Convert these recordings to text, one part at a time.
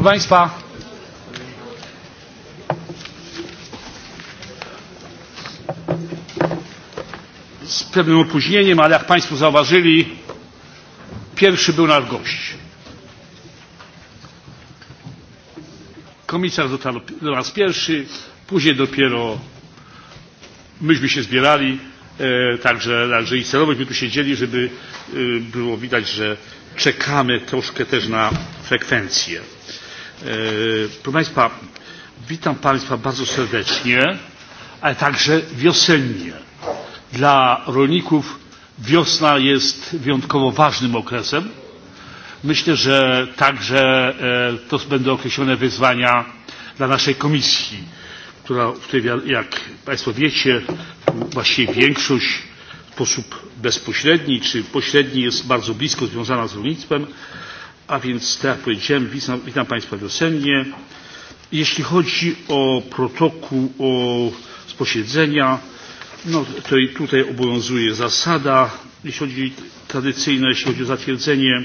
Proszę Państwa, z pewnym opóźnieniem, ale jak Państwo zauważyli, pierwszy był nasz gość. Komisarz dotarł do nas pierwszy, później dopiero myśmy się zbierali, e, także, także i celowośmy tu siedzieli, żeby e, było widać, że czekamy troszkę też na frekwencję. E, E, proszę Państwa, witam Państwa bardzo serdecznie, ale także wiosennie. Dla rolników wiosna jest wyjątkowo ważnym okresem. Myślę, że także e, to będą określone wyzwania dla naszej komisji, która, w której, jak Państwo wiecie, właściwie większość w sposób bezpośredni czy pośredni jest bardzo blisko związana z rolnictwem A więc, tak jak powiedziałem, witam, witam Państwa wiosennie. Jeśli chodzi o protokół o, z posiedzenia, no, to i tutaj obowiązuje zasada, jeśli chodzi tradycyjna, jeśli chodzi o zatwierdzenie.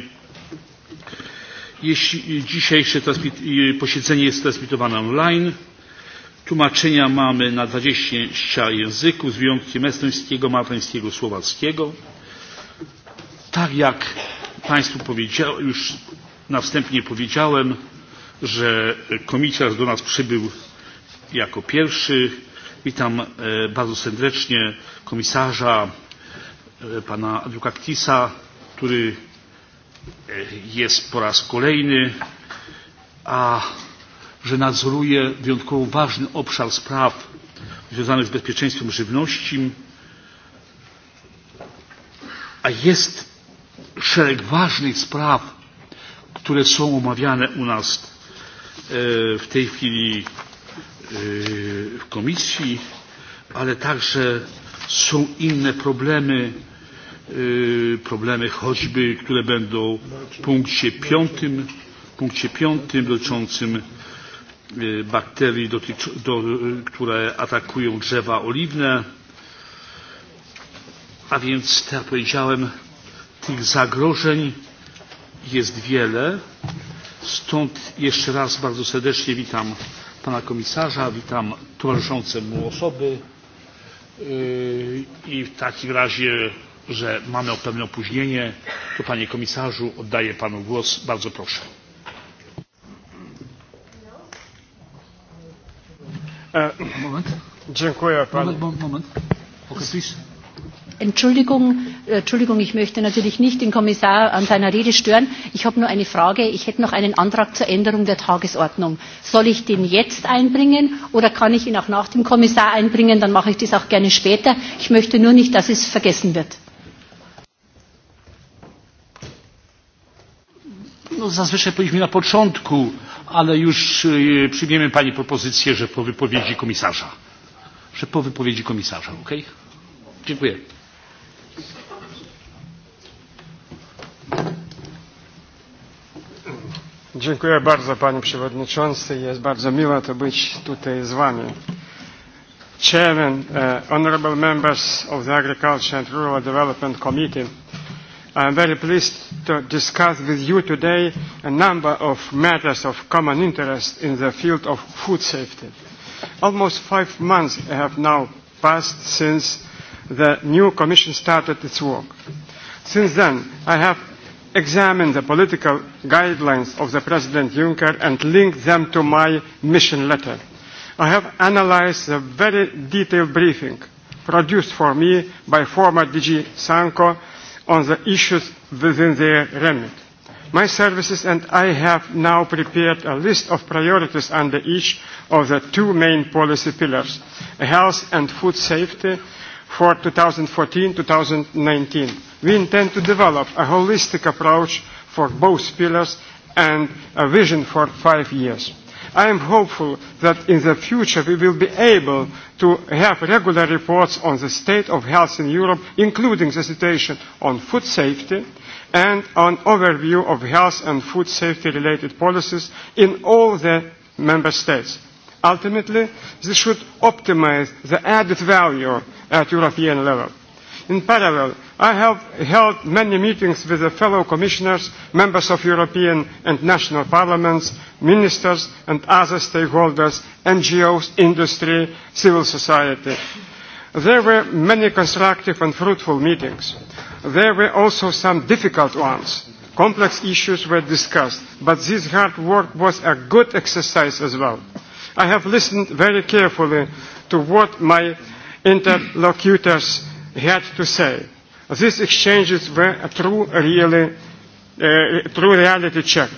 Jeśli dzisiejsze posiedzenie jest transmitowane online, tłumaczenia mamy na 20 języków, z wyjątkiem estońskiego, maltańskiego, słowackiego. Tak jak Państwu już na wstępie powiedziałem, że komisarz do nas przybył jako pierwszy. Witam e, bardzo serdecznie komisarza e, pana Adwokatisa, który e, jest po raz kolejny, a że nadzoruje wyjątkowo ważny obszar spraw związanych z bezpieczeństwem żywności, a jest szereg ważnych spraw, które są omawiane u nas e, w tej chwili e, w komisji, ale także są inne problemy, e, problemy choćby, które będą w punkcie piątym, punkcie piątym dotyczącym bakterii, dotyczy, do, które atakują drzewa oliwne. A więc, tak jak powiedziałem, Tych zagrożeń jest wiele, stąd jeszcze raz bardzo serdecznie witam pana komisarza, witam towarzyszące mu osoby i w takim razie, że mamy o pewne opóźnienie, to panie komisarzu oddaję panu głos. Bardzo proszę. E, moment. Dziękuję panu. Moment, moment. Okay, please. Entschuldigung, äh, Entschuldigung, ich möchte natürlich nicht den Kommissar an seiner Rede stören. Ich habe nur eine Frage. Ich hätte noch einen Antrag zur Änderung der Tagesordnung. Soll ich den jetzt einbringen oder kann ich ihn auch nach dem Kommissar einbringen? Dann mache ich das auch gerne später. Ich möchte nur nicht, dass es vergessen wird. No, zazwyczaj powinniśmy na początku, ale już e, przyjmiemy Pani propozycję, że po wypowiedzi komisarza. Że po wypowiedzi komisarza, okej? Okay? Dziękuję. Dziękuję bardzo panie przewodniczący. Jest bardzo miło to być tutaj z wami. Chairman, uh, honorable members of the Agriculture and Rural Development Committee, I am very pleased to discuss with you today a number of matters of common interest in the field of food safety. Almost five months have now passed since the new Commission started its work. Since then, I have examine the political guidelines of the President Juncker and link them to my mission letter. I have analyzed the very detailed briefing produced for me by former DG Sanko on the issues within their remit. My services and I have now prepared a list of priorities under each of the two main policy pillars, health and food safety for 2014-2019 we intend to develop a holistic approach for both pillars and a vision for five years. I am hopeful that in the future we will be able to have regular reports on the state of health in Europe, including the situation on food safety and an overview of health and food safety related policies in all the member states. Ultimately, this should optimize the added value at European level. In parallel, I have held many meetings with the fellow commissioners, members of European and national parliaments, ministers and other stakeholders, NGOs, industry, civil society. There were many constructive and fruitful meetings. There were also some difficult ones. Complex issues were discussed, but this hard work was a good exercise as well. I have listened very carefully to what my interlocutors had to say These exchanges were a true, really, uh, true reality check.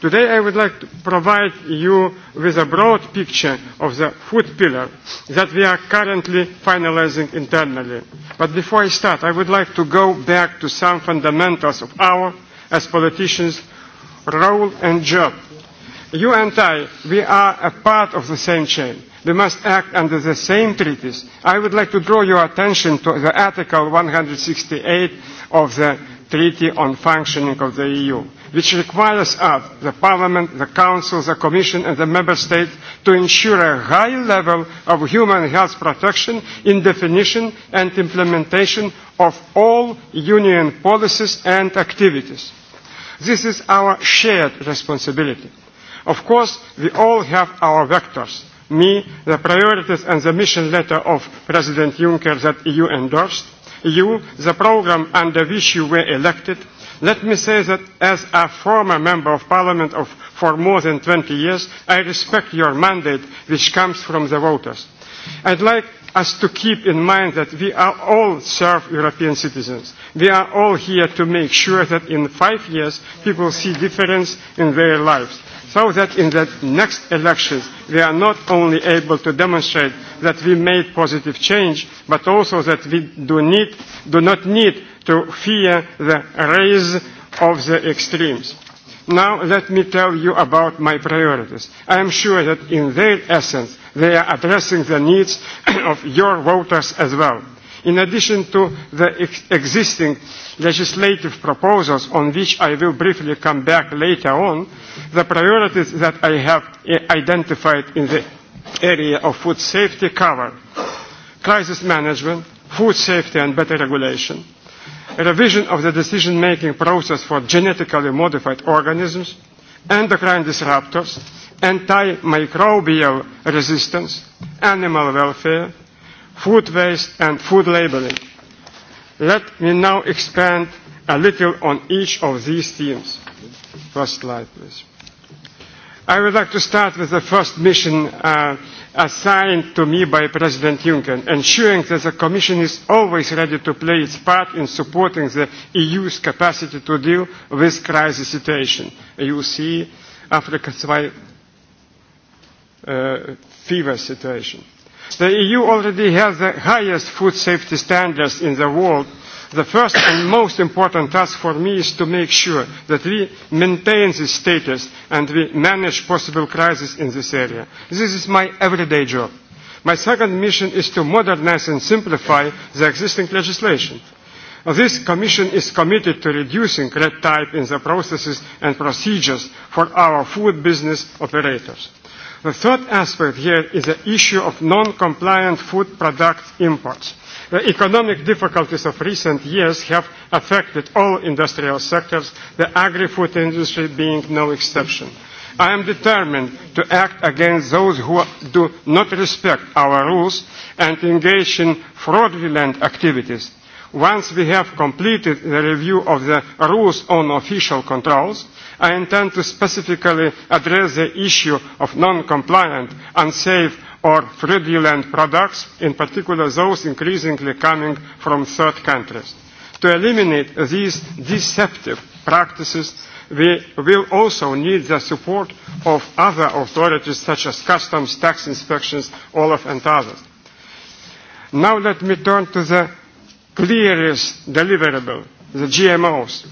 Today I would like to provide you with a broad picture of the food pillar that we are currently finalizing internally. But before I start, I would like to go back to some fundamentals of our, as politicians, role and job. You and I, we are a part of the same chain We must act under the same treaties. I would like to draw your attention to the Article 168 of the Treaty on Functioning of the EU, which requires us, the Parliament, the Council, the Commission and the Member States to ensure a high level of human health protection in definition and implementation of all Union policies and activities. This is our shared responsibility. Of course, we all have our vectors me the priorities and the mission letter of President Juncker that EU endorsed, you, the program under which you were elected, let me say that as a former member of parliament of, for more than 20 years, I respect your mandate which comes from the voters. I'd like us to keep in mind that we are all serve European citizens. We are all here to make sure that in five years people see difference in their lives so that in the next elections we are not only able to demonstrate that we made positive change, but also that we do, need, do not need to fear the rise of the extremes. Now let me tell you about my priorities. I am sure that in their essence they are addressing the needs of your voters as well. In addition to the ex existing legislative proposals on which I will briefly come back later on, the priorities that I have identified in the area of food safety cover crisis management, food safety and better regulation, a revision of the decision-making process for genetically modified organisms, endocrine disruptors, antimicrobial resistance, animal welfare, food waste and food labeling. Let me now expand a little on each of these themes. First slide, please. I would like to start with the first mission uh, assigned to me by President Juncker, ensuring that the Commission is always ready to play its part in supporting the EU's capacity to deal with crisis situation. You see, Africa's uh, fever situation. The EU already has the highest food safety standards in the world. The first and most important task for me is to make sure that we maintain this status and we manage possible crises in this area. This is my everyday job. My second mission is to modernize and simplify the existing legislation. This Commission is committed to reducing red tape in the processes and procedures for our food business operators. The third aspect here is the issue of non-compliant food product imports. The economic difficulties of recent years have affected all industrial sectors, the agri-food industry being no exception. I am determined to act against those who do not respect our rules and engage in fraudulent activities. Once we have completed the review of the rules on official controls, I intend to specifically address the issue of non-compliant, unsafe or fraudulent products, in particular those increasingly coming from third countries. To eliminate these deceptive practices, we will also need the support of other authorities such as customs, tax inspections, OLAF and others. Now let me turn to the clearest deliverable, the GMOs.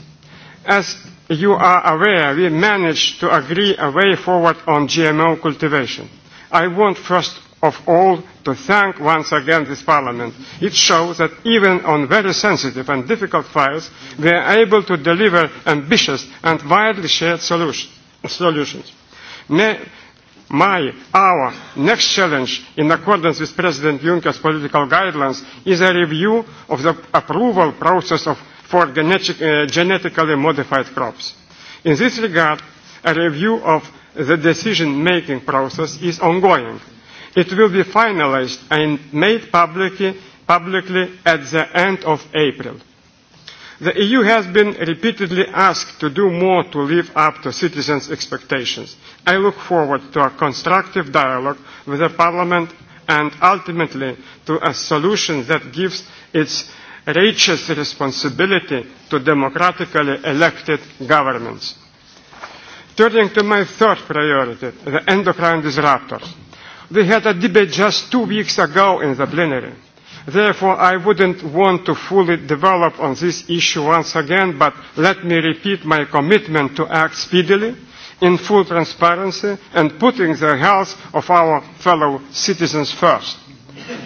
As you are aware we managed to agree a way forward on GMO cultivation. I want first of all to thank once again this Parliament. It shows that even on very sensitive and difficult files, we are able to deliver ambitious and widely shared solutions. My, our next challenge, in accordance with President Juncker's political guidelines, is a review of the approval process of for genetic, uh, genetically modified crops. In this regard, a review of the decision-making process is ongoing. It will be finalized and made publicly, publicly at the end of April. The EU has been repeatedly asked to do more to live up to citizens' expectations. I look forward to a constructive dialogue with the Parliament and ultimately to a solution that gives its Rachel's responsibility to democratically elected governments. Turning to my third priority, the endocrine disruptors. We had a debate just two weeks ago in the plenary. Therefore, I wouldn't want to fully develop on this issue once again, but let me repeat my commitment to act speedily, in full transparency, and putting the health of our fellow citizens first.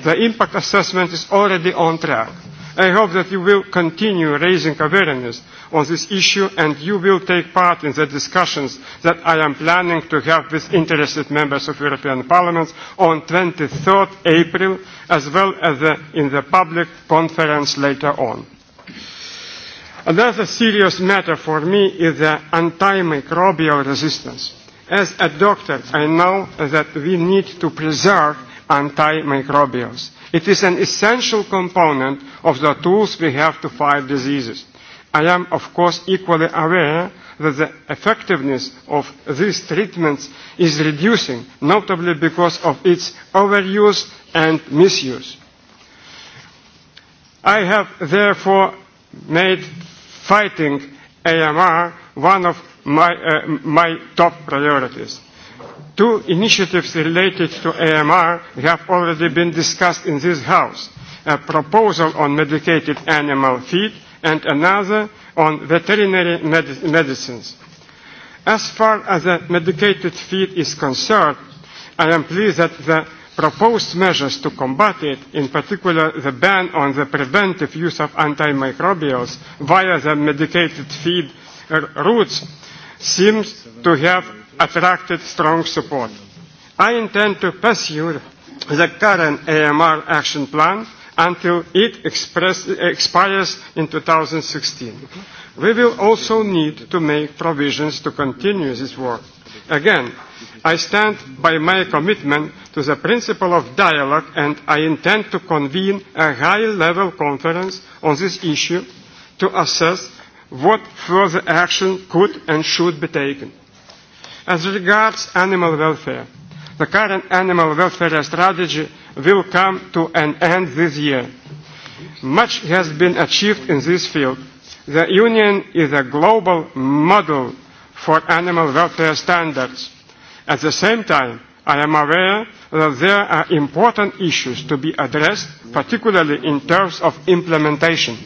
The impact assessment is already on track I hope that you will continue raising awareness on this issue and you will take part in the discussions that I am planning to have with interested members of European Parliament on 23rd April as well as the, uh, in the public conference later on. Another serious matter for me is the antimicrobial resistance. As a doctor, I know that we need to preserve antimicrobials It is an essential component of the tools we have to fight diseases. I am, of course, equally aware that the effectiveness of these treatments is reducing, notably because of its overuse and misuse. I have therefore made fighting AMR one of my, uh, my top priorities. Two initiatives related to AMR have already been discussed in this House, a proposal on medicated animal feed and another on veterinary med medicines. As far as the medicated feed is concerned, I am pleased that the proposed measures to combat it, in particular the ban on the preventive use of antimicrobials via the medicated feed uh, routes, seems to have attracted strong support. I intend to pursue the current AMR action plan until it express, expires in 2016. We will also need to make provisions to continue this work. Again, I stand by my commitment to the principle of dialogue and I intend to convene a high-level conference on this issue to assess what further action could and should be taken. As regards animal welfare, the current animal welfare strategy will come to an end this year. Much has been achieved in this field. The Union is a global model for animal welfare standards. At the same time, I am aware that there are important issues to be addressed, particularly in terms of implementation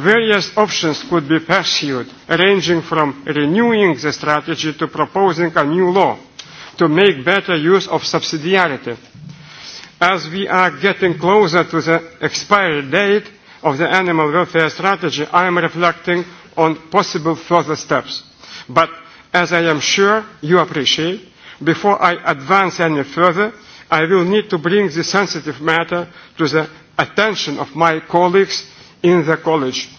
various options could be pursued, ranging from renewing the strategy to proposing a new law to make better use of subsidiarity. As we are getting closer to the expiry date of the animal welfare strategy, I am reflecting on possible further steps. But as I am sure you appreciate, before I advance any further, I will need to bring this sensitive matter to the attention of my colleagues in the college.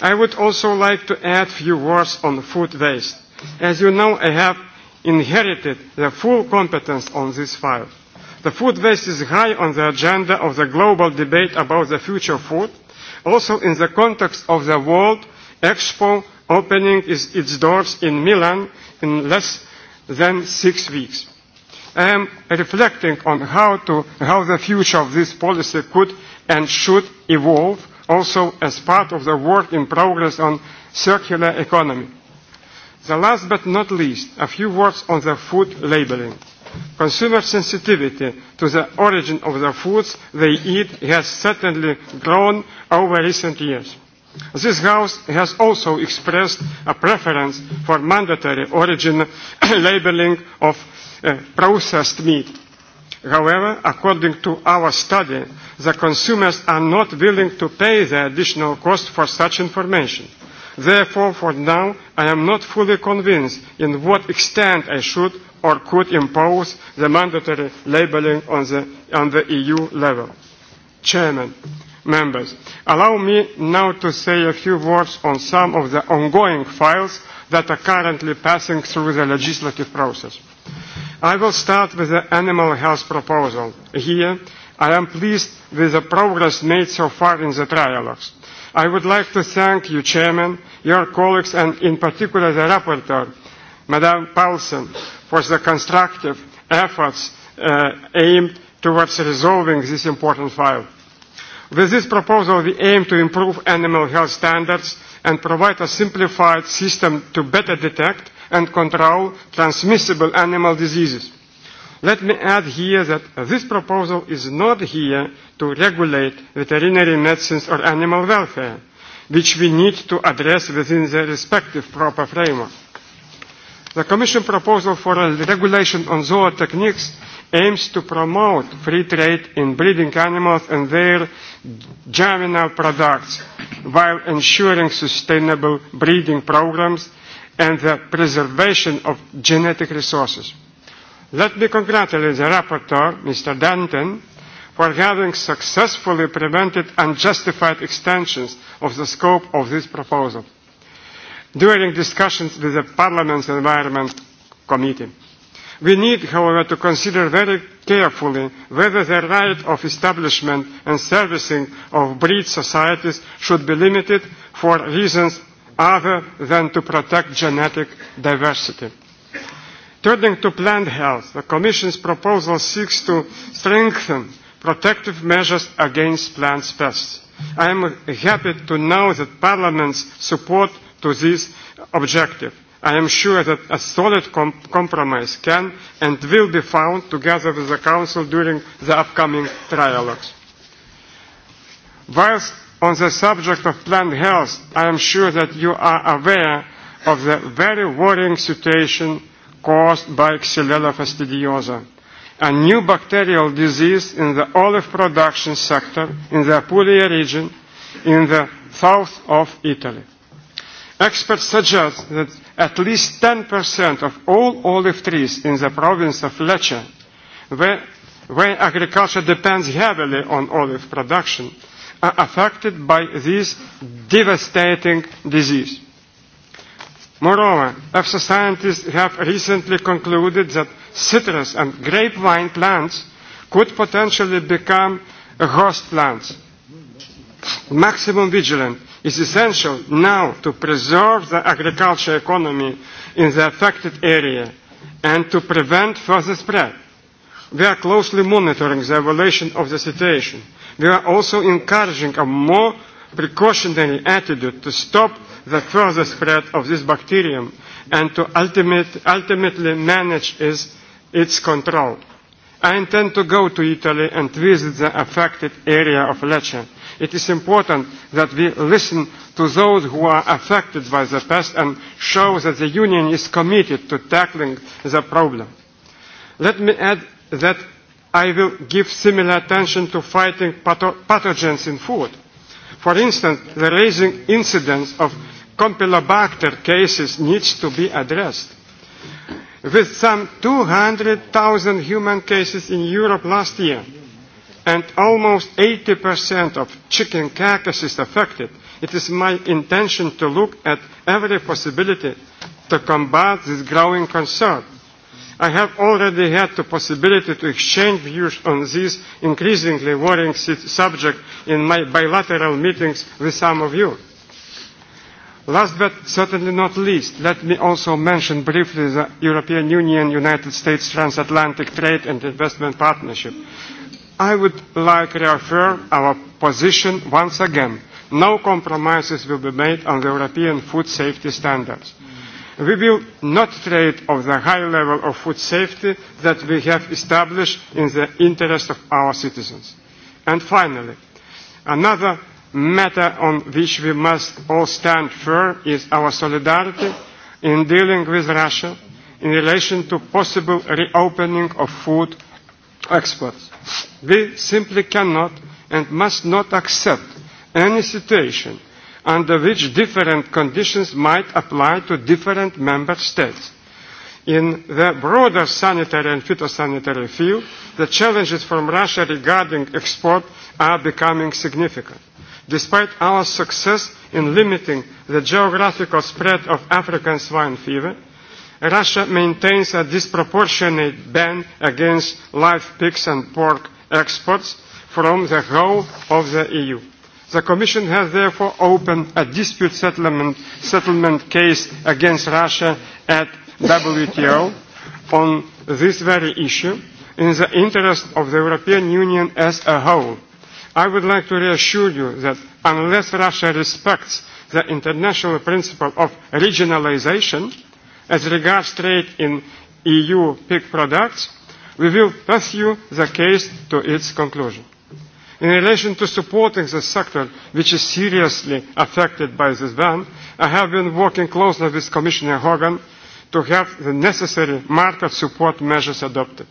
I would also like to add few words on food waste. As you know, I have inherited the full competence on this file. The food waste is high on the agenda of the global debate about the future food, also in the context of the World Expo opening its doors in Milan in less than six weeks. I am reflecting on how, to, how the future of this policy could and should evolve also as part of the work in progress on circular economy. The last but not least, a few words on the food labeling. Consumer sensitivity to the origin of the foods they eat has certainly grown over recent years. This House has also expressed a preference for mandatory origin labeling of uh, processed meat However, according to our study, the consumers are not willing to pay the additional cost for such information. Therefore, for now, I am not fully convinced in what extent I should or could impose the mandatory labeling on the, on the EU level. Chairman, members, allow me now to say a few words on some of the ongoing files that are currently passing through the legislative process. I will start with the animal health proposal. Here, I am pleased with the progress made so far in the trialogues. I would like to thank you, Chairman, your colleagues, and in particular the rapporteur, Madame Paulsen, for the constructive efforts uh, aimed towards resolving this important file. With this proposal, we aim to improve animal health standards and provide a simplified system to better detect and control transmissible animal diseases. Let me add here that this proposal is not here to regulate veterinary medicines or animal welfare, which we need to address within the respective proper framework. The Commission proposal for a regulation on zootechnics aims to promote free trade in breeding animals and their juvenile products while ensuring sustainable breeding programs and the preservation of genetic resources. Let me congratulate the rapporteur, Mr. Danton, for having successfully prevented unjustified extensions of the scope of this proposal during discussions with the Parliament's Environment Committee. We need, however, to consider very carefully whether the right of establishment and servicing of breed societies should be limited for reasons other than to protect genetic diversity. Turning to plant health, the Commission's proposal seeks to strengthen protective measures against plant pests. I am happy to know that Parliament's support to this objective. I am sure that a solid com compromise can and will be found together with the Council during the upcoming trialogues. Whilst on the subject of plant health, I am sure that you are aware of the very worrying situation caused by Xylella fastidiosa, a new bacterial disease in the olive production sector in the Apulia region in the south of Italy. Experts suggest that at least 10% of all olive trees in the province of Lecce, where, where agriculture depends heavily on olive production, are affected by this devastating disease. Moreover, EFSA scientists have recently concluded that citrus and grapevine plants could potentially become host plants. Maximum vigilance is essential now to preserve the agriculture economy in the affected area and to prevent further spread. We are closely monitoring the evaluation of the situation We are also encouraging a more precautionary attitude to stop the further spread of this bacterium and to ultimate, ultimately manage is, its control. I intend to go to Italy and visit the affected area of Lecce. It is important that we listen to those who are affected by the pest and show that the Union is committed to tackling the problem. Let me add that I will give similar attention to fighting pathogens in food. For instance, the raising incidence of Campylobacter cases needs to be addressed. With some 200,000 human cases in Europe last year, and almost 80% of chicken carcasses affected, it is my intention to look at every possibility to combat this growing concern I have already had the possibility to exchange views on this increasingly worrying subject in my bilateral meetings with some of you. Last but certainly not least, let me also mention briefly the European Union-United States transatlantic trade and investment partnership. I would like to reaffirm our position once again. No compromises will be made on the European food safety standards. We will not trade off the high level of food safety that we have established in the interest of our citizens. And finally, another matter on which we must all stand firm is our solidarity in dealing with Russia in relation to possible reopening of food exports. We simply cannot and must not accept any situation under which different conditions might apply to different member states. In the broader sanitary and phytosanitary field, the challenges from Russia regarding export are becoming significant. Despite our success in limiting the geographical spread of African swine fever, Russia maintains a disproportionate ban against live pigs and pork exports from the whole of the EU. The Commission has therefore opened a dispute settlement, settlement case against Russia at WTO on this very issue in the interest of the European Union as a whole. I would like to reassure you that unless Russia respects the international principle of regionalization as regards trade in EU pig products, we will pursue the case to its conclusion. In relation to supporting the sector, which is seriously affected by this ban, I have been working closely with Commissioner Hogan to have the necessary market support measures adopted.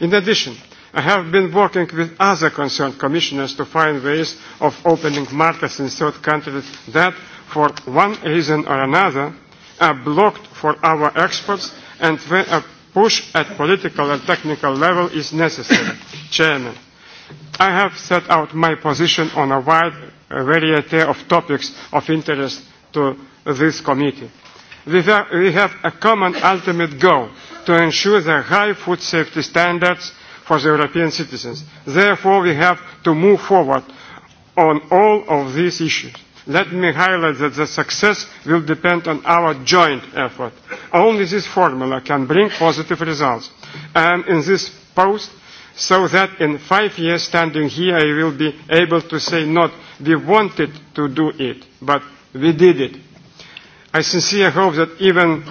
In addition, I have been working with other concerned commissioners to find ways of opening markets in third countries that, for one reason or another, are blocked for our exports and where a push at political and technical level is necessary. Chairman, I have set out my position on a wide variety of topics of interest to this committee. We have, a common ultimate goal to ensure the high food safety standards for the European citizens. Therefore, we have to move forward on all of these issues. Let me highlight that the success will depend on our joint effort. Only this formula can bring positive results. And in this post, so that in five years standing here I will be able to say not we wanted to do it, but we did it. I sincerely hope that even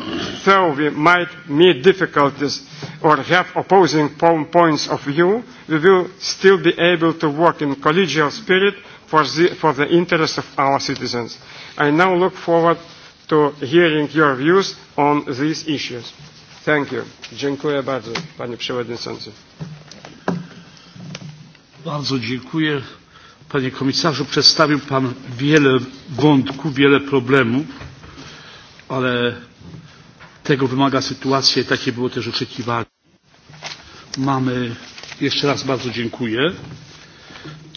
though we might meet difficulties or have opposing points of view, we will still be able to work in collegial spirit for the, for the interests of our citizens. I now look forward to hearing your views on these issues. Thank you. Dziękuję bardzo, panie przewodniczący. Bardzo dziękuję. Panie komisarzu, przedstawił Pan wiele wątków, wiele problemów, ale tego wymaga sytuacja i takie było też oczekiwanie. Mamy, jeszcze raz bardzo dziękuję,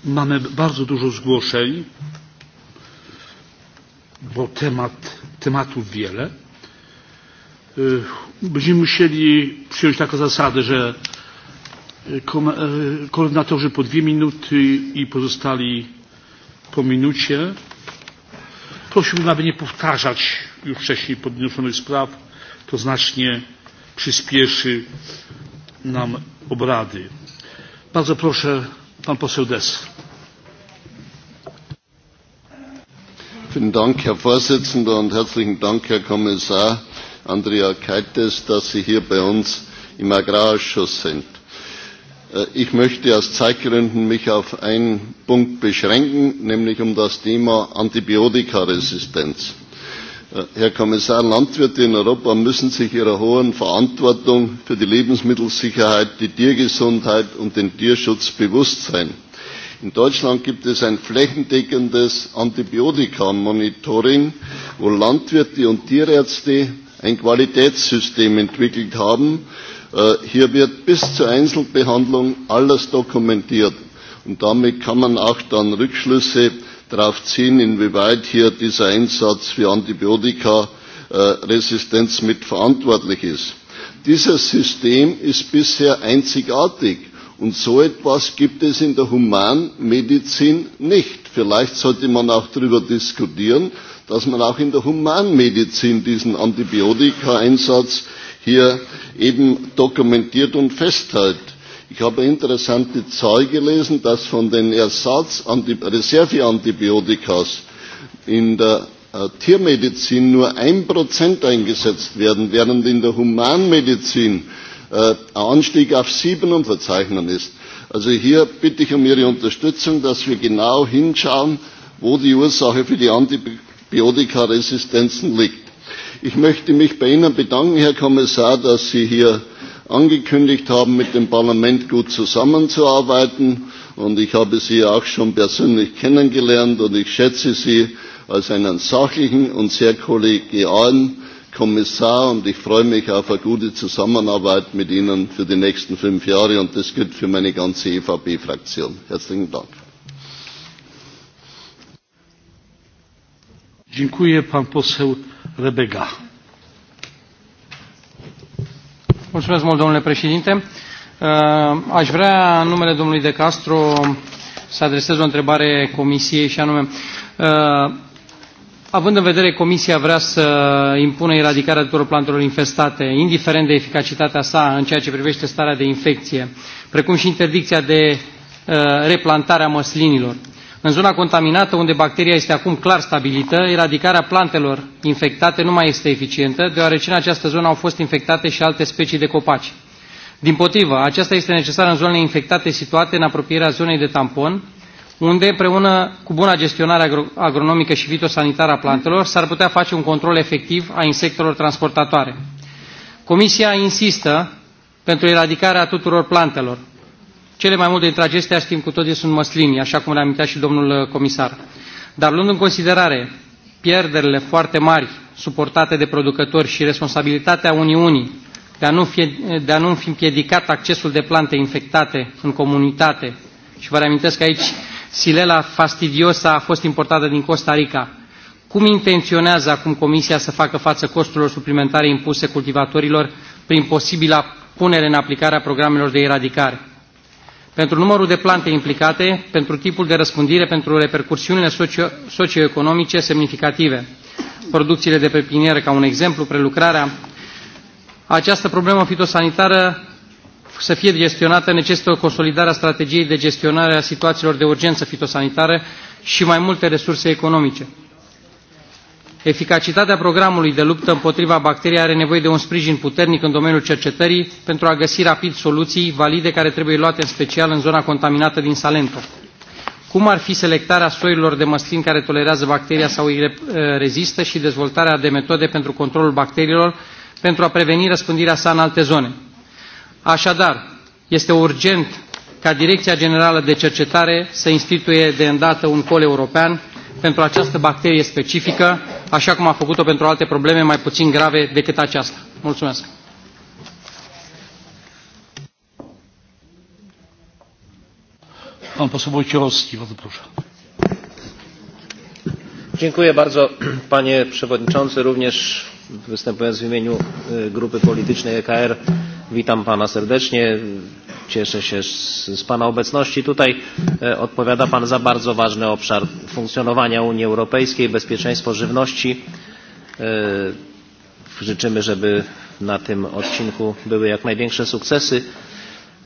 mamy bardzo dużo zgłoszeń, bo temat, tematów wiele. Będziemy musieli przyjąć taką zasadę, że E, e, koordynatorzy po dwie minuty i pozostali po minucie. Prosiłbym, aby nie powtarzać już wcześniej podniesionych spraw. To znacznie przyspieszy nam obrady. Bardzo proszę, pan poseł Des. Vielen Dank, Herr Vorsitzender, und herzlichen Dank, Herr Kommissar Andrea Keites, dass Sie hier bei uns im Agrarausschuss sind. Äh, ich möchte aus Zeitgründen mich auf einen Punkt beschränken, nämlich um das Thema Antibiotikaresistenz. Äh, Herr Kommissar, Landwirte in Europa müssen sich ihrer hohen Verantwortung für die Lebensmittelsicherheit, die Tiergesundheit und den Tierschutz bewusst sein. In Deutschland gibt es ein flächendeckendes Antibiotika-Monitoring, wo Landwirte und Tierärzte ein Qualitätssystem entwickelt haben, Äh, hier wird bis zur Einzelbehandlung alles dokumentiert. Und damit kann man auch dann Rückschlüsse darauf ziehen, inwieweit hier dieser Einsatz für Antibiotikaresistenz äh, mitverantwortlich ist. Dieses System ist bisher einzigartig und so etwas gibt es in der Humanmedizin nicht. Vielleicht sollte man auch darüber diskutieren, dass man auch in der Humanmedizin diesen Antibiotikaeinsatz hier eben dokumentiert und festhält. Ich habe eine interessante Zahl gelesen, dass von den Ersatz Ersatzreserveantibiotikas in der äh, Tiermedizin nur ein Prozent eingesetzt werden, während in der Humanmedizin äh, ein Anstieg auf sieben um verzeichnen ist. Also hier bitte ich um Ihre Unterstützung, dass wir genau hinschauen, wo die Ursache für die Antibiotikaresistenzen liegt. Ich möchte mich bei Ihnen bedanken, Herr Kommissar, dass Sie hier angekündigt haben, mit dem Parlament gut zusammenzuarbeiten. Und ich habe Sie auch schon persönlich kennengelernt und ich schätze Sie als einen sachlichen und sehr kollegialen Kommissar und ich freue mich auf eine gute Zusammenarbeit mit Ihnen für die nächsten fünf Jahre und das gilt für meine ganze EVP-Fraktion. Herzlichen Dank. Dziękuję pan poseł Rebega. Mulțumesc mult, domnule președinte. Uh, aș vrea, în numele domnului De Castro, să adresez o întrebare comisiei și anume, uh, având în vedere comisia vrea să impună eradicarea tuturor plantelor infestate, indiferent de eficacitatea sa în ceea ce privește starea de infecție, precum și interdicția de uh, replantare a măslinilor, În zona contaminată, unde bacteria este acum clar stabilită, eradicarea plantelor infectate nu mai este eficientă, deoarece în această zonă au fost infectate și alte specii de copaci. Din potrivă, aceasta este necesară în zonele infectate situate în apropierea zonei de tampon, unde, împreună cu buna gestionare agro agronomică și fitosanitară a plantelor, s-ar putea face un control efectiv a insectelor transportatoare. Comisia insistă pentru eradicarea tuturor plantelor. Cele mai multe dintre acestea știm cu toții sunt măslini, așa cum reamintea și domnul uh, comisar. Dar luând în considerare pierderile foarte mari suportate de producători și responsabilitatea Uniunii de a nu fi, de a nu fi împiedicat accesul de plante infectate în comunitate, și vă reamintesc aici, silela fastidiosa a fost importată din Costa Rica, cum intenționează acum Comisia să facă față costurilor suplimentare impuse cultivatorilor prin posibila punere în aplicare a programelor de eradicare? pentru numărul de plante implicate, pentru tipul de răspândire, pentru repercursiunile socio socioeconomice semnificative. Producțiile de pe ca un exemplu, prelucrarea. Această problemă fitosanitară să fie gestionată necesită o consolidare a strategiei de gestionare a situațiilor de urgență fitosanitară și mai multe resurse economice. Eficacitatea programului de luptă împotriva bacteriei are nevoie de un sprijin puternic în domeniul cercetării pentru a găsi rapid soluții valide care trebuie luate în special în zona contaminată din Salento. Cum ar fi selectarea soiurilor de măslin care tolerează bacteria sau îi rezistă și dezvoltarea de metode pentru controlul bacteriilor pentru a preveni răspândirea sa în alte zone. Așadar, este urgent ca Direcția Generală de Cercetare să instituie de îndată un col european pentru această bacterie specifică, așa cum a făcut-o pentru alte probleme mai puțin grave decât aceasta. Mulțumesc! Pan poseł Wojciechowski, bardzo proszę. Dziękuję bardzo panie przewodniczący. Również występując w imieniu grupy politycznej EKR Witam Pana serdecznie. Cieszę się z, z Pana obecności. Tutaj e, odpowiada Pan za bardzo ważny obszar funkcjonowania Unii Europejskiej, bezpieczeństwo żywności. E, życzymy, żeby na tym odcinku były jak największe sukcesy.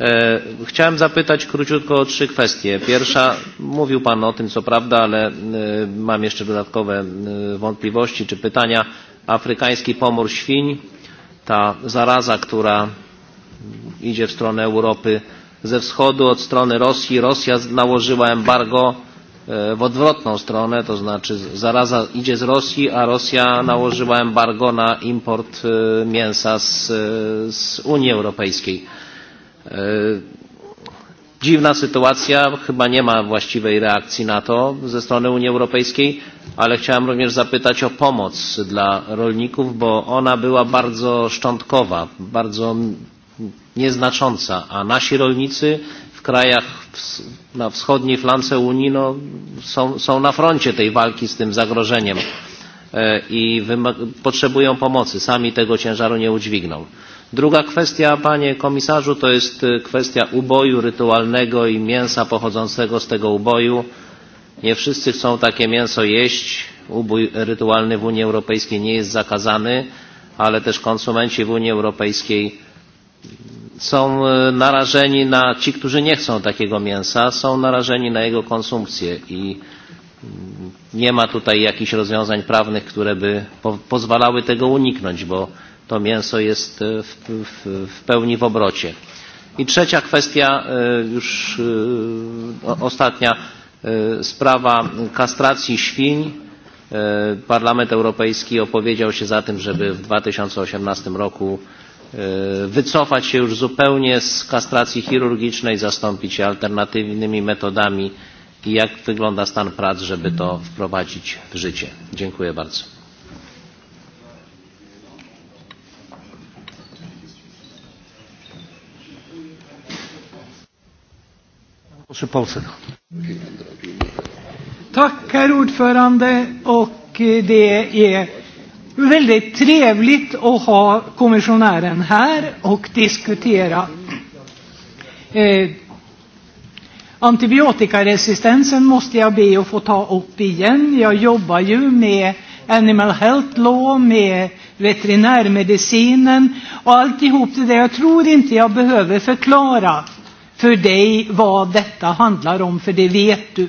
E, chciałem zapytać króciutko o trzy kwestie. Pierwsza, mówił Pan o tym co prawda, ale e, mam jeszcze dodatkowe e, wątpliwości czy pytania. Afrykański pomór świń, ta zaraza, która idzie w stronę Europy ze wschodu, od strony Rosji. Rosja nałożyła embargo e, w odwrotną stronę, to znaczy zaraza idzie z Rosji, a Rosja nałożyła embargo na import e, mięsa z, e, z Unii Europejskiej. Dziwna sytuacja, chyba nie ma właściwej reakcji na to ze strony Unii Europejskiej, ale chciałem również zapytać o pomoc dla rolników, bo ona była bardzo szczątkowa, bardzo nieznacząca, a nasi rolnicy w krajach na wschodniej flance Unii no, są, są na froncie tej walki z tym zagrożeniem e, i potrzebują pomocy. Sami tego ciężaru nie udźwigną. Druga kwestia, panie komisarzu, to jest e, kwestia uboju rytualnego i mięsa pochodzącego z tego uboju. Nie wszyscy chcą takie mięso jeść. Ubój rytualny w Unii Europejskiej nie jest zakazany, ale też konsumenci w Unii Europejskiej są e, narażeni na, ci, którzy nie chcą takiego mięsa, są narażeni na jego konsumpcję i mm, nie ma tutaj jakichś rozwiązań prawnych, które by po, pozwalały tego uniknąć, bo to mięso jest e, w, w, w pełni w obrocie. I trzecia kwestia, e, już ostatnia sprawa kastracji świń. Parlament Europejski opowiedział się za tym, żeby w 2018 roku E, wycofać się już zupełnie z kastracji chirurgicznej, zastąpić je alternatywnymi metodami i jak wygląda stan prac, żeby to wprowadzić w życie. Dziękuję bardzo. Tack herr ordförande och eh, det är väldigt trevligt att ha kommissionären här och diskutera eh, antibiotikaresistensen måste jag be att få ta upp igen. Jag jobbar ju med Animal Health Law, med veterinärmedicinen och alltihop det där. Jag tror inte jag behöver förklara för dig vad detta handlar om, för det vet du.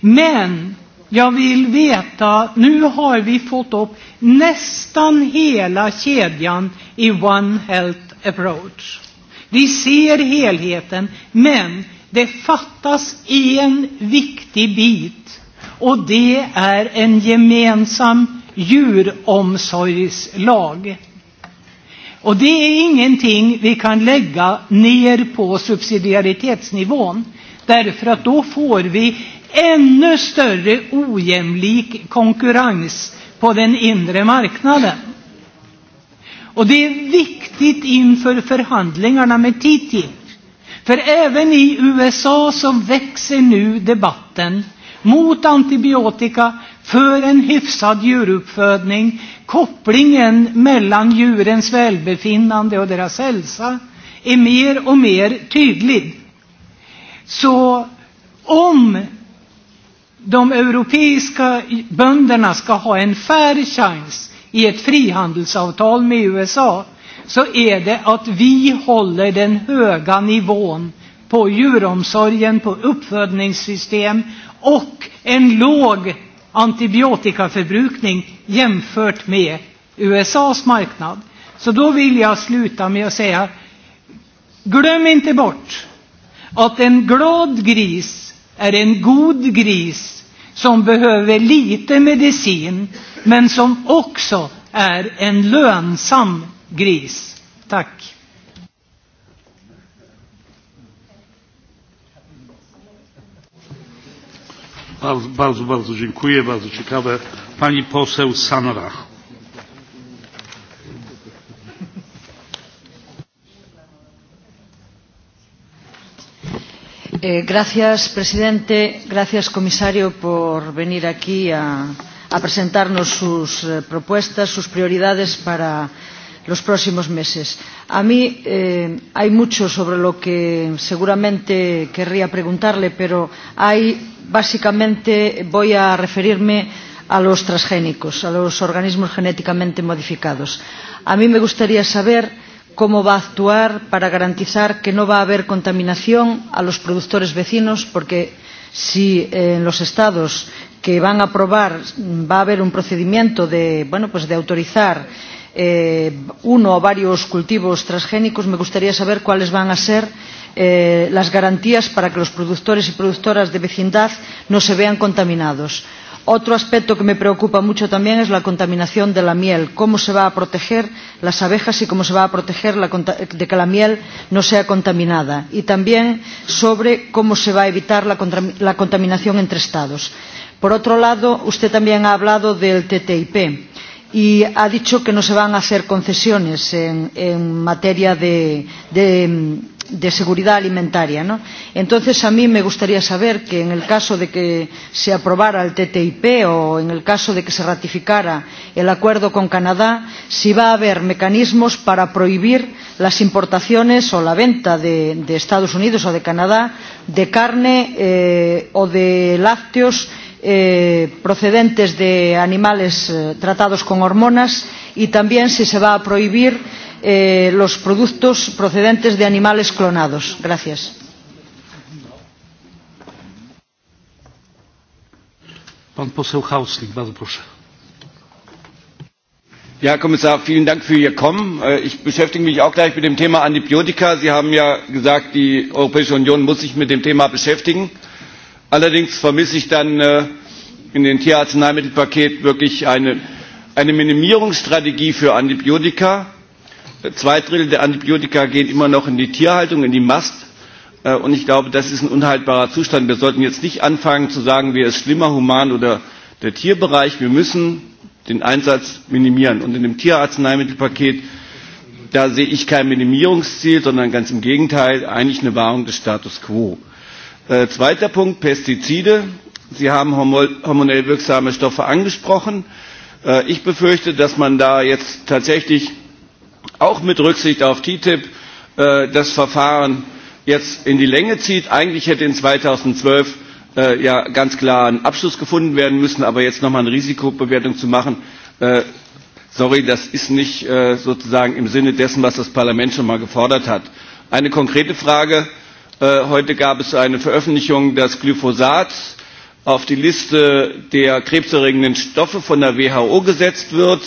Men Jag vill veta, nu har vi fått upp nästan hela kedjan i One Health Approach. Vi ser helheten, men det fattas en viktig bit och det är en gemensam djuromsorgslag. Och det är ingenting vi kan lägga ner på subsidiaritetsnivån. Därför att då får vi ännu större ojämlik konkurrens på den inre marknaden. Och det är viktigt inför förhandlingarna med TTIP. För även i USA så växer nu debatten mot antibiotika för en hyfsad djuruppfödning, kopplingen mellan djurens välbefinnande och deras hälsa är mer och mer tydlig. Så om de europeiska bönderna ska ha en fair chans i ett frihandelsavtal med USA så är det att vi håller den höga nivån på djuromsorgen, på uppfödningssystem och en låg antibiotikaförbrukning jämfört med USAs marknad. Så då vill jag sluta med att säga, glöm inte bort att en glad gris är en god gris som behöver lite medicin men som också är en lönsam gris. Tack. Bardzo, bardzo dziękuję. Bardzo ciekawe. Pani poseł Sanrach. Eh, gracias, presidente. Gracias, comisario, por venir aquí a, a presentarnos sus eh, propuestas, sus prioridades para los próximos meses. A mí eh, hay mucho sobre lo que seguramente querría preguntarle, pero hay, básicamente voy a referirme a los transgénicos, a los organismos genéticamente modificados. A mí me gustaría saber cómo va a actuar para garantizar que no va a haber contaminación a los productores vecinos, porque si en los estados que van a aprobar mm, va a haber un procedimiento de, bueno, pues de autorizar eh, uno o varios cultivos transgénicos, me gustaría saber cuáles van a ser eh, las garantías para que los productores y productoras de vecindad no se vean contaminados Otro aspecto que me preocupa mucho también es la contaminación de la miel. ¿Cómo se va a proteger las abejas y cómo se va a proteger la, de que la miel no sea contaminada? Y también sobre cómo se va a evitar la, la contaminación entre Estados. Por otro lado, usted también ha hablado del TTIP y ha dicho que no se van a hacer concesiones en, en materia de, de de seguridad alimentaria. ¿no? Entonces, a mí me gustaría saber que en el caso de que se aprobara el TTIP o en el caso de que se ratificara el acuerdo con Canadá, si va a haber mecanismos para prohibir las importaciones o la venta de, de Estados Unidos o de Canadá de carne eh, o de lácteos eh, procedentes de animales eh, tratados con hormonas y también si se van a prohibir eh, los productos procedentes de animales clonados. Gracias. Pan poseł Hausling, bardzo proszę. Ja, Herr Kommissar, vielen Dank für Ihr Kommen. Äh, ich beschäftige mich auch gleich mit dem Thema Antibiotika. Sie haben ja gesagt, die Europäische Union muss sich mit dem Thema beschäftigen. Allerdings vermisse ich dann äh, in dem Tierarzneimittelpaket wirklich eine eine Minimierungsstrategie für Antibiotika. Äh, zwei Drittel der Antibiotika gehen immer noch in die Tierhaltung, in die Mast. Äh, und ich glaube, das ist ein unhaltbarer Zustand. Wir sollten jetzt nicht anfangen zu sagen, wer ist schlimmer, human oder der Tierbereich. Wir müssen den Einsatz minimieren. Und in dem Tierarzneimittelpaket, da sehe ich kein Minimierungsziel, sondern ganz im Gegenteil, eigentlich eine Wahrung des Status quo. Äh, zweiter Punkt, Pestizide. Sie haben hormonell wirksame Stoffe angesprochen. Äh, ich befürchte, dass man da jetzt tatsächlich auch mit Rücksicht auf TTIP äh, das Verfahren jetzt in die Länge zieht. Eigentlich hätte in 2012 äh, ja ganz klar ein Abschluss gefunden werden müssen, aber jetzt nochmal eine Risikobewertung zu machen, sorry, das ist nicht sozusagen im Sinne dessen, was das Parlament schon mal gefordert hat. Eine konkrete Frage. Heute gab es eine Veröffentlichung, dass Glyphosat auf die Liste der krebserregenden Stoffe von der WHO gesetzt wird.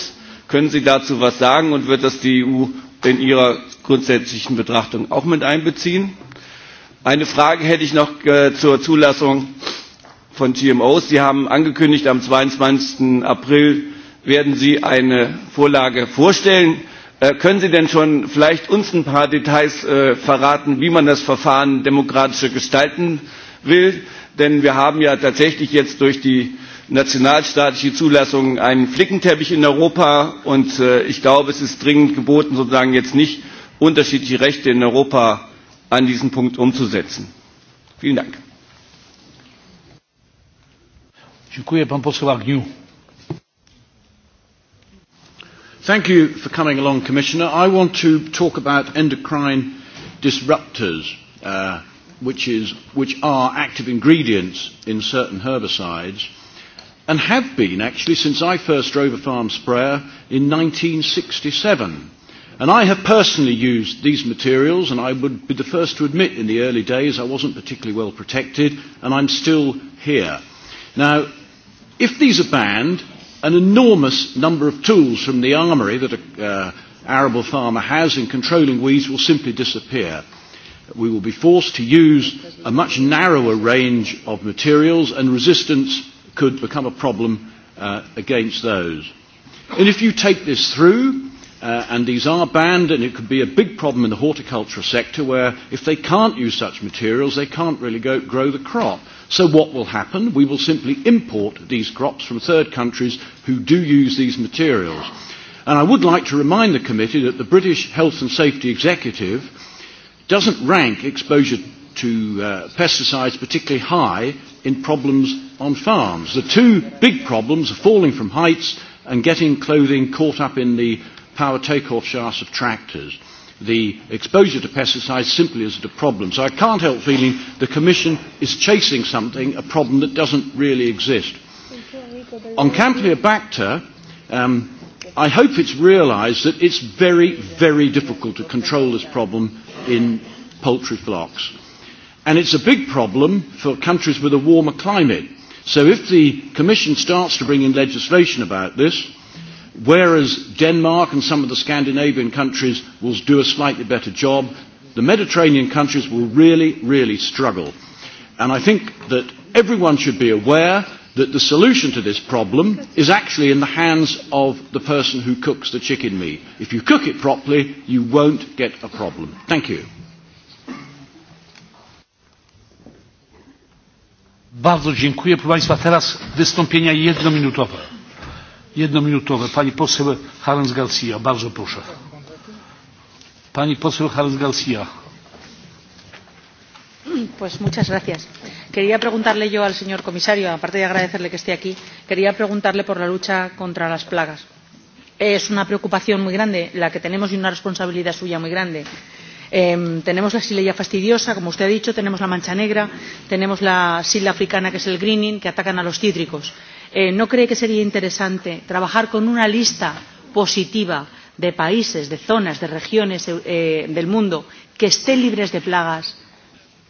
Können Sie dazu etwas sagen und wird das die EU in ihrer grundsätzlichen Betrachtung auch mit einbeziehen? Eine Frage hätte ich noch äh, zur Zulassung von GMOs. Sie haben angekündigt, am 22. April werden Sie eine Vorlage vorstellen. Äh, können Sie denn schon vielleicht uns ein paar Details äh, verraten, wie man das Verfahren demokratischer gestalten will? denn wir haben ja tatsächlich jetzt durch die nationalstaatliche Zulassung einen Flickenteppich in Europa. Und äh, ich glaube, es ist dringend geboten, sozusagen jetzt nicht unterschiedliche Rechte in Europa an diesem Punkt umzusetzen. Vielen Dank. Dziękuję, pan poseł Agniu. Thank you for coming along, Commissioner. I want to talk about endocrine disruptors. Uh, which, is, which are active ingredients in certain herbicides and have been actually since I first drove a farm sprayer in 1967. And I have personally used these materials, and I would be the first to admit in the early days I wasn't particularly well protected, and I'm still here. Now, if these are banned, an enormous number of tools from the armory that an uh, arable farmer has in controlling weeds will simply disappear we will be forced to use a much narrower range of materials and resistance could become a problem uh, against those. And if you take this through, uh, and these are banned, and it could be a big problem in the horticultural sector where if they can't use such materials, they can't really go, grow the crop. So what will happen? We will simply import these crops from third countries who do use these materials. And I would like to remind the committee that the British Health and Safety Executive doesn't rank exposure to uh, pesticides particularly high in problems on farms. The two big problems are falling from heights and getting clothing caught up in the power takeoff shafts of tractors. The exposure to pesticides simply isn't a problem. So I can't help feeling the Commission is chasing something, a problem that doesn't really exist. On Campylobacter, um, I hope it's realised that it's very, very difficult to control this problem in poultry flocks. And it's a big problem for countries with a warmer climate. So if the Commission starts to bring in legislation about this, whereas Denmark and some of the Scandinavian countries will do a slightly better job, the Mediterranean countries will really, really struggle. And I think that everyone should be aware that the solution to this problem is actually in the hands of the person who cooks the chicken meat. If you cook it properly, you won't get a problem. Thank you. Bardzo dziękuję. Proszę Państwa, teraz wystąpienia jednominutowe. Jednominutowe. Pani poseł Harens Garcia, bardzo proszę. Pani poseł Harens Garcia señora presidenta Quería preguntarle yo al señor comisario, aparte de agradecerle que esté aquí, quería preguntarle por la lucha contra las plagas. Es una preocupación muy grande la que tenemos y una responsabilidad suya muy grande. tenemos la xylella fastidiosa, como usted ha dicho, tenemos la mancha negra, tenemos la xylella africana, que es el greening, que atacan a los cítricos. Eh, ¿No cree que sería interesante trabajar con una lista positiva de países, de zonas, de regiones eh, del mundo que estén libres de plagas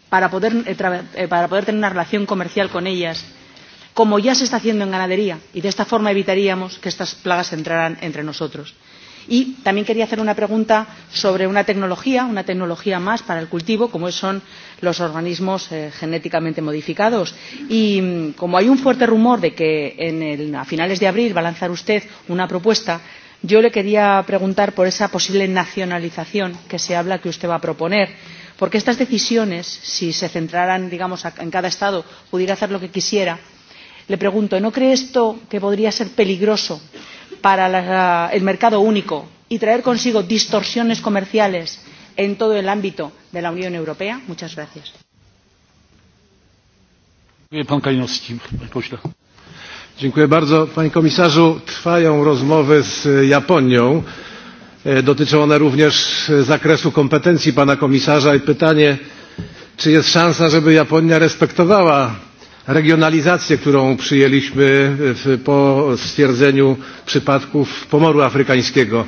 para poder, eh, eh, para poder tener una relación comercial con ellas, como ya se está haciendo en ganadería, y de esta forma evitaríamos que estas plagas entraran entre nosotros. Y también quería hacer una pregunta sobre una tecnología, una tecnología más para el cultivo, como son los organismos eh, genéticamente modificados. Y mm, como hay un fuerte rumor de que en el, a finales de abril va a lanzar usted una propuesta, yo le quería preguntar por esa posible nacionalización que se habla que usted va a proponer porque estas decisiones si se centraran digamos en cada estado pudiera hacer lo que quisiera le pregunto no cree esto que podría ser peligroso para la, el mercado único y traer consigo distorsiones comerciales en todo el ámbito de la unión europea? muchas gracias. Dziękuję bardzo. Panie komisarzu, trwają rozmowy z Japonią E, Dotyczą one również e, zakresu kompetencji pana komisarza i pytanie, czy jest szansa, żeby Japonia respektowała regionalizację, którą przyjęliśmy e, po stwierdzeniu przypadków pomoru afrykańskiego.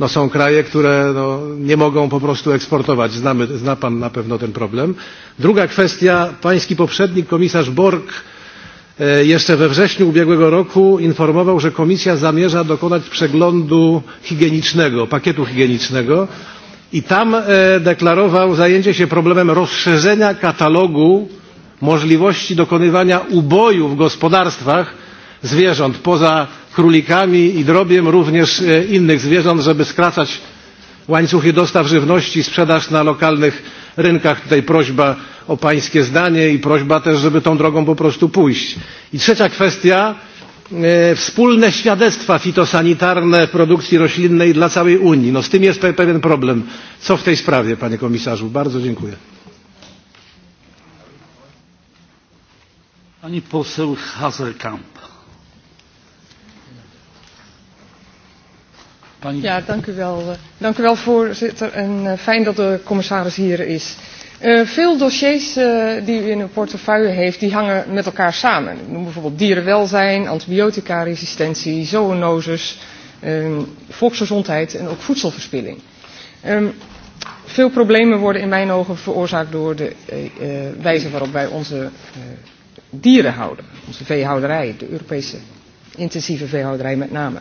No, są kraje, które no, nie mogą po prostu eksportować. Znamy, zna Pan na pewno ten problem. Druga kwestia. Pański poprzednik, komisarz Borg, E, jeszcze we wrześniu ubiegłego roku informował że komisja zamierza dokonać przeglądu higienicznego pakietu higienicznego i tam e, deklarował zajęcie się problemem rozszerzenia katalogu możliwości dokonywania uboju w gospodarstwach zwierząt poza królikami i drobiem również e, innych zwierząt żeby skracać łańcuchy dostaw żywności sprzedaż na lokalnych rynkach. Tutaj prośba o pańskie zdanie i prośba też, żeby tą drogą po prostu pójść. I trzecia kwestia e, wspólne świadectwa fitosanitarne w produkcji roślinnej dla całej Unii. No z tym jest pewien problem. Co w tej sprawie, panie komisarzu? Bardzo dziękuję. Pani poseł Hazelkamp. Pani... Ja, dank u wel. Eh, dank u wel, voorzitter. En eh, fijn dat de commissaris hier is. Uh, veel dossiers uh, die u in uw portefeuille heeft, die hangen met elkaar samen. Ik noem bijvoorbeeld dierenwelzijn, antibiotica-resistentie, zoonoses, um, ehm, volksgezondheid en ook voedselverspilling. Um, veel problemen worden in mijn ogen veroorzaakt door de uh, wijze waarop wij onze uh, dieren houden, onze veehouderij, de Europese intensieve veehouderij met name.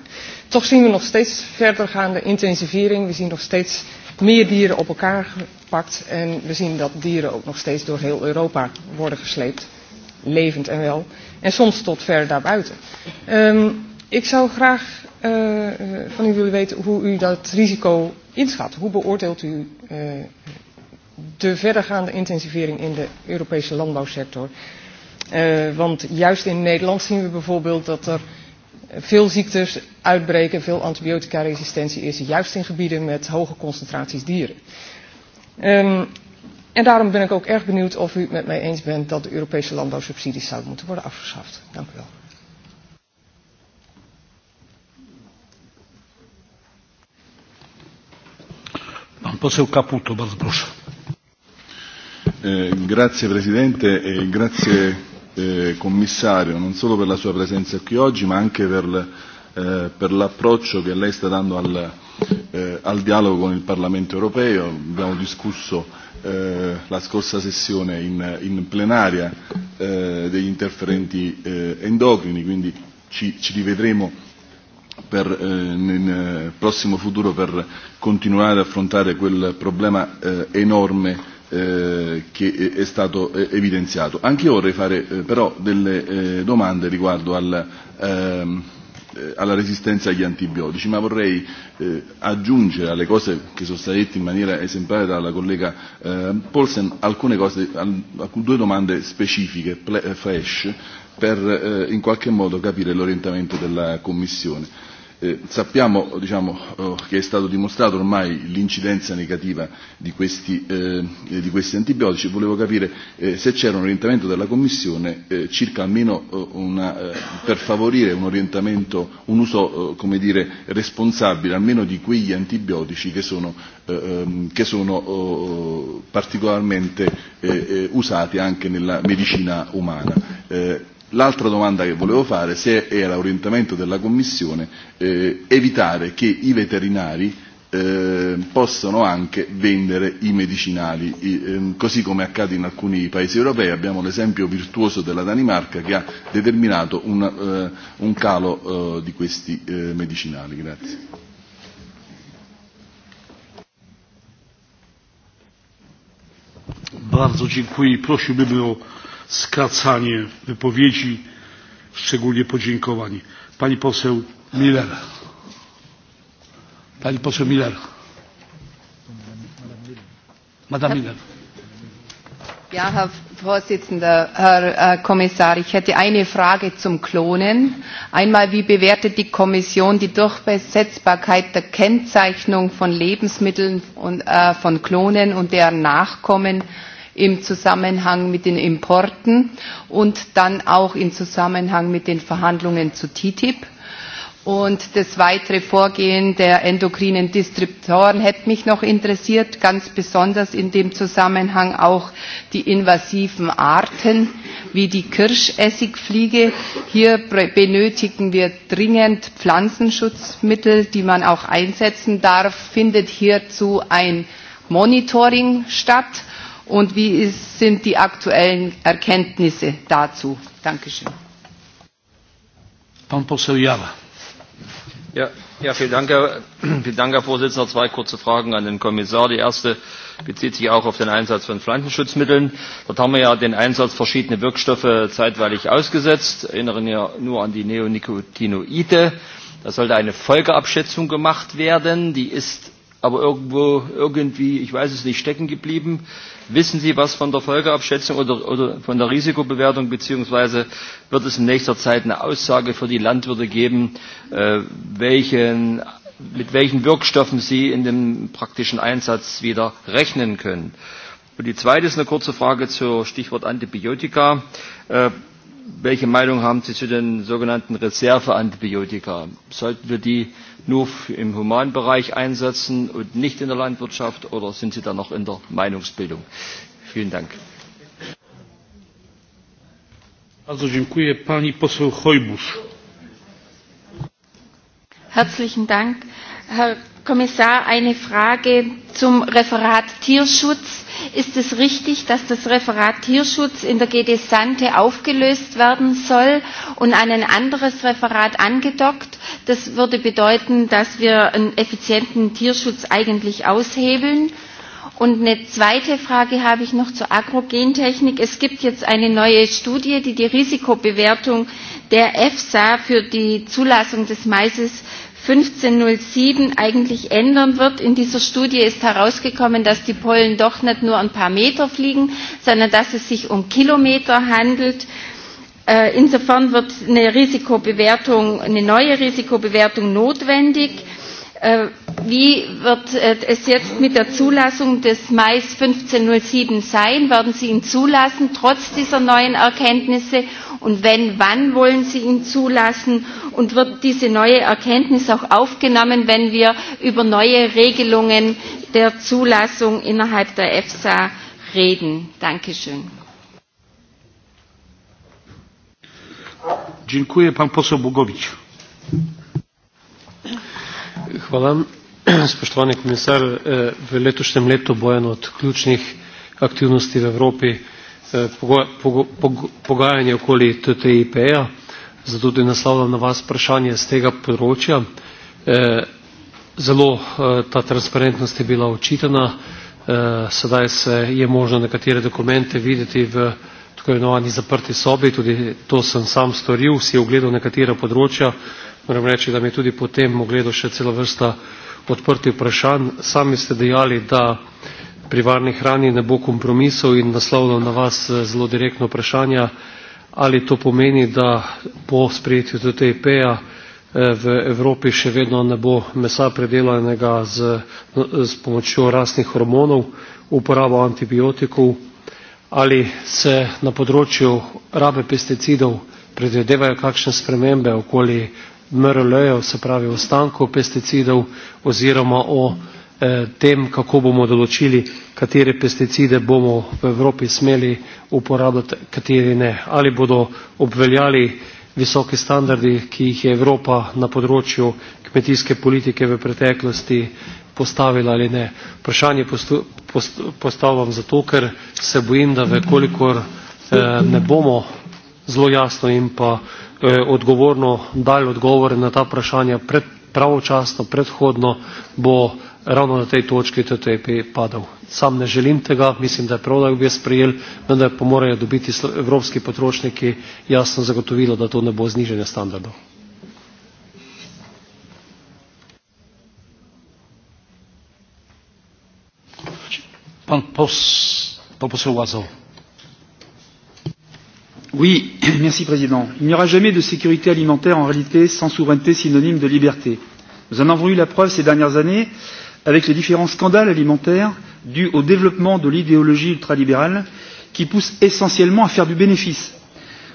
Toch zien we nog steeds verdergaande intensivering. We zien nog steeds meer dieren op elkaar gepakt. En we zien dat dieren ook nog steeds door heel Europa worden gesleept. Levend en wel. En soms tot ver daarbuiten. Um, ik zou graag uh, van u willen weten hoe u dat risico inschat. Hoe beoordeelt u uh, de verdergaande intensivering in de Europese landbouwsector? Uh, want juist in Nederland zien we bijvoorbeeld dat er uh, veel ziektes uitbreken, veel antibioticaresistentie is, juist in gebieden met hoge concentraties dieren. Um, en daarom ben ik ook erg benieuwd of u het met mij eens bent dat de Europese landbouwsubsidies zouden moeten worden afgeschaft. Dank u wel. Pan poseł Caputo, bardzo proszę. Eh, grazie Presidente e grazie eh, commissario non solo per la sua presenza qui oggi ma anche per, eh, per l'approccio che lei sta dando al, eh, al dialogo con il Parlamento europeo. Abbiamo discusso eh, la scorsa sessione in, in plenaria eh, degli interferenti eh, endocrini, quindi ci, ci rivedremo per, eh, nel prossimo futuro per continuare ad affrontare quel problema eh, enorme Eh, che è stato eh, evidenziato. Anche io vorrei fare eh, però delle eh, domande riguardo al, ehm, eh, alla resistenza agli antibiotici, ma vorrei eh, aggiungere alle cose che sono state dette in maniera esemplare dalla collega eh, Polsen alcune cose, al, due domande specifiche, eh, flash, per eh, in qualche modo capire l'orientamento della Commissione Eh, Eh, sappiamo diciamo, oh, che è stato dimostrato ormai l'incidenza negativa di questi, eh, di questi antibiotici, volevo capire eh, se c'era un orientamento della Commissione eh, circa almeno eh, una, eh, per favorire un orientamento, un uso eh, come dire, responsabile almeno di quegli antibiotici che sono, eh, ehm, che sono oh, particolarmente eh, eh, usati anche nella medicina umana. Eh, L'altra domanda che volevo fare se era orientamento della Commissione eh, evitare che i veterinari eh, possano anche vendere i medicinali, eh, così come accade in alcuni paesi europei. Abbiamo l'esempio virtuoso della Danimarca che ha determinato un, eh, un calo eh, di questi eh, medicinali. Grazie. Bardzo dziękuję i prosiłbym o skracanie wypowiedzi, szczególnie podziękowań. Pani poseł Miller. Pani poseł Miller. Madame Miller. Ja, Herr Vorsitzender, Herr Kommissar, ich hätte eine Frage zum Klonen. Einmal, wie bewertet die Kommission die Durchsetzbarkeit der Kennzeichnung von Lebensmitteln und, äh, von Klonen und deren Nachkommen? im Zusammenhang mit den Importen und dann auch im Zusammenhang mit den Verhandlungen zu TTIP. Und das weitere Vorgehen der endokrinen Distributoren hätte mich noch interessiert, ganz besonders in dem Zusammenhang auch die invasiven Arten wie die Kirschessigfliege. Hier benötigen wir dringend Pflanzenschutzmittel, die man auch einsetzen darf. Findet hierzu ein Monitoring statt? und wie ist, sind die aktuellen Erkenntnisse dazu? Dankeschön. Pan poseł Jara. Ja, ja, vielen Dank, vielen Dank, Herr Vorsitzender. Zwei kurze Fragen an den Kommissar. Die erste bezieht sich auch auf den Einsatz von Pflanzenschutzmitteln. Dort haben wir ja den Einsatz verschiedener Wirkstoffe zeitweilig ausgesetzt. Ich erinnere mich nur an die Neonicotinoide. Da sollte eine Folgeabschätzung gemacht werden. Die ist aber irgendwo, irgendwie, ich weiß es nicht, stecken geblieben. Wissen Sie was von der Folgeabschätzung oder, oder von der Risikobewertung, beziehungsweise wird es in nächster Zeit eine Aussage für die Landwirte geben, äh, welchen, mit welchen Wirkstoffen sie in dem praktischen Einsatz wieder rechnen können? Und die zweite ist eine kurze Frage zur Stichwort Antibiotika. Äh, welche Meinung haben Sie zu den sogenannten Reserveantibiotika? Sollten wir die nur im Humanbereich einsetzen und nicht in der Landwirtschaft oder sind Sie da noch in der Meinungsbildung? Vielen Dank. Bardzo dziękuję. Pani Herzlichen Dank. Herr Kommissar, eine Frage zum Referat Tierschutz. Ist es richtig, dass das Referat Tierschutz in der GD Sante aufgelöst werden soll und an ein anderes Referat angedockt? Das würde bedeuten, dass wir einen effizienten Tierschutz eigentlich aushebeln. Und eine zweite Frage habe ich noch zur Agrogentechnik. Es gibt jetzt eine neue Studie, die die Risikobewertung der EFSA für die Zulassung des Maises 1507 eigentlich ändern wird. In dieser Studie ist herausgekommen, dass die Pollen doch nicht nur ein paar Meter fliegen, sondern dass es sich um Kilometer handelt. Äh, insofern wird eine Risikobewertung, eine neue Risikobewertung notwendig. Äh, wie wird äh, es jetzt mit der Zulassung des Mais 1507 sein? Werden Sie ihn zulassen, trotz dieser neuen Erkenntnisse? Und wenn, wann wollen Sie ihn zulassen? Und wird diese neue Erkenntnis auch aufgenommen, wenn wir über neue Regelungen der Zulassung innerhalb der EFSA reden? Dankeschön. Dziękuję, pan poseł Bogowicz. Hvala. Spoštovani komisar, eh, v letošnjem letu bo eno od ključnih aktivnosti v Evropi eh, pogajanje okoli TTIP-ja, zato tudi naslavljam na vas vprašanje z tega področja. Eh, zelo ta transparentnost je bila očitana, sedaj se je možno nekatere dokumente videti v tako imenovani zaprti sobi, tudi to sem sam storil, si ogledal nekatera področja, Moram reči, da mi je tudi potem mogledo še celo vrsta odprtih vprašanj. Sami ste dejali, da pri varni hrani ne bo kompromisov in naslovno na vas eh, zelo direktno vprašanje, ali to pomeni, da po sprejetju TTIP-ja eh, v Evropi še vedno ne bo mesa predelanega z, z pomočjo rasnih hormonov, uporabo antibiotikov, ali se na področju rabe pesticidov predvidevajo kakšne spremembe okoli MRL-jev, se pravi o stanku pesticidov oziroma o eh, tem, kako bomo določili, katere pesticide bomo v Evropi smeli uporabljati, kateri ne. Ali bodo obveljali visoki standardi, ki jih je Evropa na področju kmetijske politike v preteklosti postavila ali ne. Vprašanje postavljam zato, ker se bojim, da vekolikor eh, ne bomo zelo jasno in pa odgovorno dali odgovore na ta vprašanja pred, pravočasno, predhodno, bo ravno na tej točki TTIP padal. Sam ne želim tega, mislim, da je prav, da bi jaz prijel, vendar pa morajo dobiti evropski potrošniki jasno zagotovilo, da to ne bo zniženje standardov. Pan pos, pan posel Łazow. Oui, merci Président. Il n'y aura jamais de sécurité alimentaire en réalité sans souveraineté synonyme de liberté. Nous en avons eu la preuve ces dernières années avec les différents scandales alimentaires dus au développement de l'idéologie ultralibérale qui pousse essentiellement à faire du bénéfice.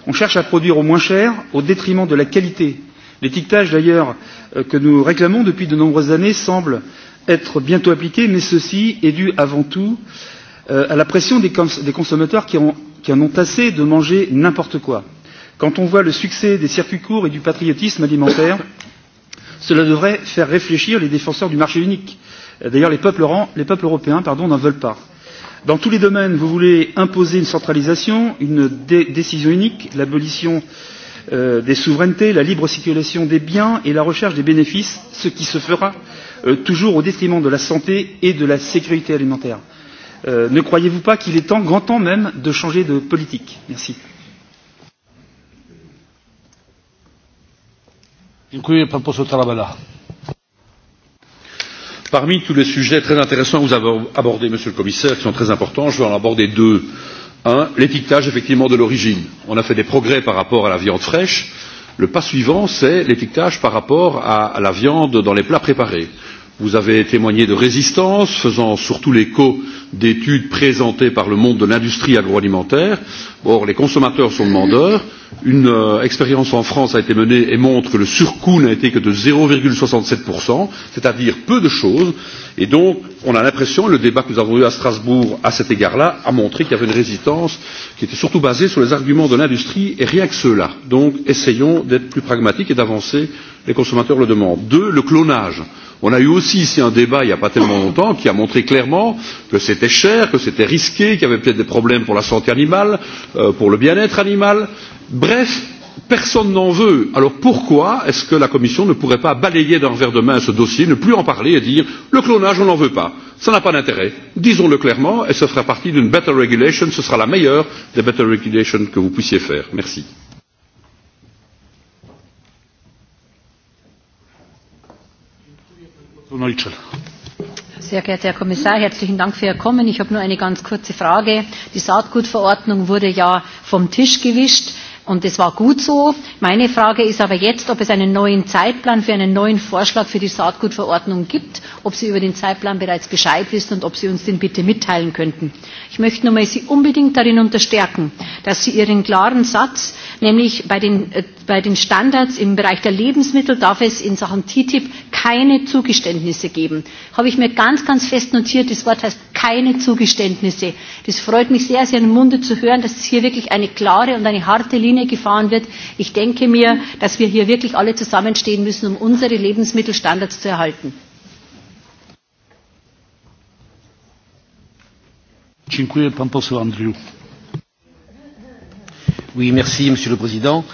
On cherche à produire au moins cher au détriment de la qualité. L'étiquetage d'ailleurs euh, que nous réclamons depuis de nombreuses années semble être bientôt appliqué, mais ceci est dû avant tout euh, à la pression des consommateurs qui ont qui en ont assez de manger n'importe quoi. Quand on voit le succès des circuits courts et du patriotisme alimentaire, cela devrait faire réfléchir les défenseurs du marché unique. D'ailleurs, les les peuples européens n'en veulent pas. Dans tous les domaines, vous voulez imposer une centralisation, une dé décision unique, l'abolition euh, des souverainetés, la libre circulation des biens et la recherche des bénéfices, ce qui se fera euh, toujours au détriment de la santé et de la sécurité alimentaire. Euh, ne croyez-vous pas qu'il est temps, grand temps même, de changer de politique Merci. Parmi tous les sujets très intéressants que vous avez abordés, Monsieur le Commissaire, qui sont très importants, je vais en aborder deux. Un, l'étiquetage effectivement de l'origine. On a fait des progrès par rapport à la viande fraîche. Le pas suivant, c'est l'étiquetage par rapport à la viande dans les plats préparés Vous avez témoigné de résistance, faisant surtout l'écho d'études présentées par le monde de l'industrie agroalimentaire. Or, les consommateurs sont demandeurs. Une euh, expérience en France a été menée et montre que le surcoût n'a été que de 0,67%, c'est-à-dire peu de choses. Et donc, on a l'impression, le débat que nous avons eu à Strasbourg à cet égard-là a montré qu'il y avait une résistance qui était surtout basée sur les arguments de l'industrie et rien que cela. Donc, essayons d'être plus pragmatiques et d'avancer. Les consommateurs le demandent. Deux, le clonage. On a eu aussi ici un débat il n'y a pas tellement longtemps qui a montré clairement que c'était cher, que c'était risqué, qu'il y avait peut-être des problèmes pour la santé animale, euh, pour le bien-être animal. Bref, personne n'en veut. Alors pourquoi est-ce que la Commission ne pourrait pas balayer d'un revers de main ce dossier, ne plus en parler et dire le clonage, on n'en veut pas Ça n'a pas d'intérêt. Disons-le clairement et ce fera partie d'une better regulation. Ce sera la meilleure des better regulations que vous puissiez faire. Merci. Sehr geehrter Herr Kommissar, herzlichen Dank für Ihr Kommen. Ich habe nur eine ganz kurze Frage. Die Saatgutverordnung wurde ja vom Tisch gewischt. Und das war gut so. Meine Frage ist aber jetzt, ob es einen neuen Zeitplan für einen neuen Vorschlag für die Saatgutverordnung gibt, ob Sie über den Zeitplan bereits Bescheid wissen und ob Sie uns den bitte mitteilen könnten. Ich möchte nochmal Sie unbedingt darin unterstärken, dass Sie Ihren klaren Satz nämlich bei den, äh, bei den Standards im Bereich der Lebensmittel darf es in Sachen TTIP keine Zugeständnisse geben. Habe ich mir ganz, ganz fest notiert, das Wort heißt keine Zugeständnisse. Das freut mich sehr, sehr im Munde zu hören, dass hier wirklich eine klare und eine harte Linie gefahren wird. Ich denke mir, dass wir hier wirklich alle zusammenstehen müssen, um unsere Lebensmittelstandards zu erhalten. Dziękuję pan poseł Andriu. Monsieur le Président.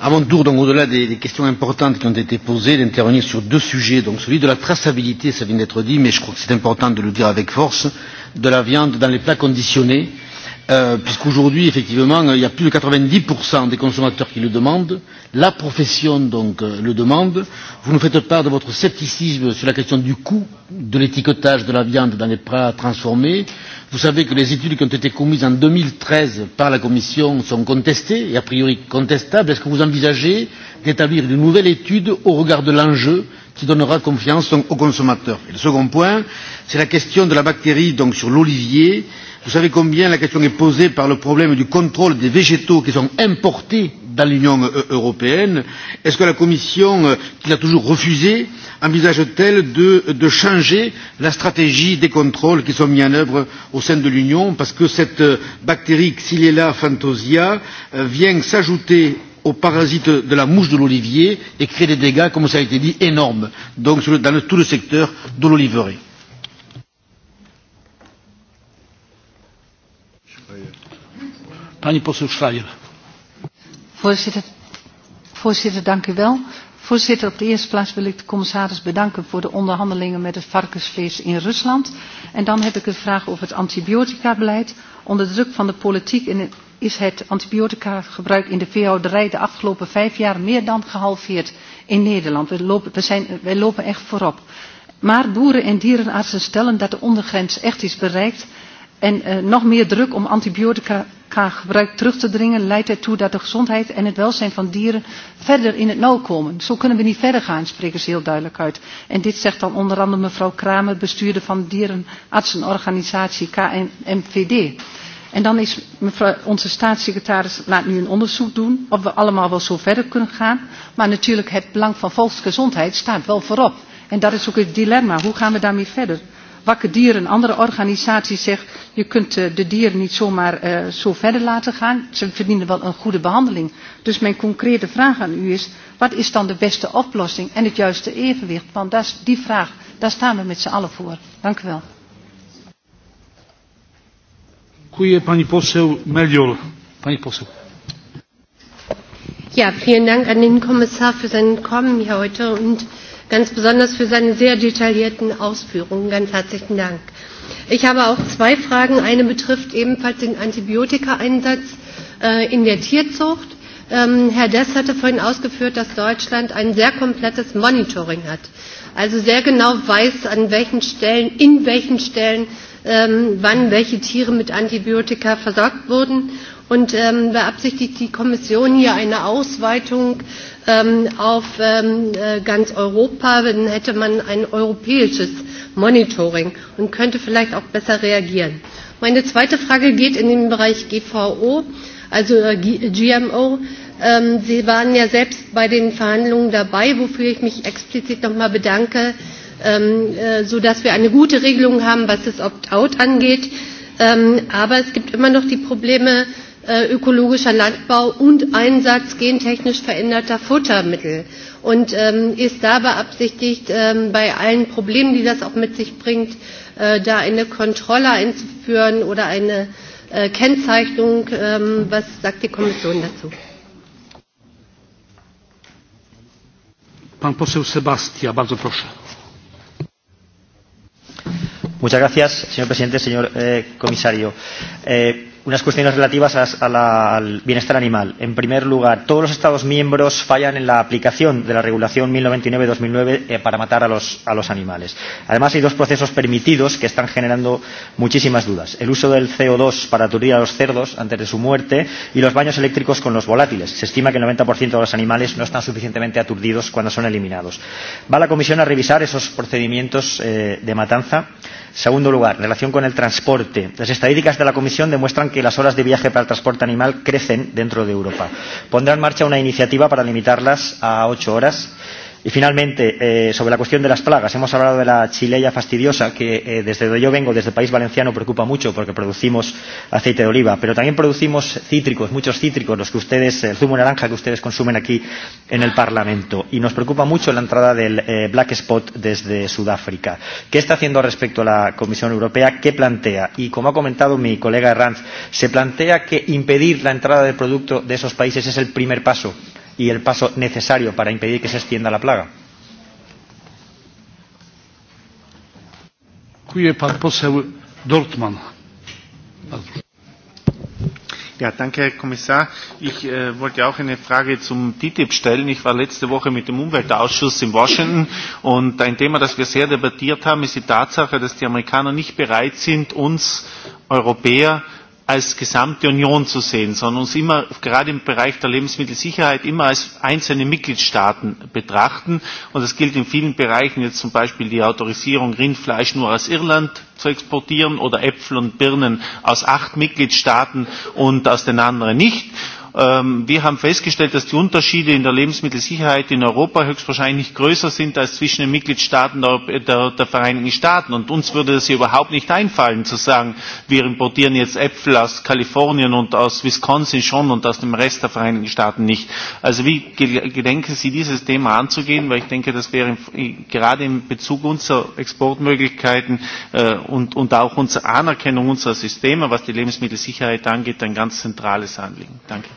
À mon tour, au-delà des, questions importantes qui ont été posées, d'intervenir sur deux sujets. celui de la traçabilité, cela vient d'être dit, mais je crois que c'est important de le dire avec force, de la viande dans les plats conditionnés. Euh, Euh, puisqu'aujourd'hui, effectivement, il y a plus de 90% des consommateurs qui le demandent. La profession, donc, euh, le demande. Vous nous faites part de votre scepticisme sur la question du coût de l'étiquetage de la viande dans les plats transformés. Vous savez que les études qui ont été commises en 2013 par la Commission sont contestées et a priori contestables. Est-ce que vous envisagez d'établir une nouvelle étude au regard de l'enjeu qui donnera confiance aux consommateurs le second point, c'est la question de la bactérie donc, sur l'olivier. Vous savez combien la question est posée par le problème du contrôle des végétaux qui sont importés dans l'Union euh, européenne. Est-ce que la Commission, euh, qui l'a toujours refusé, envisage-t-elle de, changer la stratégie des contrôles qui sont mis en œuvre au sein de l'Union parce que cette euh, bactérie Xylella fantosia vient s'ajouter aux parasites de la mouche de l'olivier et crée des dégâts, comme cela a été dit, énormes dans tout le secteur de l'oliveraie. Pani poseł Schreier. Voorzitter, voorzitter, dank u wel. Voorzitter, op de eerste plaats wil ik de commissaris bedanken voor de onderhandelingen met het varkensvlees in Rusland. En dan heb ik een vraag over het antibioticabeleid. Onder druk van de politiek is het antibioticagebruik in de veehouderij de afgelopen vijf jaar meer dan gehalveerd in Nederland. Wij lopen, wij zijn, wij lopen echt voorop. Maar boeren en dierenartsen stellen dat de ondergrens echt is bereikt en uh, nog meer druk om antibiotica gebruik terug te dringen leidt ertoe dat de gezondheid en het welzijn van dieren verder in het nauw komen. Zo kunnen we niet verder gaan, spreken ze heel duidelijk uit. En dit zegt dan onder andere mevrouw Kramer, bestuurder van dierenartsenorganisatie KNMVD. En dan is mevrouw, onze staatssecretaris laat nu een onderzoek doen of we allemaal wel zo verder kunnen gaan. Maar natuurlijk het belang van volksgezondheid staat wel voorop. En dat is ook het dilemma. Hoe gaan we daarmee verder? Wakker Dier, een andere organisatie, zegt... je kunt eh, de dieren niet zomaar eh, zo verder laten gaan. Ze verdienen wel een goede behandeling. Dus mijn concrete vraag aan u is... wat is dan de beste oplossing en het juiste evenwicht? Want dat is die vraag, daar staan we met z'n allen voor. Dank u wel. Dziękuję. Pani poseł Melior. Pani poseł. Ja, vielen Dank an den Kommissar für sein Kommen hier heute und ganz besonders für seine sehr detaillierten Ausführungen. Ganz herzlichen Dank. Ich habe auch zwei Fragen. Eine betrifft ebenfalls den Antibiotikaeinsatz äh, in der Tierzucht. Ähm, Herr Dess hatte vorhin ausgeführt, dass Deutschland ein sehr komplettes Monitoring hat. Also sehr genau weiß, an welchen Stellen, in welchen Stellen, ähm, wann welche Tiere mit Antibiotika versorgt wurden Und ähm, beabsichtigt die Kommission hier eine Ausweitung ähm, auf ähm, äh, ganz Europa, dann hätte man ein europäisches Monitoring und könnte vielleicht auch besser reagieren. Meine zweite Frage geht in den Bereich GVO, also äh, GMO. Äh, ähm, Sie waren ja selbst bei den Verhandlungen dabei, wofür ich mich explizit nochmal bedanke, ähm, äh, sodass wir eine gute Regelung haben, was das Opt-out angeht. Ähm, aber es gibt immer noch die Probleme, Äh, ökologischer Landbau und Einsatz gentechnisch veränderter Futtermittel und ähm, ist da beabsichtigt, ähm, bei allen Problemen, die das auch mit sich bringt, äh, da eine Kontrolle einzuführen oder eine äh, Kennzeichnung. Ähm, was sagt die Kommission dazu? Pan poseł Sebastian, bardzo proszę. Muchas gracias, señor presidente, señor eh, comisario. Eh, unas cuestiones relativas a, a la, al bienestar animal. En primer lugar, todos los Estados miembros fallan en la aplicación de la regulación 1099-2009 eh, para matar a los, a los animales. Además, hay dos procesos permitidos que están generando muchísimas dudas. El uso del CO2 para aturdir a los cerdos antes de su muerte y los baños eléctricos con los volátiles. Se estima que el 90% de los animales no están suficientemente aturdidos cuando son eliminados. ¿Va la Comisión a revisar esos procedimientos eh, de matanza? Segundo lugar, en relación con el transporte. Las estadísticas de la Comisión demuestran que las horas de viaje para el transporte animal crecen dentro de Europa. Pondrá en marcha una iniciativa para limitarlas a ocho horas Y finalmente, eh, sobre la cuestión de las plagas, hemos hablado de la chileya fastidiosa, que eh, desde donde yo vengo, desde el país valenciano, preocupa mucho porque producimos aceite de oliva, pero también producimos cítricos, muchos cítricos, los que ustedes, el zumo naranja que ustedes consumen aquí en el Parlamento. Y nos preocupa mucho la entrada del eh, Black Spot desde Sudáfrica. ¿Qué está haciendo respecto a la Comisión Europea? ¿Qué plantea? Y como ha comentado mi colega Herranz, se plantea que impedir la entrada del producto de esos países es el primer paso y el paso necesario para impedir que se extienda la plaga? Ja, danke, Herr Kommissar. Ich äh, wollte auch eine Frage zum TTIP stellen. Ich war letzte Woche mit dem Umweltausschuss in Washington und ein Thema, das wir sehr debattiert haben, ist die Tatsache, dass die Amerikaner nicht bereit sind, uns Europäer als gesamte Union zu sehen, sondern uns immer gerade im Bereich der Lebensmittelsicherheit immer als einzelne Mitgliedstaaten betrachten. Und das gilt in vielen Bereichen, jetzt zum Beispiel die Autorisierung, Rindfleisch nur aus Irland zu exportieren oder Äpfel und Birnen aus acht Mitgliedstaaten und aus den anderen nicht. Ähm, wir haben festgestellt, dass die Unterschiede in der Lebensmittelsicherheit in Europa höchstwahrscheinlich größer sind als zwischen den Mitgliedstaaten der, Vereinigten Staaten. Und uns würde es überhaupt nicht einfallen, zu sagen, wir importieren jetzt Äpfel aus Kalifornien und aus Wisconsin schon und aus dem Rest der Vereinigten Staaten nicht. Also wie gedenken Sie, dieses Thema anzugehen? Weil ich denke, das wäre gerade in Bezug unserer Exportmöglichkeiten äh, und, und auch unserer Anerkennung unserer Systeme, was die Lebensmittelsicherheit angeht, ein ganz zentrales Anliegen. Danke.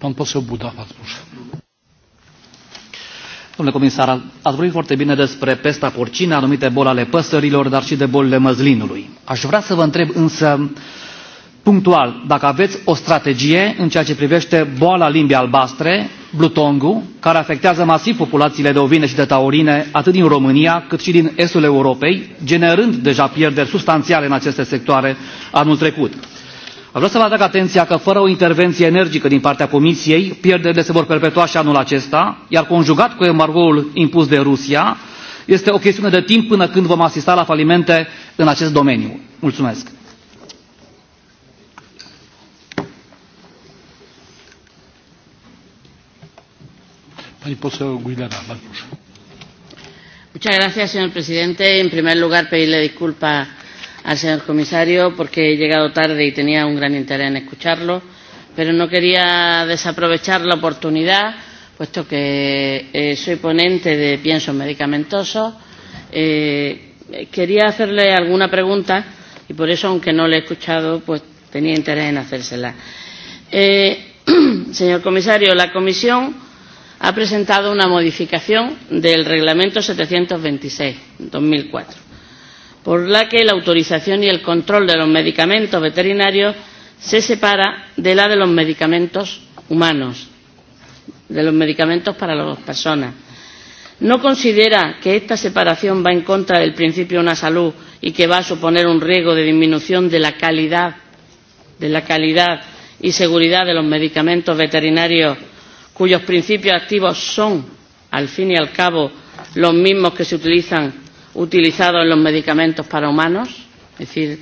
Pan poseł Buda, proszę. Domnule comisar, ați vorbit foarte bine despre pesta porcină, anumite boli ale păsărilor, dar și de bolile măzlinului. Aș vrea să vă întreb însă, punctual, dacă aveți o strategie în ceea ce privește boala limbii albastre, blutongu, care afectează masiv populațiile de ovine și de taurine, atât din România cât și din estul Europei, generând deja pierderi substanțiale în aceste sectoare anul trecut vreau să vă atrag atenția că fără o intervenție energică din partea comisiei pierderile se vor perpetua și anul acesta iar conjugat cu embargoul impus de rusia este o chestiune de timp până când vom asista la falimente în acest domeniu. mulțumesc. Muchas gracias, señor presidente. En primer lugar, pedirle disculpas al señor comisario porque he llegado tarde y tenía un gran interés en escucharlo, pero no quería desaprovechar la oportunidad, puesto que eh, soy ponente de piensos medicamentosos. Eh, quería hacerle alguna pregunta y por eso, aunque no le he escuchado, pues tenía interés en hacérsela. Eh, señor comisario, la Comisión ha presentado una modificación del Reglamento 726-2004 por la que la autorización y el control de los medicamentos veterinarios se separa de la de los medicamentos humanos, de los medicamentos para las personas. ¿No considera que esta separación va en contra del principio de una salud y que va a suponer un riesgo de disminución de la calidad, de la calidad y seguridad de los medicamentos veterinarios cuyos principios activos son, al fin y al cabo, los mismos que se utilizan utilizado en los medicamentos para humanos. Es decir,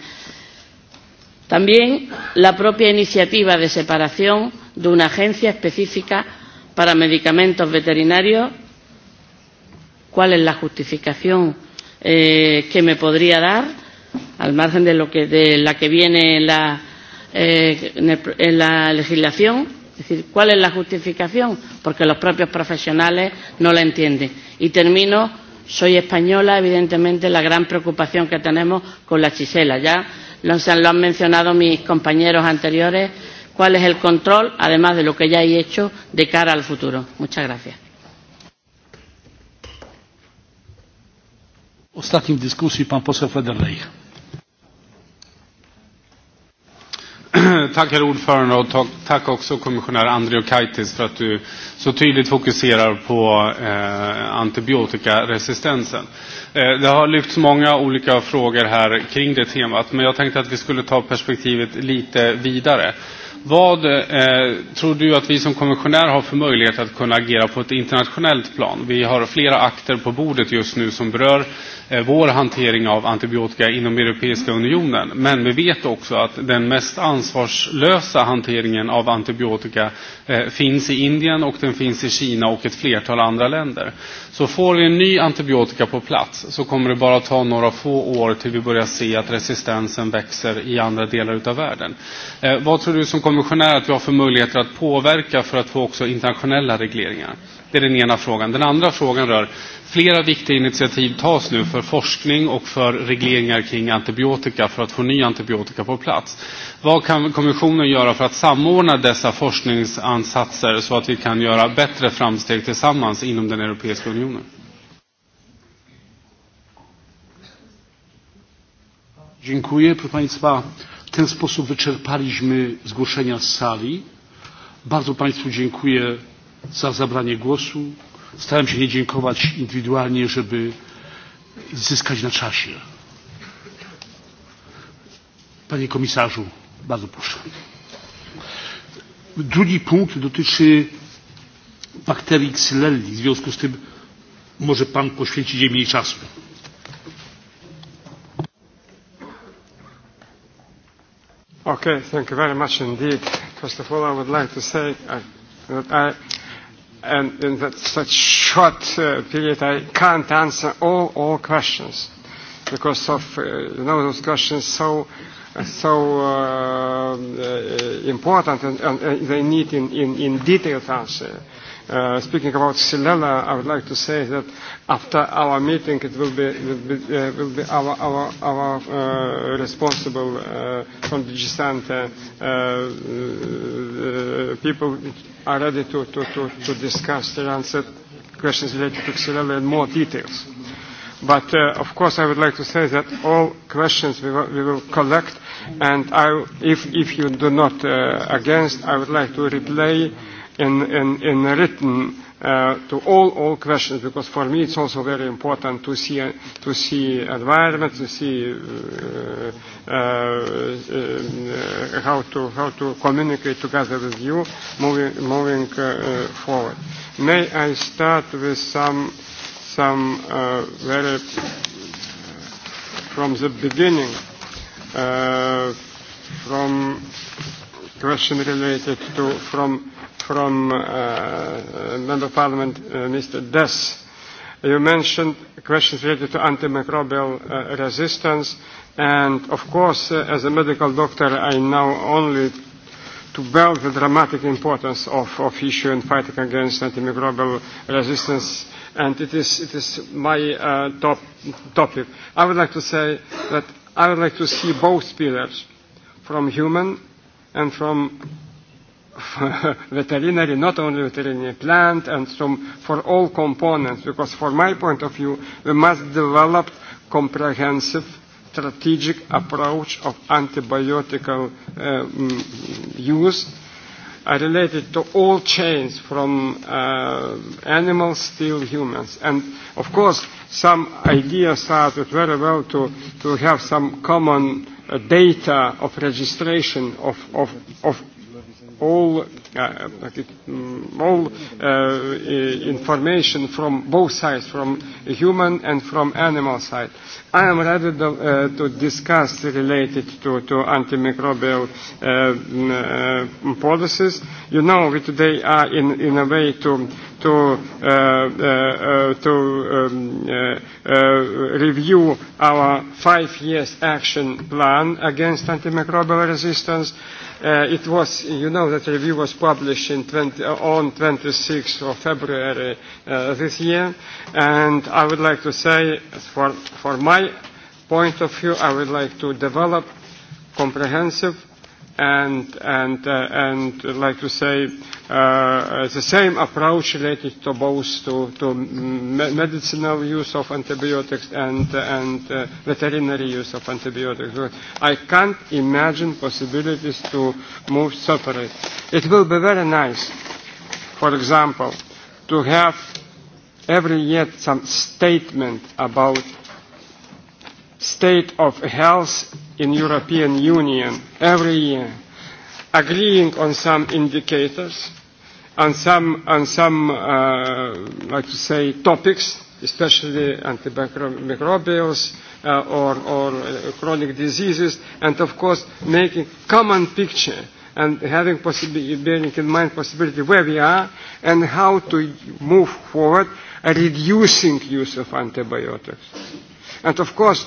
también la propia iniciativa de separación de una agencia específica para medicamentos veterinarios. ¿Cuál es la justificación eh, que me podría dar, al margen de, lo que, de la que viene en la, eh, en, el, en la legislación? Es decir, ¿cuál es la justificación? Porque los propios profesionales no la entienden. Y termino soy española, evidentemente la gran preocupación que tenemos con la chisela. Ya lo, han mencionado mis compañeros anteriores, cuál es el control, además de lo que ya hay hecho, de cara al futuro. Muchas gracias. Ostatnim dyskusji pan poseł Federley. tack herr ordförande och tack, tack också kommissionär Andriukaitis för att du så tydligt fokuserar på eh, antibiotikaresistensen. Eh, det har lyfts många olika frågor här kring det temat men jag tänkte att vi skulle ta perspektivet lite vidare. Vad eh, tror du att vi som kommissionär har för möjlighet att kunna agera på ett internationellt plan? Vi har flera akter på bordet just nu som berör eh, vår hantering av antibiotika inom Europeiska unionen. Men vi vet också att den mest ansvarslösa hanteringen av antibiotika eh, finns i Indien och den finns i Kina och ett flertal andra länder. Så får vi en ny antibiotika på plats så kommer det bara ta några få år till vi börjar se att resistensen växer i andra delar av världen. Eh, vad tror du som kommissionär kommissionär att vi har för möjligheter att påverka för att få också internationella regleringar? Det är den ena frågan. Den andra frågan rör flera viktiga initiativ tas nu för forskning och för regleringar kring antibiotika för att få ny antibiotika på plats. Vad kan kommissionen göra för att samordna dessa forskningsansatser så att vi kan göra bättre framsteg tillsammans inom den europeiska unionen? Dziękuję. Proszę Państwa, ten sposób wyczerpaliśmy zgłoszenia z sali. Bardzo Państwu dziękuję za zabranie głosu. Staram się nie dziękować indywidualnie, żeby zyskać na czasie. Panie komisarzu, bardzo proszę. Drugi punkt dotyczy bakterii Xylelli. W związku z tym może Pan poświęcić jej mniej czasu. Okay, thank you very much indeed. First of all, I would like to say I, uh, that I, and in that such short uh, period, I can't answer all all questions because of uh, you know those questions so so uh, uh, important and, and they need in in, in detailed answer. Uh, Uh, speaking about Silena, I would like to say that after our meeting, it will be, will be, uh, will be our, our, our uh, responsible uh, from Digisanta uh, uh, people are ready to, to, to, to discuss and answer questions related to Xylella in more details. But uh, of course, I would like to say that all questions we, will, we will collect, and I, if, if you do not uh, against, I would like to replay in, in, in written uh, to all, all questions because for me it's also very important to see, to see environment, to see uh, uh, uh, how, to, how to communicate together with you moving, moving uh, uh, forward. May I start with some, some uh, very, from the beginning, uh, from question related to, from from uh, uh, Member of Parliament, uh, Mr. Dess. You mentioned questions related to antimicrobial uh, resistance, and of course, uh, as a medical doctor, I know only to well the dramatic importance of, of issue in fighting against antimicrobial resistance, and it is, it is my uh, top topic. I would like to say that I would like to see both pillars, from human and from veterinary, not only veterinary plant, and some for all components. Because from my point of view, we must develop comprehensive strategic approach of antibiotic uh, mm, use uh, related to all chains from uh, animals till humans. And of course, some ideas started very well to, to have some common uh, data of registration of, of, of all, uh, uh, all uh, information from both sides, from human and from animal side. I am ready to, uh, to discuss related to, to antimicrobial uh, uh, policies. You know, we today are in, in a way to to uh, uh, to um, uh, uh, review our five years action plan against antimicrobial resistance. Uh, it was, you know, that review was published in 20, on 26th of February uh, this year, and I would like to say, for, for my point of view, I would like to develop comprehensive and and uh, and uh, like to say uh, uh, the same approach related to both to, to medicinal use of antibiotics and and uh, veterinary use of antibiotics i can't imagine possibilities to move separate it will be very nice for example to have every year some statement about state of health in European Union every year, agreeing on some indicators, on some, on some uh, like to say, topics, especially antimicrobials uh, or, or uh, chronic diseases, and of course making common picture and having bearing in mind possibility where we are and how to move forward, reducing use of antibiotics. And of course,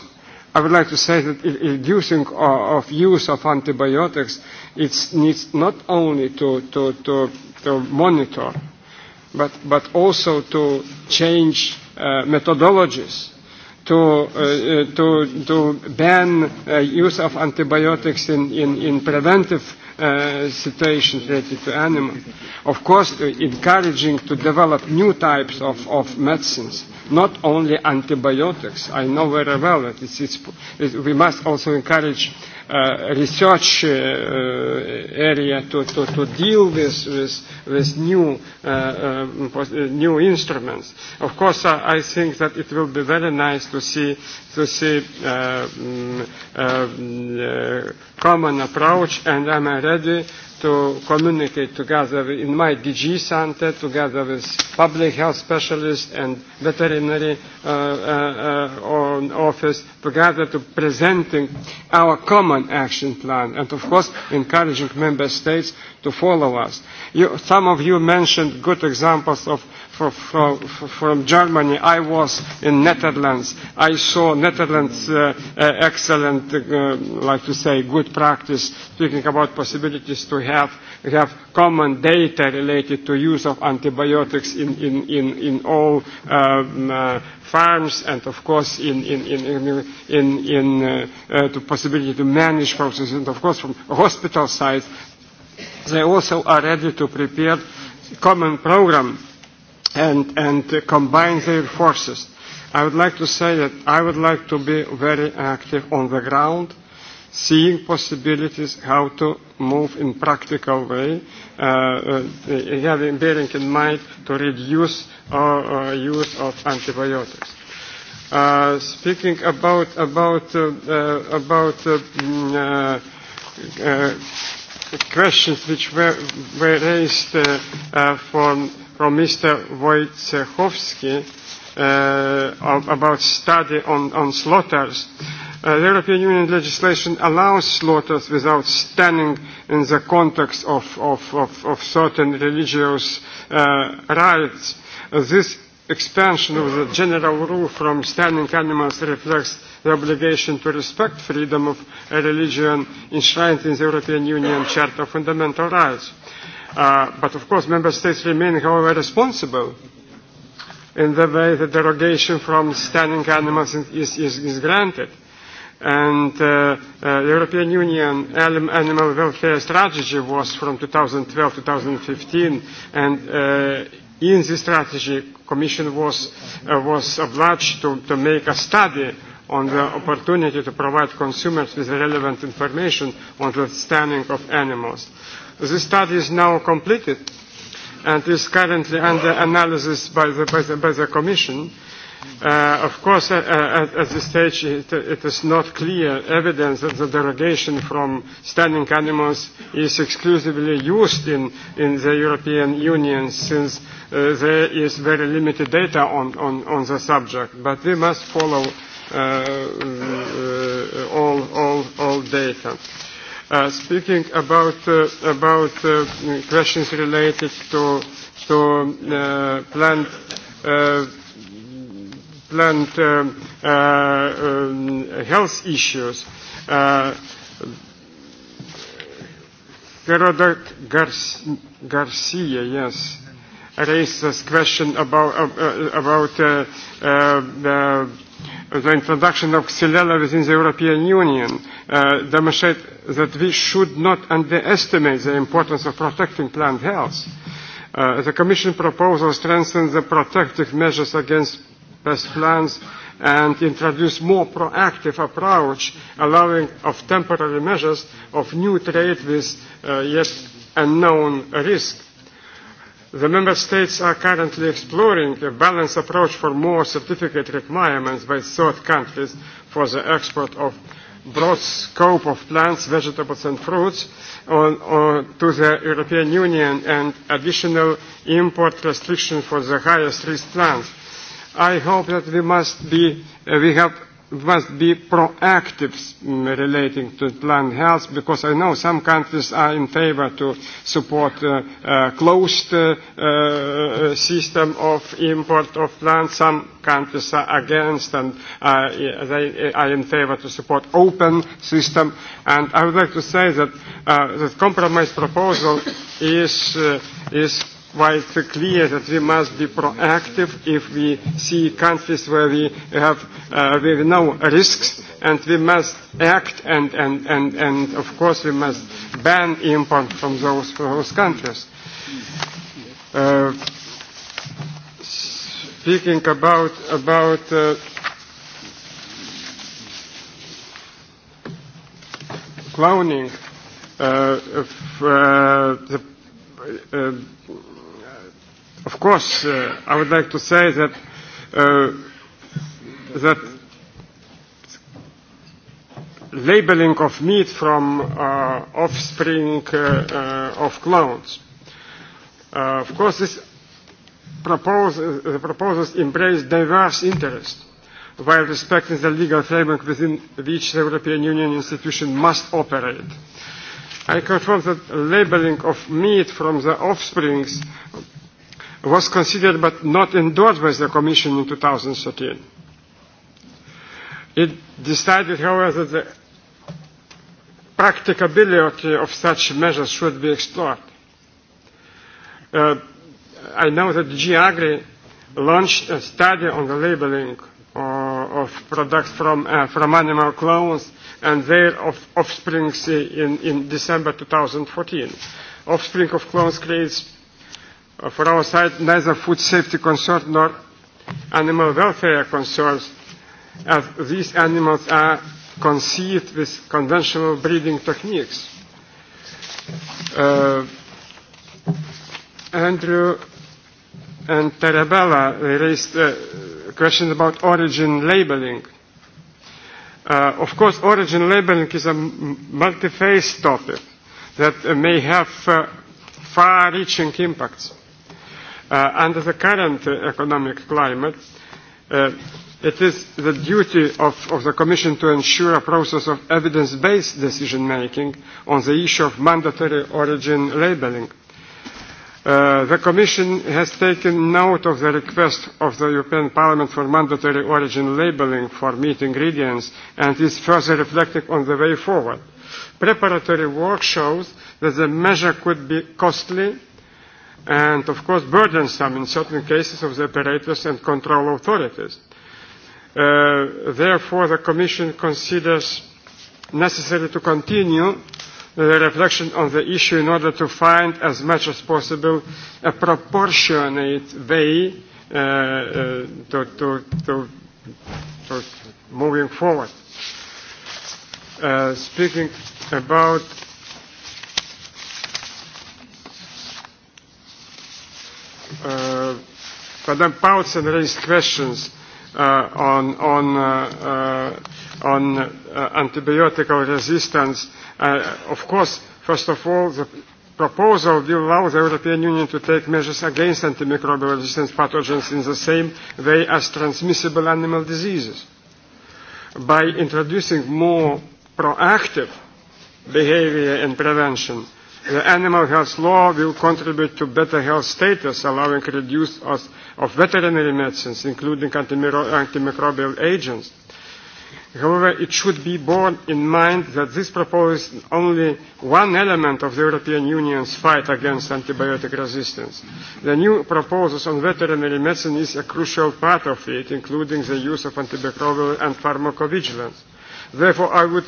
I would like to say that reducing uh, of use of antibiotics it needs not only to, to, to, to monitor but, but also to change uh, methodologies to, uh, uh to, to ban uh, use of antibiotics in, in, in preventive Uh, situations related to animals. Of course, uh, encouraging to develop new types of, of medicines, not only antibiotics. I know very well that it's, it's, it, we must also encourage uh, research uh, uh, area to, to, to deal with, with, with new, uh, uh, uh, new instruments. Of course, I, I think that it will be very nice to see, to see uh, um, uh, common approach, and I'm ready to communicate together in my DG center, together with public health specialists and veterinary uh, uh, uh, office, together to presenting our common action plan, and of course encouraging member states to follow us. You, some of you mentioned good examples of for, for, from Germany. I was in Netherlands. I saw Netherlands uh, uh, excellent, uh, like to say, good practice, speaking about possibilities to have, have common data related to use of antibiotics in, in, in, in all um, uh, farms and of course in, in, in, in, in, in uh, uh, the possibility to manage processes and of course from hospital side they also are ready to prepare common program and, and uh, combine their forces. I would like to say that I would like to be very active on the ground, seeing possibilities how to move in practical way, uh, uh, uh having bearing in mind to reduce our uh, uh, use of antibiotics. Uh, speaking about about uh, uh, about uh, mm, uh, uh, questions which were, were raised uh, uh, from from Mr. Wojciechowski uh, about study on, on slaughters. Uh, the European Union legislation allows slaughters without standing in the context of, of, of, of certain religious uh, rights. Uh, this expansion of the general rule from standing animals reflects the obligation to respect freedom of religion enshrined in the European Union Charter of Fundamental Rights. Uh, but of course, member states remain, however, responsible in the way the derogation from standing animals is, is, is granted. And uh, uh, the European Union animal welfare strategy was from 2012-2015, and uh, in this strategy, Commission was, uh, was obliged to, to make a study on the opportunity to provide consumers with relevant information on the standing of animals. The study is now completed and is currently under analysis by the, by the, by the Commission. Uh, of course, uh, uh at, at this stage, it, it is not clear evidence that the derogation from stunning animals is exclusively used in, in the European Union since uh, there is very limited data on, on, on the subject. But we must follow uh, uh, all, all, all data. Uh, speaking about uh, about uh, questions related to to uh, plant uh, plant uh, uh, um, health issues. Uh, Gar Garcia, yes, raised this question about uh, uh about uh, uh, the the introduction of Xylella in the European Union uh, demonstrate that we should not underestimate the importance of protecting plant health. Uh, the Commission proposal strengthens the protective measures against pest plants and introduce more proactive approach allowing of temporary measures of new trade with uh, yet unknown risk The Member States are currently exploring a balanced approach for more certificate requirements by third countries for the export of broad scope of plants, vegetables and fruits on, on, to the European Union and additional import restrictions for the highest risk plants. I hope that we must be, uh, we have must be proactive relating to plant health because I know some countries are in favor to support uh, uh, closed uh, uh, system of import of plants. Some countries are against and uh, they are in favor to support open system. And I would like to say that uh, the compromise proposal is, uh, is why it's clear that we must be proactive if we see countries where we have uh, with no risks and we must act and, and, and, and of course we must ban import from those, from those countries. Uh, speaking about, about uh, cloning, uh, if, uh, the, uh, Of course, uh, I would like to say that uh, that labeling of meat from uh, offspring uh, uh, of clones. Uh, of course, this propose, uh, the proposals embrace diverse interests while respecting the legal framework within which the European Union institution must operate. I confirm that labeling of meat from the offsprings was considered but not endorsed by the Commission in 2013. It decided, however, that the practicability of such measures should be explored. Uh, I know that GAGRI launched a study on the labeling uh, of products from, uh, from animal clones and their of offspring in, in December 2014. Offspring of clones creates for our side, neither food safety concerns nor animal welfare concerns, as these animals are conceived with conventional breeding techniques. Uh, Andrew and Tarabella raised a question about origin labeling. Uh, of course, origin labeling is a multi-phase topic that may have uh, far-reaching impacts. Uh, under the current uh, economic climate, uh, it is the duty of, of the Commission to ensure a process of evidence-based decision-making on the issue of mandatory origin labelling. Uh, the Commission has taken note of the request of the European Parliament for mandatory origin labelling for meat ingredients and is further reflecting on the way forward. Preparatory work shows that the measure could be costly and of course burdensome in certain cases of the operators and control authorities. Uh, therefore, the Commission considers necessary to continue the reflection on the issue in order to find as much as possible a proportionate way uh, uh, to, to, to, to moving forward. Uh, speaking about uh, Madame Paulsen raised questions uh, on, on, uh, uh, on uh, antibiotic resistance. Uh, of course, first of all, the proposal will allow the European Union to take measures against antimicrobial resistance pathogens in the same way as transmissible animal diseases by introducing more proactive behavior and prevention The animal health law will contribute to better health status, allowing reduced use of veterinary medicines, including antimicrobial agents. However, it should be borne in mind that this proposal is only one element of the European Union's fight against antibiotic resistance. The new proposals on veterinary medicine is a crucial part of it, including the use of antimicrobial and pharmacovigilance. Therefore, I would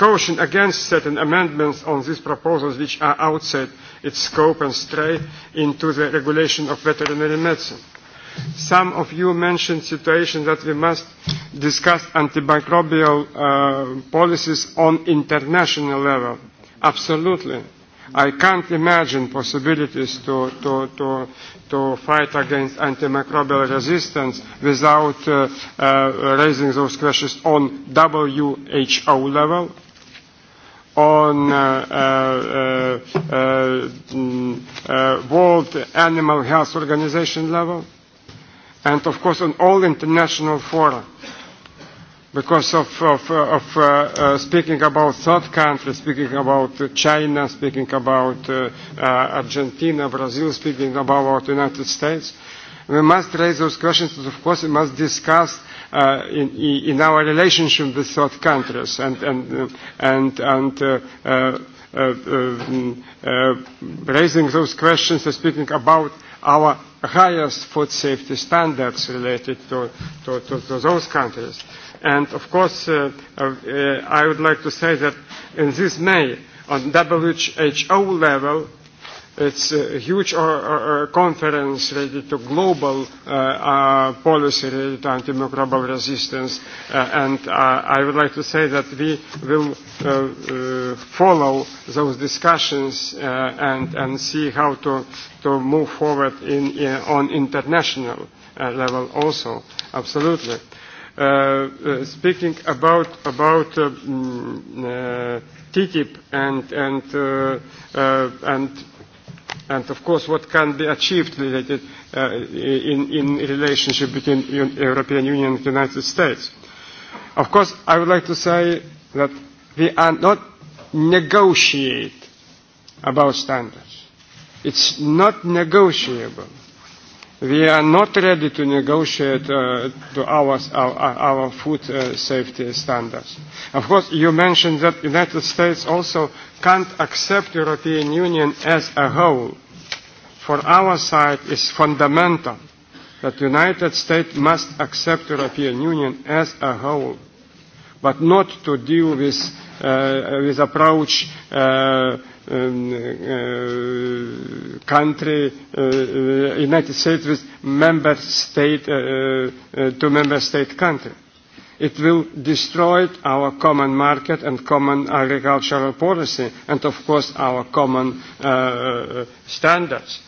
caution against certain amendments on these proposals which are outside its scope and stray into the regulation of veterinary medicine. Some of you mentioned situations that we must discuss antimicrobial uh, policies on international level. Absolutely. I can't imagine possibilities to, to, to, to fight against antimicrobial resistance without uh, uh, raising those questions on WHO level on uh, uh, uh, uh, World Animal Health Organization level, and of course on all international fora. Because of, of, of uh, uh, speaking about third countries, speaking about China, speaking about uh, uh, Argentina, Brazil, speaking about the United States, we must raise those questions. Of course, we must discuss uh, in, in our relationship with third countries and, and, uh, and, and uh, uh, uh, uh, raising those questions and speaking about our highest food safety standards related to, to, to, to those countries. And of course, uh, uh, I would like to say that in this May, on WHO level, It's a huge uh, uh, uh, conference related to global uh, uh, policy related to antimicrobial resistance, uh, and uh, I would like to say that we will uh, uh, follow those discussions uh, and, and see how to, to move forward in, in, uh, on international uh, level also, absolutely. Uh, uh, speaking about, about uh, mm, uh, TTIP and, and, uh, uh, and and of course what can be achieved related uh, in, in relationship between European Union and the United States. Of course, I would like to say that we are not negotiate about standards. It's not negotiable we are not ready to negotiate uh, to our, our, our food uh, safety standards. Of course, you mentioned that United States also can't accept European Union as a whole. For our side, it's fundamental that United States must accept European Union as a whole, but not to deal with, uh, with approach uh, Um, uh, country, uh, United States with member state uh, uh, to member state country. It will destroy our common market and common agricultural policy and of course our common uh, standards.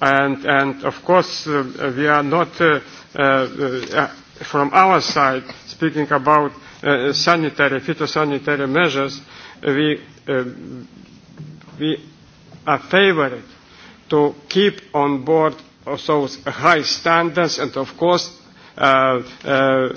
And, and of course uh, we are not uh, uh, uh from our side speaking about uh, sanitary, phytosanitary measures, we uh, we are favored to keep on board those high standards and of course uh, uh,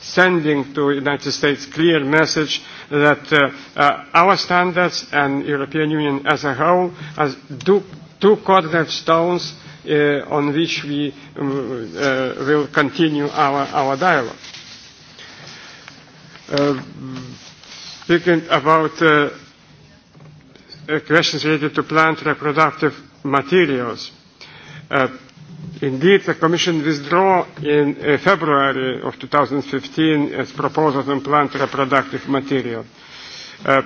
sending to the United States clear message that uh, uh, our standards and European Union as a whole are two, two cornerstones uh, on which we uh, uh will continue our, our dialogue. Uh, speaking about uh, uh, questions related to plant reproductive materials. Uh, indeed, the Commission withdrew in uh, February of 2015 its proposals on plant reproductive material. Uh,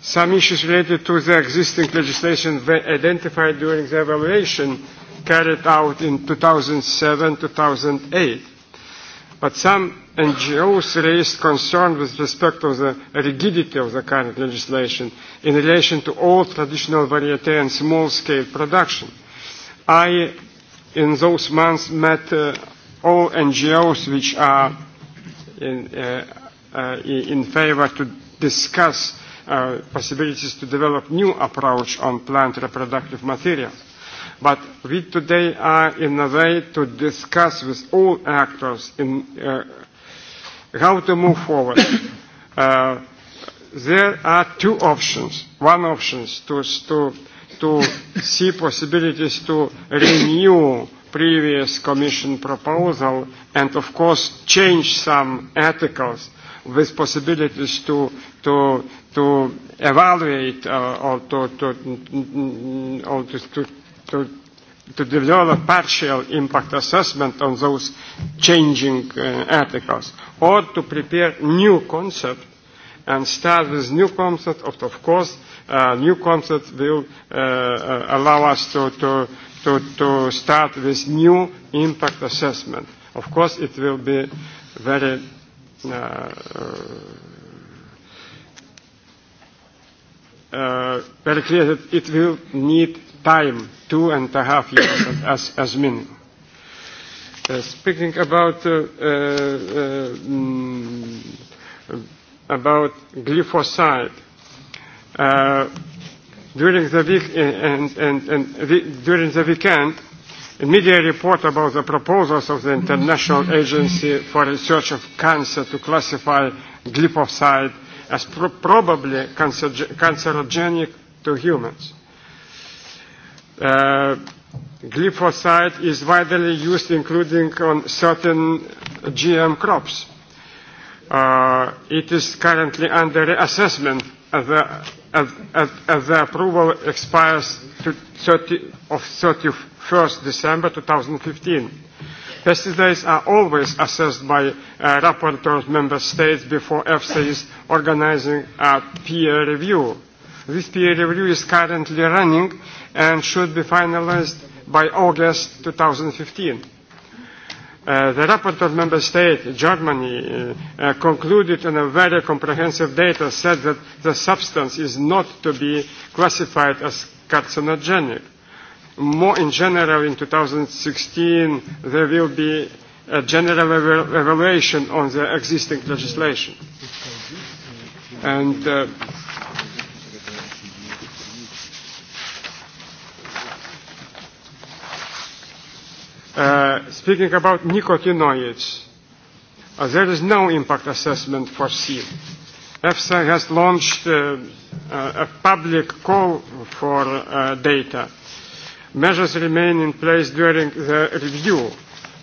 some issues related to the existing legislation were identified during the evaluation carried out in 2007-2008. But some NGOs raised concern with respect to the rigidity of the current legislation in relation to all traditional variety and small-scale production. I, in those months, met uh, all NGOs which are in, uh, uh, in favor to discuss uh, possibilities to develop new approach on plant reproductive material. But we today are in a way to discuss with all actors in, uh, how to move forward. Uh, there are two options. One option is to, to, to see possibilities to renew previous Commission proposal and, of course, change some articles with possibilities to, to, to evaluate uh, or, to, to, or to, to, to to develop a partial impact assessment on those changing uh, articles, or to prepare new concept and start with new concept. Of, of course, uh, new concept will uh, uh, allow us to, to, to, to start with new impact assessment. Of course, it will be very uh, uh, very clear that it will need time, two and a half years as, as minimum. Uh, speaking about uh, uh, um, about glyphosate, uh, during the week uh, and, and, and the, during the weekend, a media report about the proposals of the International Agency for Research of Cancer to classify glyphosate as pro- probably cancer- cancerogenic to humans. Uh, glyphosate is widely used including on certain GM crops. Uh, it is currently under assessment as the, as, as, as the approval expires to 30, of 31st December 2015. Pesticides are always assessed by uh, rapporteurs member states before EFSA is organizing a peer review This peer review is currently running and should be finalized by August 2015. Uh, the report of member state, Germany, uh, uh, concluded in a very comprehensive data set that the substance is not to be classified as carcinogenic. More in general, in 2016, there will be a general evaluation on the existing legislation. And uh, Uh, speaking about nicotinoids, uh, there is no impact assessment for seal. EFSA has launched uh, uh, a public call for uh, data. Measures remain in place during the review.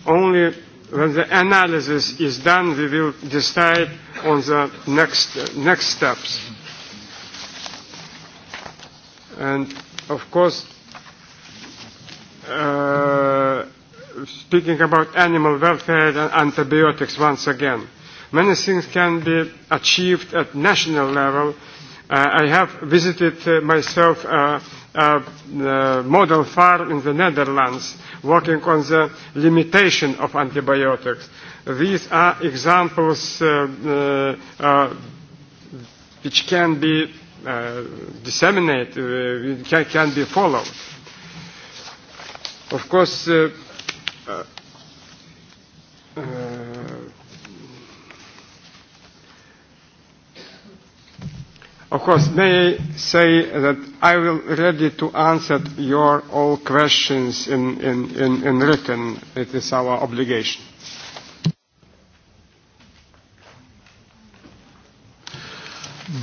Only when the analysis is done, we will decide on the next, uh, next steps. And of course, uh, speaking about animal welfare and antibiotics once again. Many things can be achieved at national level. Uh, I have visited uh, myself uh, a uh, model farm in the Netherlands working on the limitation of antibiotics. These are examples uh, uh, uh, which can be uh, disseminated, uh, can, can be followed. Of course, uh, Uh, Of course, may I say that I will ready to answer your all questions in, in, in, in written. It is our obligation.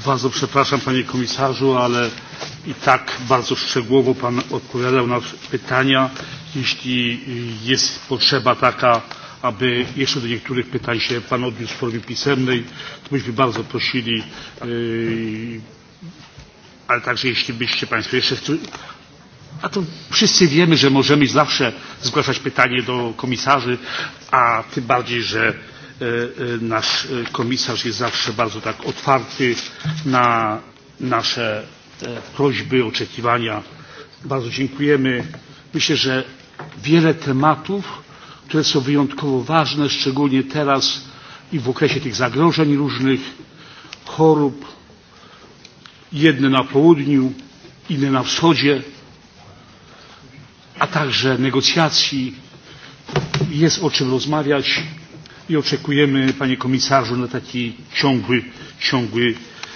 Bardzo przepraszam panie komisarzu, ale i tak bardzo szczegółowo pan odpowiadał na pytania. Jeśli jest potrzeba taka aby jeszcze do niektórych pytań się Pan odniósł w formie pisemnej, to byśmy bardzo prosili, ale także jeśli byście Państwo jeszcze a to wszyscy wiemy, że możemy zawsze zgłaszać pytanie do komisarzy, a tym bardziej, że nasz komisarz jest zawsze bardzo tak otwarty na nasze prośby, oczekiwania. Bardzo dziękujemy. Myślę, że wiele tematów które są wyjątkowo ważne, szczególnie teraz i w okresie tych zagrożeń różnych, chorób, jedne na południu, inne na wschodzie, a także negocjacji. Jest o czym rozmawiać i oczekujemy, panie komisarzu, na taki ciągły, ciągły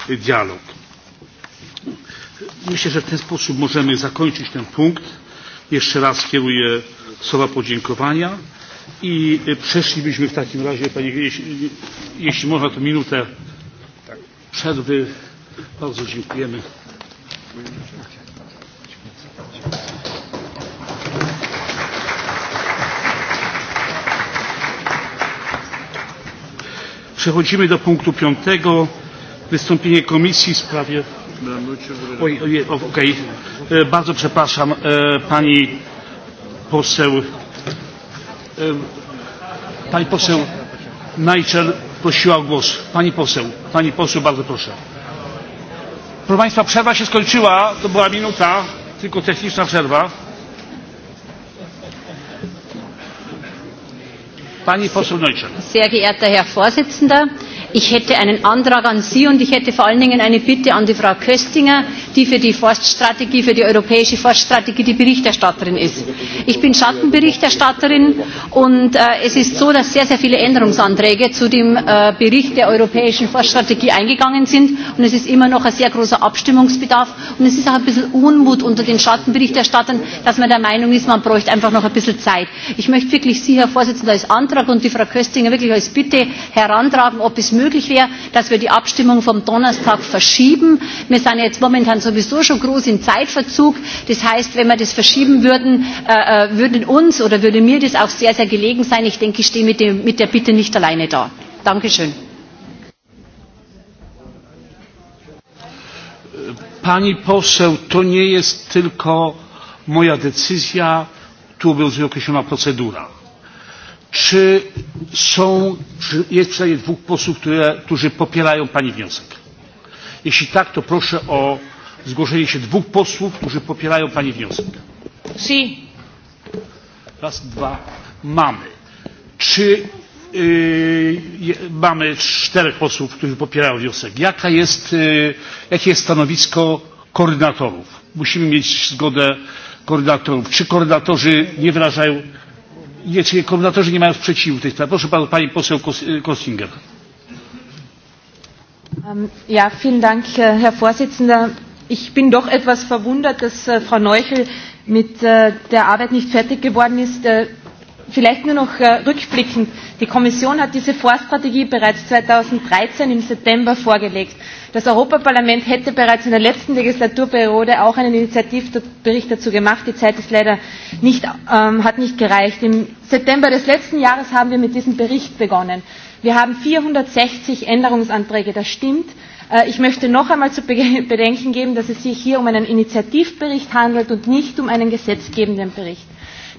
dialog. Myślę, że w ten sposób możemy zakończyć ten punkt. Jeszcze raz kieruję słowa podziękowania i przeszlibyśmy w takim razie, panie, jeśli, jeśli można, to minutę przerwy. Bardzo dziękujemy. Przechodzimy do punktu piątego. Wystąpienie komisji w sprawie. Oj, oj, okay. E, bardzo przepraszam, e, pani poseł Pani poseł Najczel prosiła o głos. Pani poseł, pani poseł, bardzo proszę. Proszę Państwa, przerwa się skończyła, to była minuta, tylko techniczna przerwa. Pani poseł Neutscher. Sehr geehrter Herr Vorsitzender, Ich hätte einen Antrag an Sie und ich hätte vor allen Dingen eine Bitte an die Frau Köstinger, die für die Forststrategie, für die europäische Forststrategie die Berichterstatterin ist. Ich bin Schattenberichterstatterin und äh, es ist so, dass sehr, sehr viele Änderungsanträge zu dem äh, Bericht der europäischen Forststrategie eingegangen sind und es ist immer noch ein sehr großer Abstimmungsbedarf und es ist auch ein bisschen Unmut unter den Schattenberichterstattern, dass man der Meinung ist, man bräuchte einfach noch ein bisschen Zeit. Ich möchte wirklich Sie, Herr Vorsitzender, als Antrag und die Frau Köstinger wirklich als Bitte herantragen, ob es möglich möglich wäre, dass wir die Abstimmung vom Donnerstag verschieben. Wir sind jetzt momentan sowieso schon groß im Zeitverzug. Das heißt, wenn wir das verschieben würden, äh, äh, würden uns oder würde mir das auch sehr, sehr gelegen sein. Ich denke, ich stehe mit, dem, mit der Bitte nicht alleine da. Dankeschön. Pani poseł, to nie jest tylko moja decyzja, tu obowiązuje określona procedura Czy są, czy jest przynajmniej dwóch posłów, które, którzy popierają Pani wniosek? Jeśli tak, to proszę o zgłoszenie się dwóch posłów, którzy popierają Pani wniosek. Si. Raz, dwa. Mamy. Czy yy, mamy czterech posłów, którzy popierają wniosek? Jaka jest, yy, jakie jest stanowisko koordynatorów? Musimy mieć zgodę koordynatorów. Czy koordynatorzy nie wyrażają Jeśli koordynatorzy nie mają sprzeciwu tej sprawie? Proszę bardzo, pani poseł Kostinger. Ähm, ja, vielen Dank, äh, Herr Vorsitzender. Ich bin doch etwas verwundert, dass äh, Frau Neuchel mit äh, der Arbeit nicht fertig geworden ist Vielleicht nur noch äh, rückblickend. Die Kommission hat diese Forststrategie bereits 2013 im September vorgelegt. Das Europaparlament hätte bereits in der letzten Legislaturperiode auch einen Initiativbericht dazu gemacht. Die Zeit ist leider nicht, ähm, hat nicht gereicht. Im September des letzten Jahres haben wir mit diesem Bericht begonnen. Wir haben 460 Änderungsanträge, das stimmt. Äh, ich möchte noch einmal zu bedenken geben, dass es sich hier um einen Initiativbericht handelt und nicht um einen gesetzgebenden Bericht.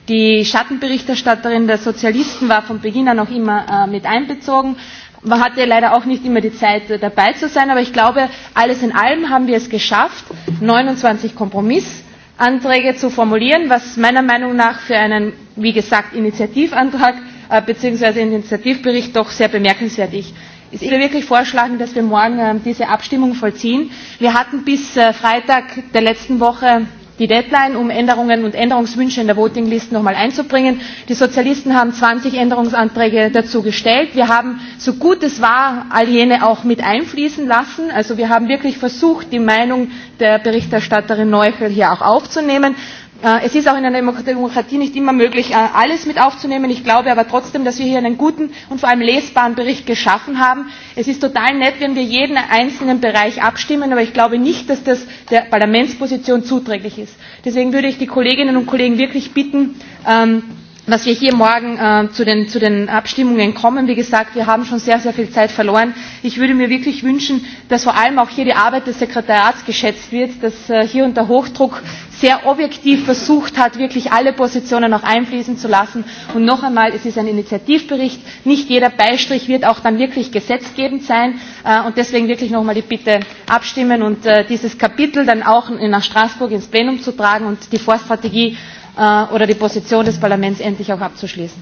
Die Schattenberichterstatterin der Sozialisten war von Beginn an auch immer äh, mit einbezogen. Man hatte leider auch nicht immer die Zeit, äh, dabei zu sein, aber ich glaube, alles in allem haben wir es geschafft, 29 Kompromissanträge zu formulieren, was meiner Meinung nach für einen, wie gesagt, Initiativantrag äh, bzw. Initiativbericht doch sehr bemerkenswert ist. Ich würde wirklich vorschlagen, dass wir morgen äh, diese Abstimmung vollziehen. Wir hatten bis äh, Freitag der letzten Woche die Deadline, um Änderungen und Änderungswünsche in der Voting List noch einmal einzubringen. Die Sozialisten haben zwanzig Änderungsanträge dazu gestellt. Wir haben, so gut es war, all jene auch mit einfließen lassen. Also wir haben wirklich versucht, die Meinung der Berichterstatterin noichl hier auch aufzunehmen. Äh, es ist auch in einer Demokratie nicht immer möglich, äh, alles mit aufzunehmen. Ich glaube aber trotzdem, dass wir hier einen guten und vor allem lesbaren Bericht geschaffen haben. Es ist total nett, wenn wir jeden einzelnen Bereich abstimmen, aber ich glaube nicht, dass das der Parlamentsposition zuträglich ist. Deswegen würde ich die Kolleginnen und Kollegen wirklich bitten, ähm, dass wir hier morgen äh, zu, den, zu den Abstimmungen kommen. Wie gesagt, wir haben schon sehr, sehr viel Zeit verloren. Ich würde mir wirklich wünschen, dass vor allem auch hier die Arbeit des Sekretariats geschätzt wird, dass äh, hier unter Hochdruck sehr objektiv versucht hat, wirklich alle Positionen noch einfließen zu lassen. Und noch einmal, es ist ein Initiativbericht. Nicht jeder Beistrich wird auch dann wirklich gesetzgebend sein. Äh, und deswegen wirklich noch einmal die Bitte abstimmen und äh, dieses Kapitel dann auch in, nach Straßburg ins Plenum zu tragen und die Vorstrategie Äh, oder die Position des Parlaments endlich auch abzuschließen.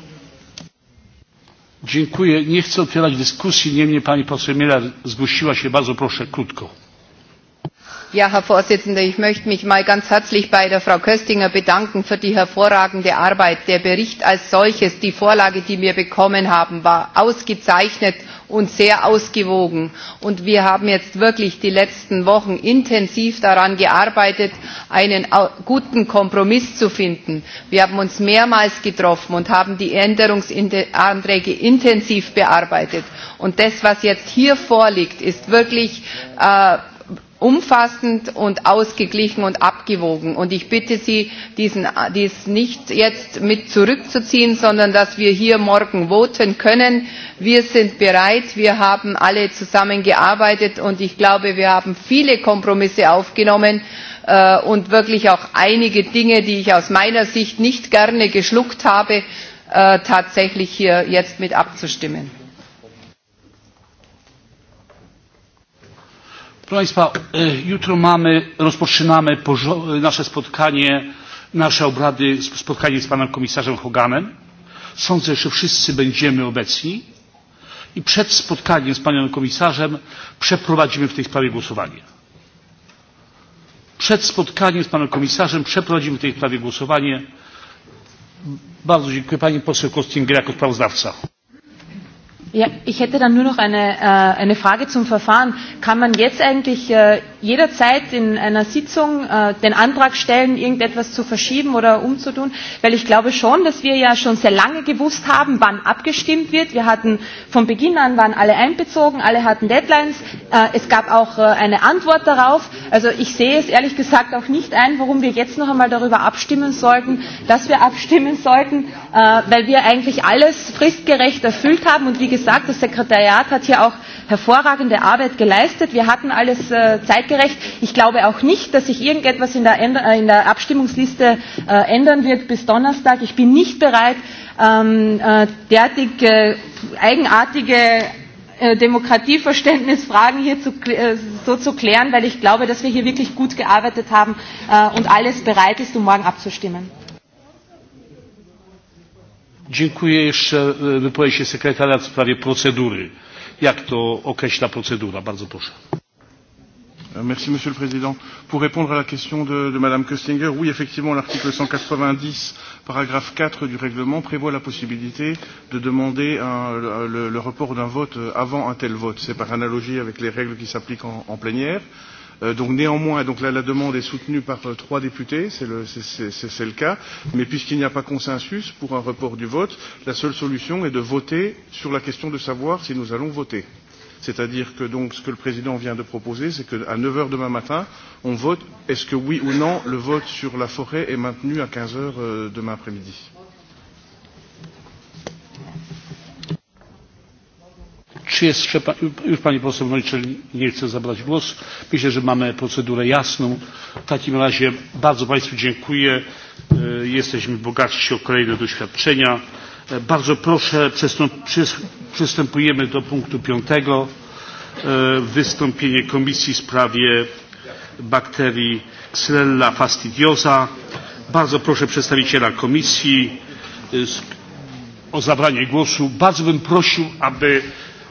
Dziękuję. Nie chcę otwierać dyskusji, niemniej pani poseł Miller zgłosiła się. Bardzo proszę, krótko herr präsident! ich möchte mich mal ganz herzlich bei frau köstinger bedanken für die hervorragende arbeit. der bericht als solches die vorlage die wir bekommen haben war ausgezeichnet und sehr ausgewogen und wir haben jetzt wirklich die letzten wochen intensiv daran gearbeitet einen guten kompromiss zu finden. wir haben uns mehrmals getroffen und haben die änderungsanträge intensiv bearbeitet und das was jetzt hier vorliegt ist wirklich äh, umfassend und ausgeglichen und abgewogen. Und ich bitte Sie, diesen, dies nicht jetzt mit zurückzuziehen, sondern dass wir hier morgen voten können. Wir sind bereit, wir haben alle zusammengearbeitet und ich glaube, wir haben viele Kompromisse aufgenommen äh, und wirklich auch einige Dinge, die ich aus meiner Sicht nicht gerne geschluckt habe, äh, tatsächlich hier jetzt mit abzustimmen. Proszę Państwa, jutro mamy, rozpoczynamy nasze spotkanie, nasze obrady, spotkanie z Panem Komisarzem Hoganem. Sądzę, że wszyscy będziemy obecni i przed spotkaniem z Panem Komisarzem przeprowadzimy w tej sprawie głosowanie. Przed spotkaniem z Panem Komisarzem przeprowadzimy w tej sprawie głosowanie. Bardzo dziękuję Pani poseł Kostinger jako sprawozdawca. Ja, ich hätte dann nur noch eine, äh, eine Frage zum Verfahren. Kann man jetzt eigentlich äh, jederzeit in einer Sitzung äh, den Antrag stellen, irgendetwas zu verschieben oder umzutun? Weil ich glaube schon, dass wir ja schon sehr lange gewusst haben, wann abgestimmt wird. Wir hatten von Beginn an, waren alle einbezogen, alle hatten Deadlines. Äh, es gab auch äh, eine Antwort darauf. Also ich sehe es ehrlich gesagt auch nicht ein, warum wir jetzt noch einmal darüber abstimmen sollten, dass wir abstimmen sollten, äh, weil wir eigentlich alles fristgerecht erfüllt haben. Und wie gesagt, das Sekretariat hat hier auch hervorragende Arbeit geleistet. Wir hatten alles äh, zeitgerecht. Ich glaube auch nicht, dass sich irgendetwas in der, Änder äh, in der Abstimmungsliste äh, ändern wird bis Donnerstag. Ich bin nicht bereit, ähm, äh, derartig äh, eigenartige äh, Demokratieverständnisfragen hier zu, äh, so zu klären, weil ich glaube, dass wir hier wirklich gut gearbeitet haben und alles bereit ist, um morgen abzustimmen. Dziękuję jeszcze e, wypowiedzi sekretariat w sprawie procedury jak to określa procedura. Bardzo proszę. Euh, merci, Monsieur le Président. Pour répondre à la question de, de Madame Köstinger, oui, effectivement, l'article 190, paragraphe 4 du règlement prévoit la possibilité de demander un, le, le report d'un vote avant un tel vote. C'est par analogie avec les règles qui s'appliquent en, en plénière. Euh, Euh, donc néanmoins, donc là, la demande est soutenue par euh, trois députés, c'est le, c'est, le cas, mais puisqu'il n'y a pas consensus pour un report du vote, la seule solution est de voter sur la question de savoir si nous allons voter. C'est-à-dire que donc ce que le président vient de proposer, c'est qu'à 9 heures demain matin, on vote est-ce que oui ou non le vote sur la forêt est maintenu à 15 heures euh, demain après-midi. Czy jeszcze już pani poseł noichl nie chce zabrać głosu? Myślę, że mamy procedurę jasną. W takim razie bardzo Państwu dziękuję. E, jesteśmy bogatsi o kolejne doświadczenia. E, bardzo proszę, przystępujemy do punktu piątego. E, wystąpienie Komisji w sprawie bakterii Xylella fastidiosa. Bardzo proszę przedstawiciela Komisji o zabranie głosu. Bardzo bym prosił, aby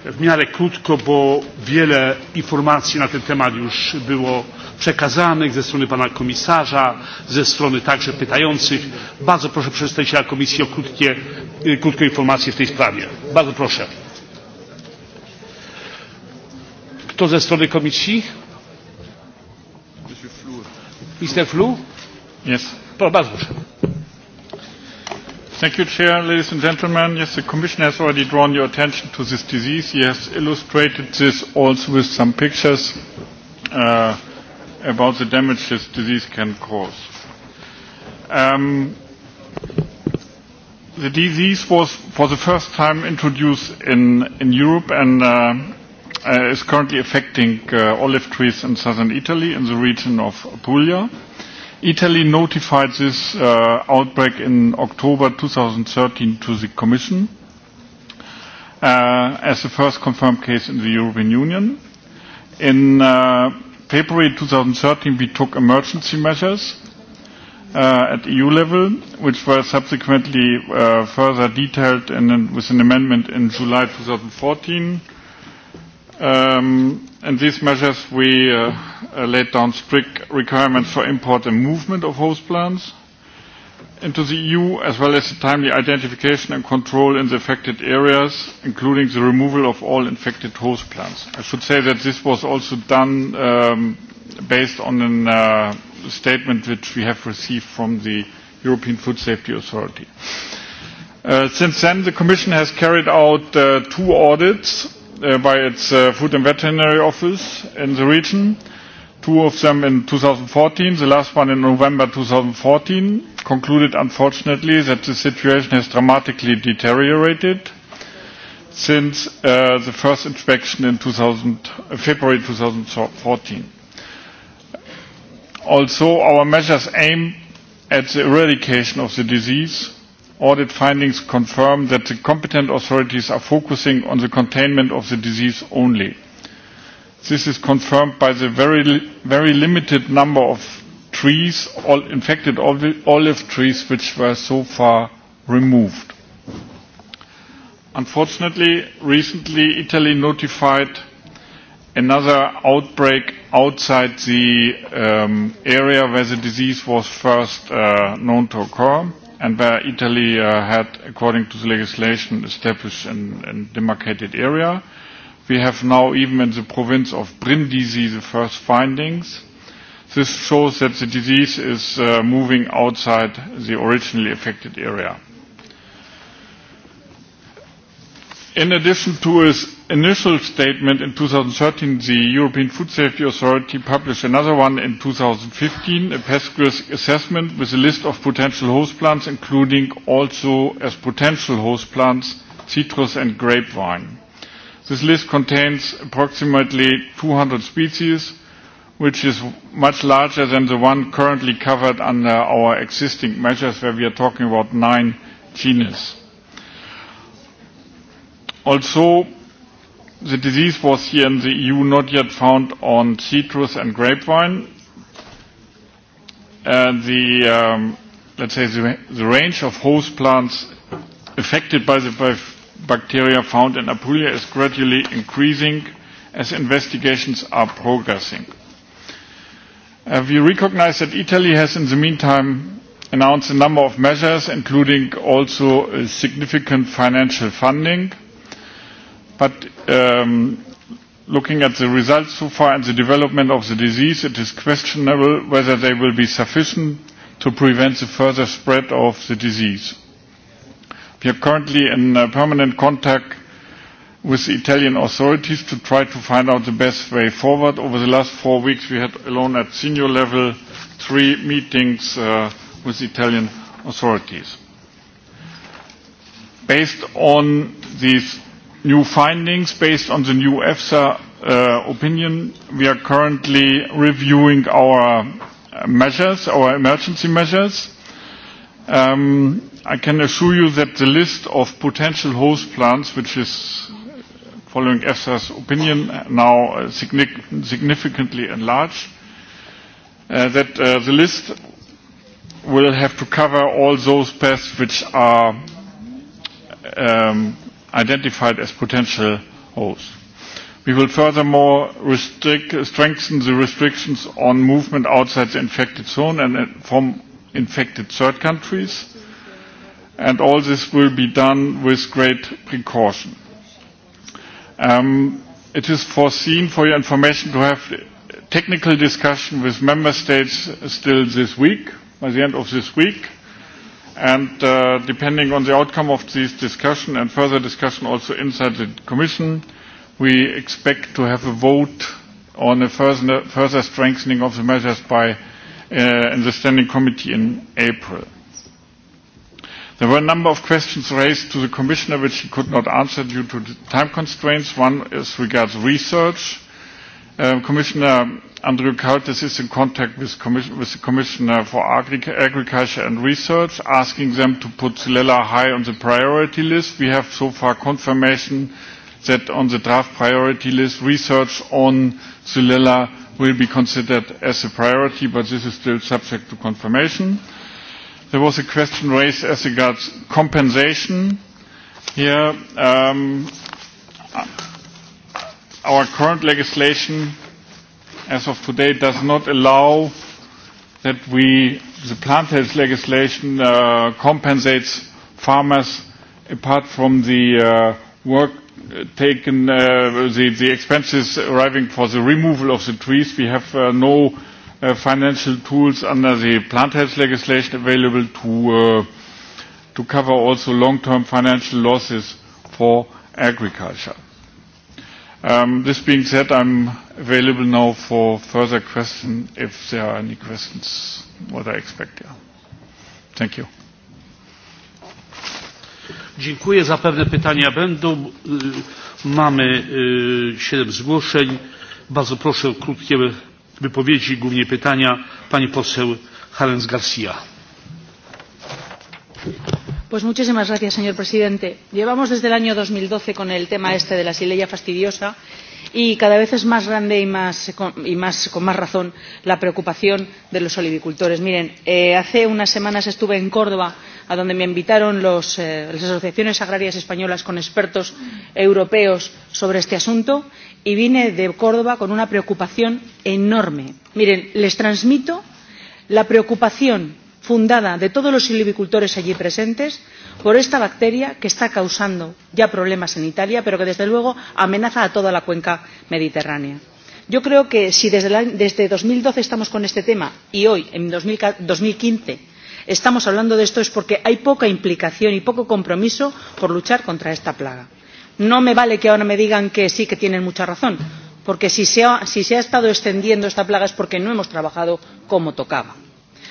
w miarę krótko, bo wiele informacji na ten temat już było przekazanych ze strony pana komisarza, ze strony także pytających. Bardzo proszę przedstawiciela komisji o krótkie, krótką informację w tej sprawie. Bardzo proszę. Kto ze strony komisji? Mr. Flu? Yes. Bardzo proszę. Thank you, Chair. Ladies and gentlemen, yes, the Commission has already drawn your attention to this disease. He has illustrated this also with some pictures uh, about the damage this disease can cause. Um, the disease was for the first time introduced in, in Europe and uh, uh, is currently affecting uh, olive trees in southern Italy in the region of Puglia. Italy notified this uh, outbreak in October 2013 to the Commission uh, as the first confirmed case in the European Union. In uh, February 2013, we took emergency measures uh, at EU level, which were subsequently uh, further detailed in, in, with an amendment in July 2014. Um, In these measures, we uh, uh, laid down strict requirements for import and movement of host plants into the EU, as well as the timely identification and control in the affected areas, including the removal of all infected host plants. I should say that this was also done um, based on a uh, statement which we have received from the European Food Safety Authority. Uh, since then, the Commission has carried out uh, two audits Uh, by its uh, Food and Veterinary Office in the region, two of them in 2014, the last one in November 2014, concluded unfortunately that the situation has dramatically deteriorated since uh, the first inspection in 2000, uh, February 2014. Also, our measures aim at the eradication of the disease audit findings confirm that the competent authorities are focusing on the containment of the disease only. This is confirmed by the very, very limited number of trees, all infected olive trees, which were so far removed. Unfortunately, recently Italy notified another outbreak outside the um, area where the disease was first uh, known to occur and where Italy uh, had, according to the legislation, established a demarcated area. We have now, even in the province of Brindisi, the first findings. This shows that the disease is uh, moving outside the originally affected area. In addition to its initial statement in 2013, the European Food Safety Authority published another one in 2015, a pest risk assessment with a list of potential host plants, including also as potential host plants, citrus and grapevine. This list contains approximately 200 species, which is much larger than the one currently covered under our existing measures, where we are talking about nine genus. Also, the disease was here in the EU not yet found on citrus and grapevine. and uh, the, um, let's say, the, the range of host plants affected by the by bacteria found in Apulia is gradually increasing as investigations are progressing. Uh, we recognize that Italy has in the meantime announced a number of measures, including also significant financial funding. But um, looking at the results so far and the development of the disease, it is questionable whether they will be sufficient to prevent the further spread of the disease. We are currently in uh, permanent contact with the Italian authorities to try to find out the best way forward. Over the last four weeks, we had alone at senior level three meetings uh, with the Italian authorities. Based on these new findings based on the new EFSA uh, opinion. We are currently reviewing our uh, measures, our emergency measures. Um, I can assure you that the list of potential host plants, which is, following EFSA's opinion, now uh, significantly enlarged, uh, that uh, the list will have to cover all those pests which are um, identified as potential hosts. We will furthermore restrict, strengthen the restrictions on movement outside the infected zone and uh, from infected third countries, and all this will be done with great precaution. Um, it is foreseen for your information to have technical discussion with member states still this week, by the end of this week and uh, depending on the outcome of this discussion and further discussion also inside the Commission, we expect to have a vote on a further, strengthening of the measures by uh, in the Standing Committee in April. There were a number of questions raised to the Commissioner which he could not answer due to time constraints. One is regards research. Uh, Commissioner Andrew Curtis is in contact with, commission, with the Commissioner for Agri Agriculture and Research, asking them to put Xylella high on the priority list. We have so far confirmation that on the draft priority list, research on Xylella will be considered as a priority, but this is still subject to confirmation. There was a question raised as regards compensation. Here, um, our current legislation as of today, does not allow that we, the plant health legislation uh, compensates farmers apart from the uh, work uh, taken, uh, the, the expenses arriving for the removal of the trees. We have uh, no uh, financial tools under the plant health legislation available to, uh, to cover also long-term financial losses for agriculture. Um, this being said, I'm available now for further question if there are any questions, what I expect. Yeah. Thank you. Dziękuję. Zapewne pytania będą. Mamy siedem zgłoszeń. Bardzo proszę o krótkie wypowiedzi, głównie pytania. Pani poseł Helens Garcia señor presidente llevamos desde el año dos mil doce con el tema este de la xylella fastidiosa y cada vez es más grande y, con más razón la preocupación de los olivicultores. miren eh, hace unas semanas estuve en córdoba a donde me invitaron eh, las asociaciones agrarias españolas con expertos europeos sobre este asunto y vine de córdoba con una preocupación enorme. miren les transmito la preocupación fundada de todos los silvicultores allí presentes por esta bacteria que está causando ya problemas en italia pero que desde luego amenaza a toda la cuenca mediterránea. yo creo que si desde dos mil doce estamos con este tema y hoy en dos mil quince estamos hablando de esto es porque hay poca implicación y poco compromiso por luchar contra esta plaga. no me vale que ahora me digan que sí que tienen mucha razón porque si se ha, si se ha estado extendiendo esta plaga es porque no hemos trabajado como tocaba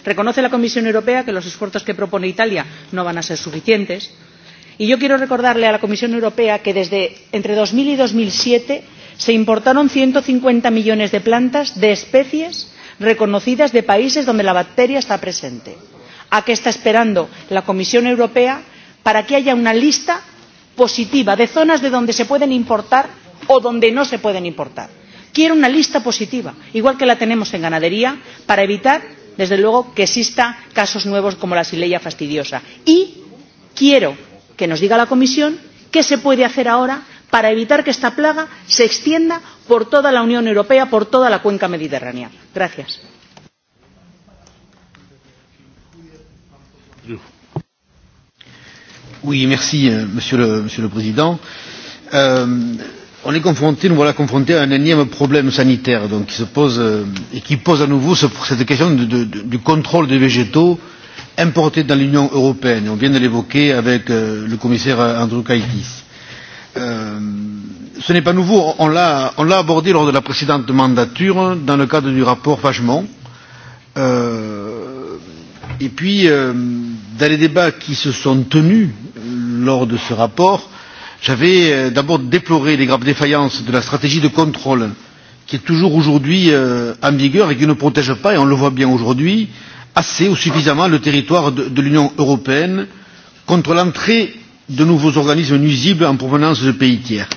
reconoce la comisión europea que los esfuerzos que propone italia no van a ser suficientes y yo quiero recordarle a la comisión europea que entre dos mil y dos mil siete se importaron ciento cincuenta millones de plantas de especies reconocidas de países donde la bacteria está presente. a qué está esperando la comisión europea para que haya una lista positiva de zonas de donde se pueden importar o donde no se pueden importar? quiero una lista positiva igual que la tenemos en ganadería para evitar desde luego que existan casos nuevos como la xylella fastidiosa y quiero que nos diga la comisión qué se puede hacer ahora para evitar que esta plaga se extienda por toda la unión europea por toda la cuenca mediterránea. gracias. Oui, merci, euh, monsieur le, monsieur le président euh, on est confronté, nous voilà confrontés à un énième problème sanitaire donc, qui se pose euh, et qui pose à nouveau ce, cette question de, de, du contrôle des végétaux importés dans l'Union européenne. On vient de l'évoquer avec euh, le commissaire Androukaitis. Euh, ce n'est pas nouveau, on l'a abordé lors de la précédente mandature dans le cadre du rapport Fachemont. Euh, et puis, euh, dans les débats qui se sont tenus euh, lors de ce rapport, euh, J'avais euh, d'abord déploré les graves défaillances de la stratégie de contrôle qui est toujours aujourd'hui euh, en vigueur et qui ne protège pas, et on le voit bien aujourd'hui, assez ou suffisamment le territoire de, de l'Union européenne contre l'entrée de nouveaux organismes nuisibles en provenance de pays tiers.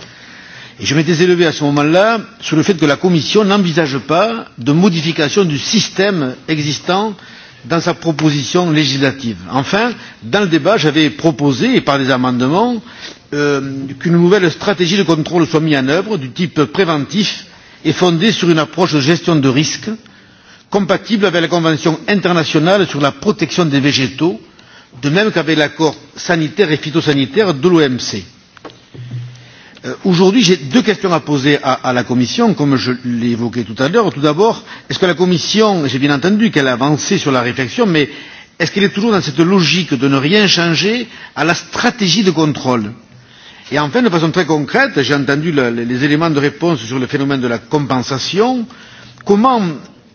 Et je m'étais élevé à ce moment-là sur le fait que la Commission n'envisage pas de modification du système existant dans sa proposition législative. Enfin, dans le débat, j'avais proposé, et par des amendements, Euh, qu'une nouvelle stratégie de contrôle soit mise en œuvre du type préventif et fondée sur une approche de gestion de risque compatible avec la convention internationale sur la protection des végétaux de même qu'avec l'accord sanitaire et phytosanitaire de l'omc. Euh, aujourd'hui j'ai deux questions à poser à, à la commission comme je l'ai évoqué tout à l'heure. tout d'abord est ce que la commission j'ai bien entendu qu'elle a avancé sur la réflexion mais est ce qu'elle est toujours dans cette logique de ne rien changer à la stratégie de contrôle? Et enfin, de façon très concrète, j'ai entendu le, les éléments de réponse sur le phénomène de la compensation. Comment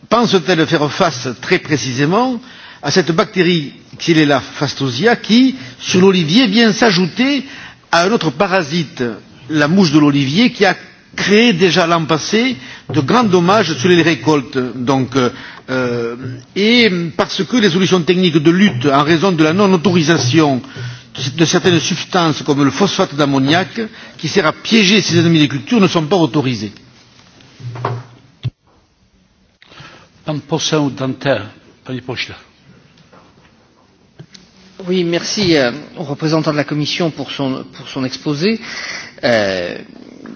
pense-t-elle faire face très précisément à cette bactérie Xylella fastosia qui, sur l'olivier, vient s'ajouter à un autre parasite, la mouche de l'olivier, qui a créé déjà l'an passé de grands dommages sur les récoltes. Donc, euh, euh et parce que les solutions techniques de lutte en raison de la non autorisation de certaines substances comme le phosphate d'ammoniac qui sert à piéger ces ennemis des cultures ne sont pas autorisées. Pan poseł Dantin, panie pośle. Oui, merci euh, au représentant de la Commission pour son, pour son exposé. Euh,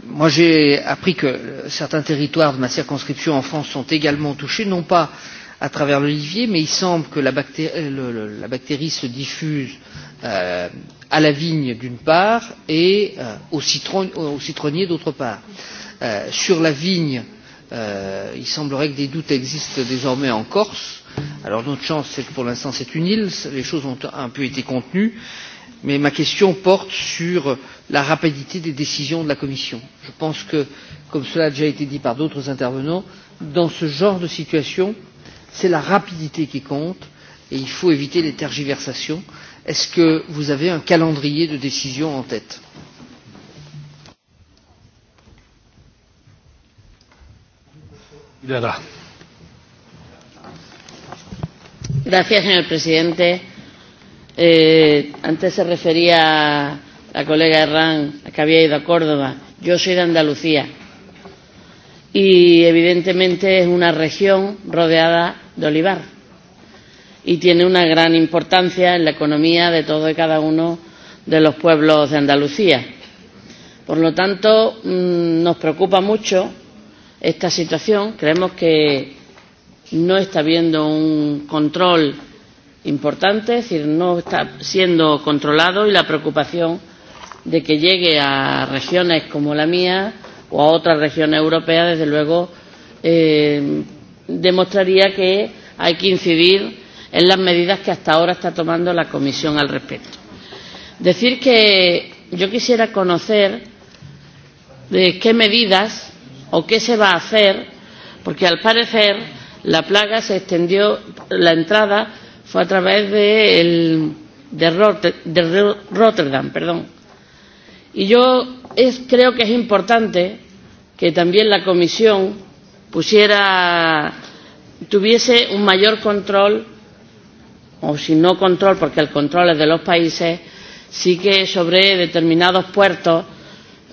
moi, j'ai appris que certains territoires de ma circonscription en France sont également touchés, non pas à travers l'olivier, mais il semble que la bactérie, le, le, la bactérie se diffuse euh, Euh, à la vigne d'une part et euh, au citronnier d'autre part. Euh, sur la vigne, il semblerait que des doutes existent désormais en Corse. Alors notre chance, c'est que pour l'instant c'est une île, les choses ont un peu été contenues, mais ma question porte sur la rapidité des décisions de la Commission. Je pense que, comme cela a déjà été dit par d'autres intervenants, dans ce genre de situation, c'est la rapidité qui compte et il faut éviter les tergiversations. Est-ce que vous avez un calendrier de décision en tête Gracias, señor presidente. Eh, antes se refería a la colega Herrán que había ido a Córdoba. Yo soy de Andalucía y evidentemente es una región rodeada de olivar y tiene una gran importancia en la economía de todo y cada uno de los pueblos de Andalucía. Por lo tanto, mmm, nos preocupa mucho esta situación. Creemos que no está habiendo un control importante, es decir, no está siendo controlado y la preocupación de que llegue a regiones como la mía o a otras regiones europeas, desde luego, eh, demostraría que hay que incidir en las medidas que hasta ahora está tomando la Comisión al respecto. Decir que yo quisiera conocer de qué medidas o qué se va a hacer, porque al parecer la plaga se extendió, la entrada fue a través de, el, de, Rotter, de Rotterdam. Perdón. Y yo es, creo que es importante que también la Comisión pusiera, tuviese un mayor control o si no control, porque el control es de los países, sí que sobre determinados puertos,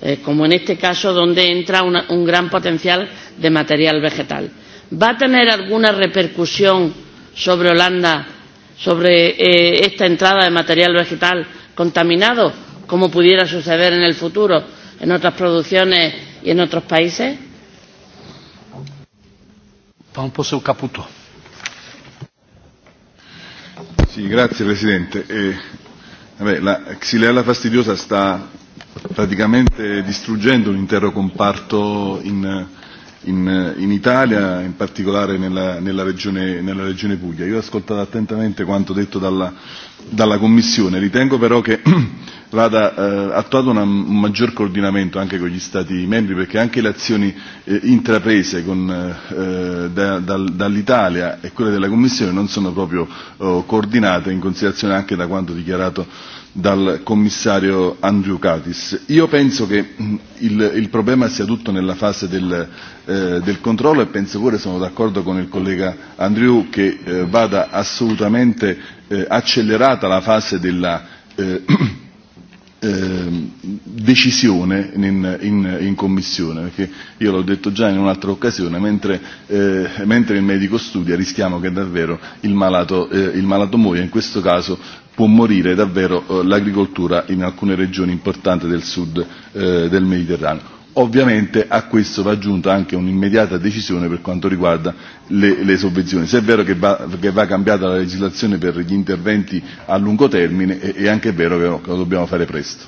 eh, como en este caso donde entra una, un gran potencial de material vegetal. ¿Va a tener alguna repercusión sobre Holanda, sobre eh, esta entrada de material vegetal contaminado, como pudiera suceder en el futuro en otras producciones y en otros países? Pan Poseu Caputo. Sì, grazie Presidente. E, vabbè, la Xylella fastidiosa sta praticamente distruggendo un intero comparto in, in, in Italia, in particolare nella, nella, regione, nella regione Puglia. Io ho ascoltato attentamente quanto detto dalla, dalla Commissione, ritengo però che vada eh, attuato una, un maggior coordinamento anche con gli Stati membri perché anche le azioni eh, intraprese con, eh, eh, da, dal, dall'Italia e quelle della Commissione non sono proprio oh, coordinate in considerazione anche da quanto dichiarato dal commissario Andriukaitis. Io penso che mm, il, il problema sia tutto nella fase del, eh, del controllo e penso pure sono d'accordo con il collega Andriu che eh, vada assolutamente eh, accelerata la fase della eh, Ehm, decisione in, in, in commissione, perché io l'ho detto già in un'altra occasione, mentre, eh, mentre il medico studia rischiamo che davvero il malato, eh, il malato muoia, in questo caso può morire davvero eh, l'agricoltura in alcune regioni importanti del sud eh, del Mediterraneo Ovviamente a questo va aggiunta anche un'immediata decisione per quanto riguarda le, le sovvenzioni. Se è vero che va, che va cambiata la legislazione per gli interventi a lungo termine, e, e è, è anche vero che lo, che lo dobbiamo fare presto.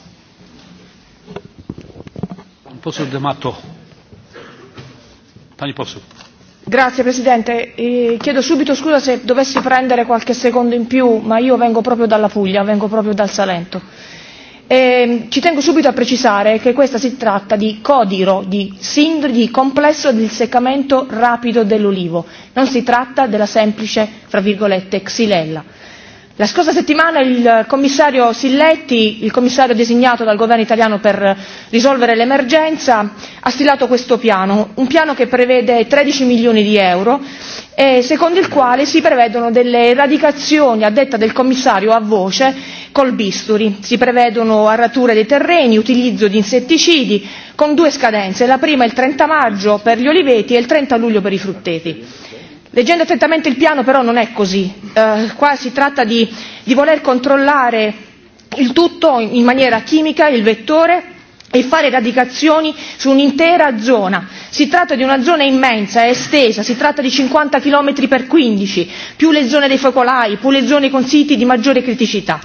Grazie Presidente, E chiedo subito scusa se dovessi prendere qualche secondo in più, ma io vengo proprio dalla Puglia, vengo proprio dal Salento Eh, ci tengo subito a precisare che questa si tratta di codiro, di, sindri, di complesso del seccamento rapido dell'ulivo, non si tratta della semplice, tra virgolette, xylella la scorsa settimana il eh, commissario Silletti, il commissario designato dal governo italiano per eh, risolvere l'emergenza, ha stilato questo piano, un piano che prevede 13 milioni di euro e secondo il quale si prevedono delle eradicazioni, a detta del commissario a voce, col bisturi. Si prevedono arrature dei terreni, utilizzo di insetticidi, con due scadenze, la prima il 30 maggio per gli oliveti e il 30 luglio per i frutteti leggendo attentamente il piano però non è così eh, qua si tratta di, voler controllare il tutto in maniera chimica il vettore e fare radicazioni su un'intera zona. Si tratta di una zona immensa, è estesa, si tratta di cinquanta chilometri per quindici più le zone dei focolai, più le zone con siti di maggiore criticità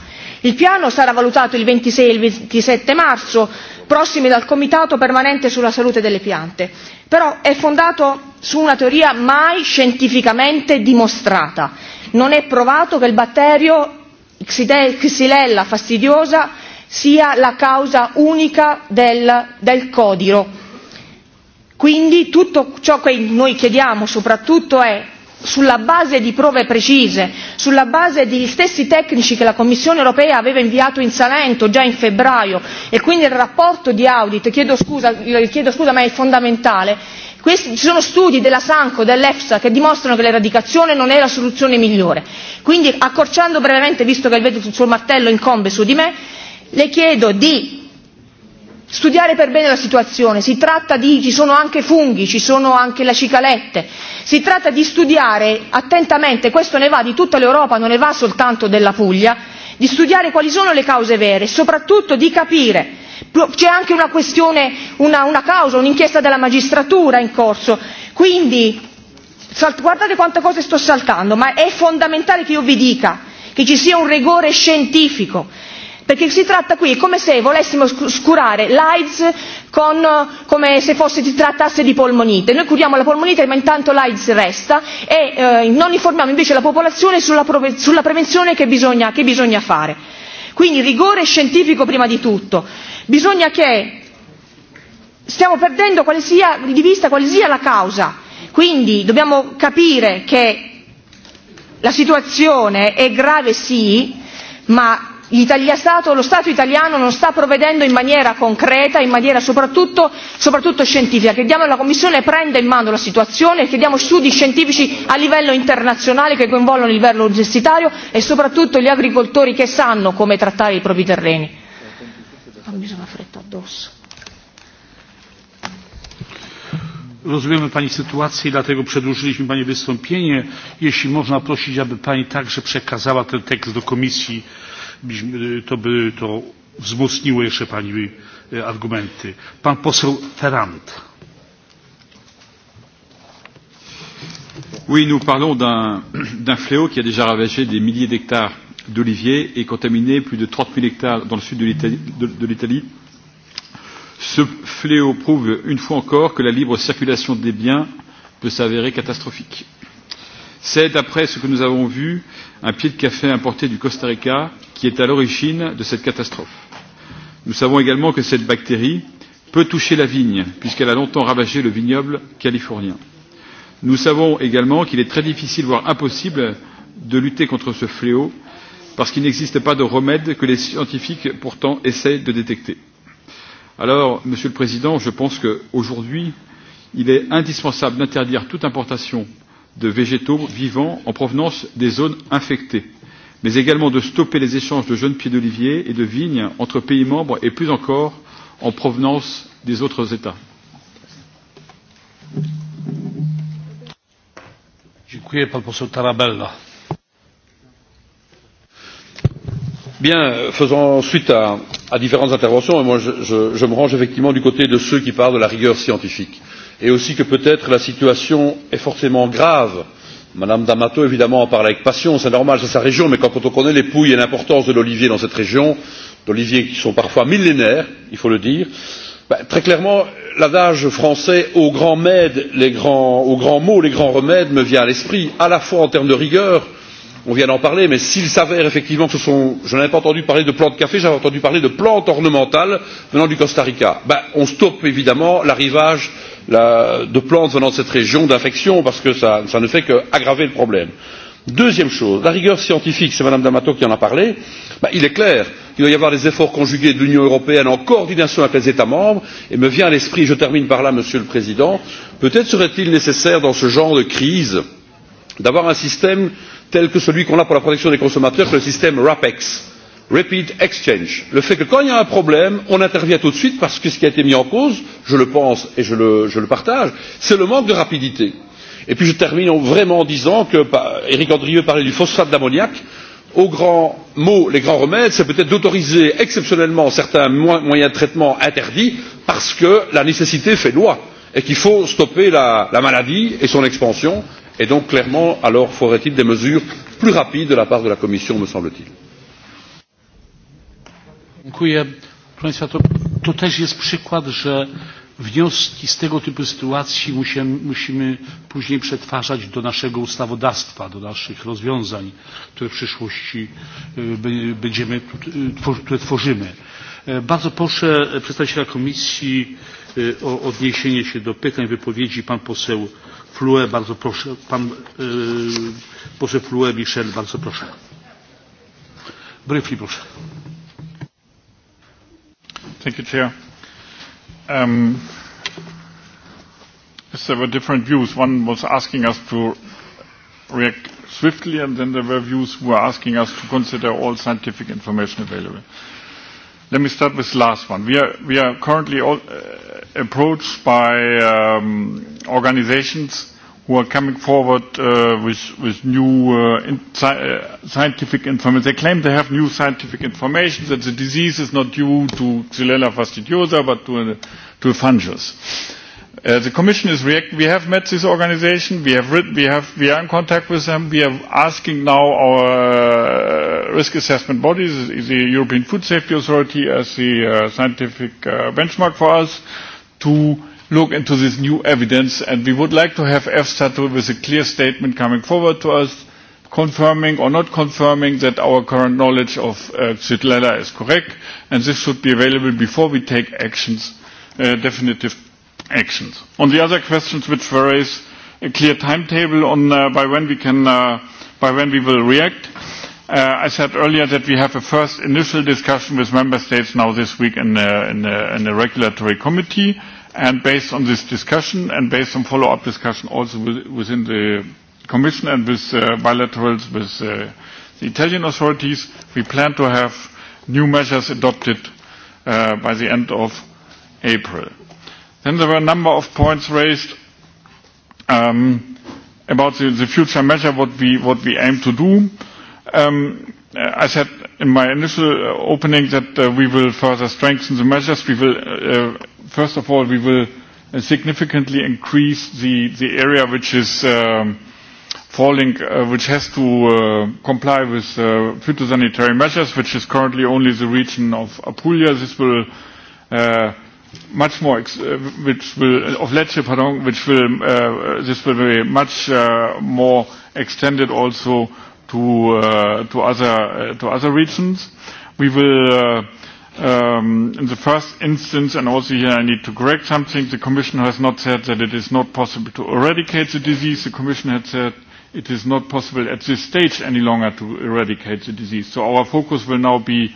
il piano sarà valutato il ventisei e il ventisette marzo prossimi dal comitato permanente sulla salute delle piante però è fondato su una teoria mai scientificamente dimostrata non è provato che il batterio xylella fastidiosa sia la causa unica del, del codiro quindi tutto ciò che noi chiediamo soprattutto è sulla base di prove precise sulla base degli stessi tecnici che la commissione europea aveva inviato in salento già in febbraio e quindi il relazione di audit chiedo scusa ma è fondamentale ci sono studi della sanco dell'efsa che dimostrano che l'eradicazione non è la soluzione migliore. quindi accorciando brevemente visto che il suo martello incombe su di me le chiedo di studiare per bene la situazione si tratta di ci sono anche funghi ci sono anche le cicalette si tratta di studiare attentamente questo ne va di tutta l'europa non ne va soltanto della puglia di studiare quali sono le cause vere e soprattutto di capire c'è anche una questione una, una causa un'inchiesta della magistratura in corso quindi guardate quante cose sto saltando ma è fondamentale che io vi dica che ci sia un rigore scientifico perché si tratta qui come se volessimo curare l'aids come se fosse, si trattasse di polmonite noi curiamo la polmonite ma intanto l'aids resta e eh, non informiamo invece la popolazione sulla, sulla prevenzione che bisogna, che bisogna fare quindi rigore scientifico prima di tutto bisogna che stiamo perdendo quale sia, di vista quale sia la causa quindi dobbiamo capire che la situazione è grave sì ma Stato, lo Stato italiano non sta provvedendo in maniera concreta, in maniera soprattutto, soprattutto scientifica. Chiediamo alla Commissione prenda in mano la situazione e chiediamo studi scientifici a livello internazionale che coinvolgano il livello universitario e soprattutto gli agricoltori che sanno come trattare i propri terreni. Rozumiemy Pani sytuację i dlatego przedłużyliśmy Pani wystąpienie. Jeśli można prosić, aby Pani także przekazała ten tekst do Komisji E, to by to wzmocniło jeszcze pani e, argumenty. Pan poseł Ferrand. Oui, nous parlons d'un fléau qui a déjà ravagé des milliers d'hectares d'oliviers et contaminé plus de 30 000 hectares dans le sud de l'Italie. Ce fléau prouve une fois encore que la libre circulation des biens peut s'avérer catastrophique. C'est, d'après ce que nous avons vu, un pied de café importé du Costa Rica qui est à l'origine de cette catastrophe. Nous savons également que cette bactérie peut toucher la vigne, puisqu'elle a longtemps ravagé le vignoble californien. Nous savons également qu'il est très difficile, voire impossible, de lutter contre ce fléau, parce qu'il n'existe pas de remède que les scientifiques pourtant essaient de détecter. Alors, Monsieur le Président, je pense qu'aujourd'hui, il est indispensable d'interdire toute importation de végétaux vivants en provenance des zones infectées mais également de stopper les échanges de jeunes pieds d'olivier et de vignes entre pays membres et plus encore en provenance des autres États. Bien, faisant suite à, à différentes interventions, et moi je, je, je me range effectivement du côté de ceux qui parlent de la rigueur scientifique et aussi que peut être la situation est forcément grave mme D'Amato, évidemment, en parle avec passion, c'est normal, c'est sa région, mais quand, on connaît les pouilles et l'importance de l'olivier dans cette région, d'oliviers qui sont parfois millénaires, il faut le dire, très clairement, l'adage français aux grands, mèdes, les grands, aux grands mots, les grands remèdes me vient à l'esprit, à la fois en termes de rigueur, on vient d'en parler, mais s'il s'avère effectivement que ce sont, je n'avais pas entendu parler de plantes café, j'avais entendu parler de plantes ornementales venant du Costa Rica, ben, on stoppe évidemment l'arrivage de la, de plantes venant de cette région d'infection parce que ça, ça ne fait qu'aggraver le problème. Deuxième chose, la rigueur scientifique, c'est Mme D'Amato qui en a parlé, il est clair qu'il doit y avoir des efforts conjugués de l'Union européenne en coordination avec les États membres, et me vient à l'esprit, je termine par là, Monsieur le Président, peut-être serait-il nécessaire dans ce genre de crise d'avoir un système tel que celui qu'on a pour la protection des consommateurs, le système RAPEX, rapid exchange le fait que quand il y a un problème on intervient tout de suite parce que ce qui a été mis en cause je le pense et je le, partage c'est le manque de rapidité. et puis je termine vraiment en disant que Éric Eric parlait du phosphate d'ammoniac aux grands mots les grands remèdes c'est peut être d'autoriser exceptionnellement certains moyens de traitement interdits parce que la nécessité fait loi et qu'il faut stopper la maladie et son expansion et donc clairement alors faudrait il des mesures plus rapides de la part de la commission me semble t il. Dziękuję. Proszę Państwa, to, to też jest przykład, że wnioski z tego typu sytuacji musimy, musimy później przetwarzać do naszego ustawodawstwa, do naszych rozwiązań, które w przyszłości będziemy, które tworzymy. E, bardzo proszę przedstawiciela komisji o odniesienie się do pytań, wypowiedzi. Pan poseł Flue, bardzo proszę. Pan poseł Flue, Michel, bardzo proszę. Briefly, proszę. Thank you, Chair. Um, yes, there were different views. One was asking us to react swiftly, and then there were views who were asking us to consider all scientific information available. Let me start with the last one. We are, we are currently all, uh, approached by um, organizations who are coming forward uh, with, with new uh, in, uh, scientific information. They claim they have new scientific information that the disease is not due to Xylella fastidiosa but to, uh, to a fungus. Uh, the Commission is reacting. We have met this organization. We have written. We have. We are in contact with them. We are asking now our uh, risk assessment bodies, the European Food Safety Authority, as the uh, scientific uh, benchmark for us, to look into this new evidence, and we would like to have EFSA to, with a clear statement coming forward to us, confirming or not confirming that our current knowledge of uh, Xylella is correct, and this should be available before we take actions, uh, definitive actions. On the other questions which were raised, a clear timetable on uh, by when we can, uh, by when we will react. Uh, I said earlier that we have a first initial discussion with member states now this week in, uh, in, uh, in the regulatory committee. Uh, and based on this discussion and based on follow-up discussion also with, within the Commission and with uh, bilaterals with uh, the Italian authorities, we plan to have new measures adopted uh, by the end of April. Then there were a number of points raised um, about the, the future measure, what we, what we aim to do. Um, uh, I said in my initial uh, opening that uh, we will further strengthen the measures. We will uh, First of all, we will uh, significantly increase the, the area which is um, falling, uh, which has to uh, comply with uh, phytosanitary measures, which is currently only the region of Apulia. This will uh, much more, ex uh, which will uh, of Lecce, pardon, which will uh, this will be much uh, more extended also to uh, to other uh, to other regions. We will um, in the first instance, and also here I need to correct something, the Commission has not said that it is not possible to eradicate the disease. The Commission had said it is not possible at this stage any longer to eradicate the disease. So our focus will now be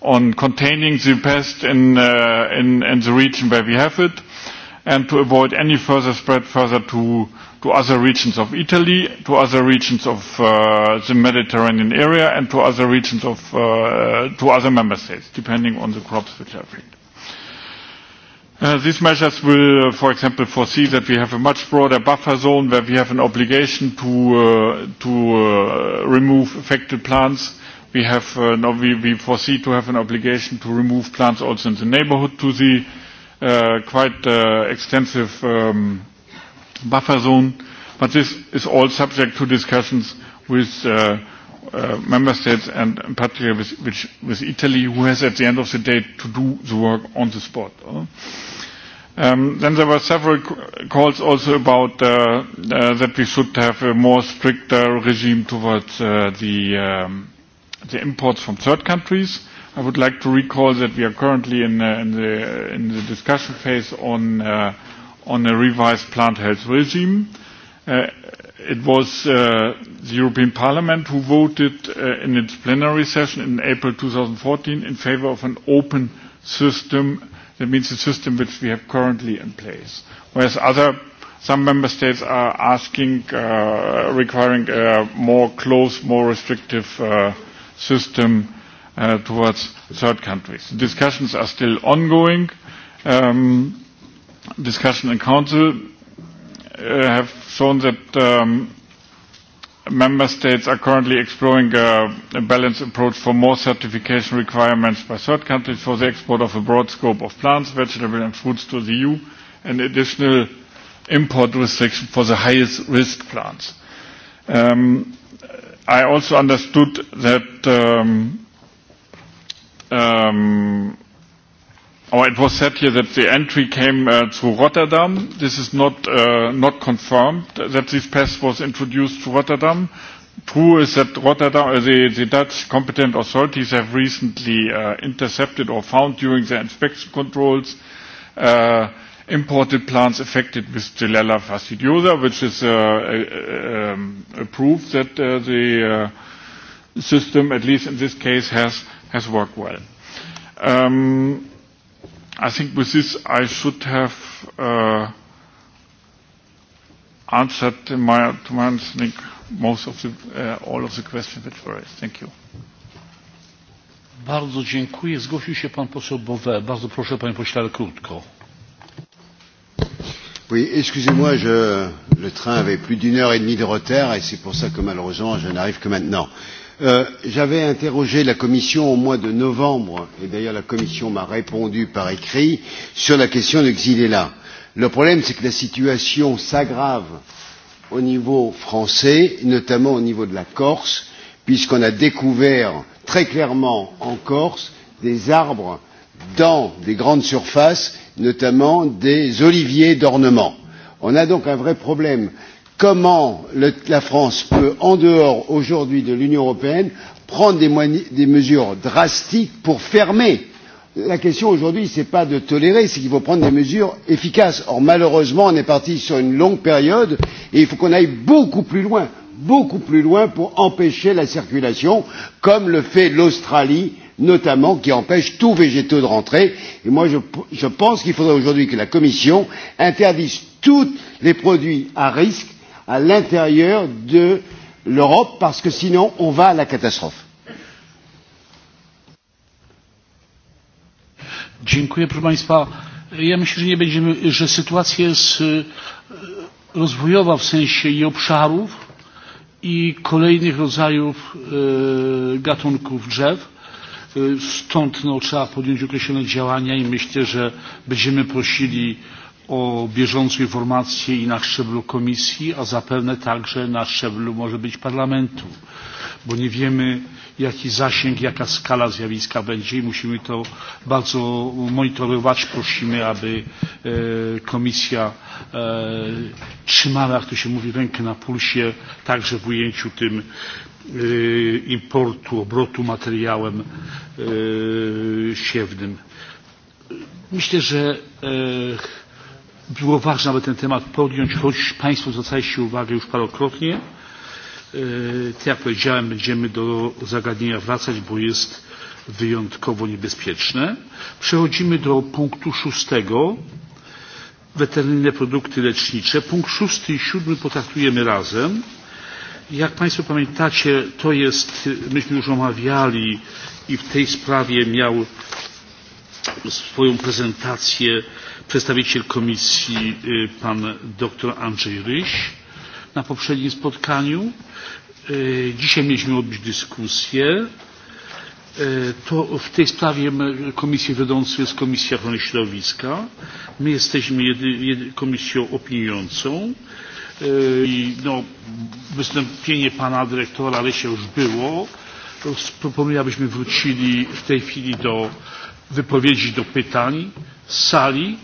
on containing the pest in, uh, in, in the region where we have it and to avoid any further spread further to to other regions of Italy, to other regions of uh, the Mediterranean area, and to other regions of uh, to other member states, depending on the crops which are picked. Uh, these measures will, uh, for example, foresee that we have a much broader buffer zone where we have an obligation to uh, to uh, remove affected plants. We have uh, no, we, we foresee to have an obligation to remove plants also in the neighborhood to the uh, quite uh, extensive. Um, buffer zone, but this is all subject to discussions with uh, uh, member states and in particular with, which, with Italy, who has at the end of the day to do the work on the spot. Uh. Um, then there were several calls also about uh, uh, that we should have a more stricter regime towards uh, the, um, the imports from third countries. I would like to recall that we are currently in, uh, in, the, in the discussion phase on uh, on a revised plant health regime. Uh, it was uh, the European Parliament who voted uh, in its plenary session in April 2014 in favor of an open system. That means the system which we have currently in place. Whereas other, some member states are asking, uh, requiring a more close, more restrictive uh, system uh, towards third countries. The discussions are still ongoing. Um, discussion in council uh, have shown that um, member states are currently exploring a, a balanced approach for more certification requirements by third countries for the export of a broad scope of plants, vegetables and fruits to the EU and additional import restrictions for the highest risk plants. Um, I also understood that um, um, Or oh, it was said here that the entry came uh, through Rotterdam. This is not, uh, not confirmed that this pest was introduced to Rotterdam. True is that Rotterdam, uh, the, the Dutch competent authorities have recently uh, intercepted or found during their inspection controls uh, imported plants affected with Gelella fastidiosa, which is uh, a, uh, a, um, a proof that uh, the uh, system, at least in this case, has, has worked well. Um, I think with this I should have uh, answered to my, to my understanding most of the, uh, all of the questions that were raised. Thank you. Bardzo dziękuję. Zgłosił się pan poseł Bowe. Bardzo proszę, panie pośle, ale krótko. Oui, excusez-moi, le train avait plus d'une heure et demie de retard et c'est pour ça que malheureusement je n'arrive que maintenant. Euh, J'avais interrogé la Commission au mois de novembre, et d'ailleurs la Commission m'a répondu par écrit, sur la question de Xylella. Le problème, c'est que la situation s'aggrave au niveau français, notamment au niveau de la Corse, puisqu'on a découvert très clairement en Corse des arbres dans des grandes surfaces, notamment des oliviers d'ornement. On a donc un vrai problème comment la France peut, en dehors aujourd'hui de l'Union européenne, prendre des, des mesures drastiques pour fermer la question aujourd'hui ce n'est pas de tolérer c'est qu'il faut prendre des mesures efficaces. or malheureusement on est parti sur une longue période et il faut qu'on aille beaucoup plus loin beaucoup plus loin pour empêcher la circulation comme le fait l'australie notamment qui empêche tous végétaux de rentrer et moi je, je pense qu'il faudrait aujourd'hui que la commission interdise tous les produits à risque à l'intérieur de l'Europe, parce que sinon on va à la catastrophe. Dziękuję, proszę Państwa. Ja myślę, że nie będziemy, że sytuacja jest e, rozwojowa w sensie i obszarów, i kolejnych rodzajów e, gatunków drzew. E, stąd no, trzeba podjąć określone działania i myślę, że będziemy prosili o bieżącej informacji i na szczeblu komisji a zapewne także na szczeblu może być parlamentu bo nie wiemy jaki zasięg jaka skala zjawiska będzie i musimy to bardzo monitorować. prosimy aby e, komisja e, trzymała jak to się mówi rękę na pulsie także w ujęciu tym e, importu obrotu materiałem siewnym. myślę że było ważne, aby ten temat podjąć, choć Państwo zwracaliście uwagę już parokrotnie. E, tak jak powiedziałem, będziemy do zagadnienia wracać, bo jest wyjątkowo niebezpieczne. Przechodzimy do punktu szóstego. Weterynaryjne produkty lecznicze. Punkt szósty i siódmy potraktujemy razem. Jak Państwo pamiętacie, to jest, myśmy już omawiali i w tej sprawie miał swoją prezentację przedstawiciel komisji pan dr andrzej ryś na poprzednim spotkaniu. dzisiaj mieliśmy odbyć dyskusję. To w tej sprawie komisją wiodącą jest Komisja Ochrony Środowiska. My jesteśmy jedy, jedy, komisją opiniującą. I no, wystąpienie pana dyrektora Rysia już było. Proponuję, abyśmy wrócili w tej chwili do wypowiedzi, do pytań z sali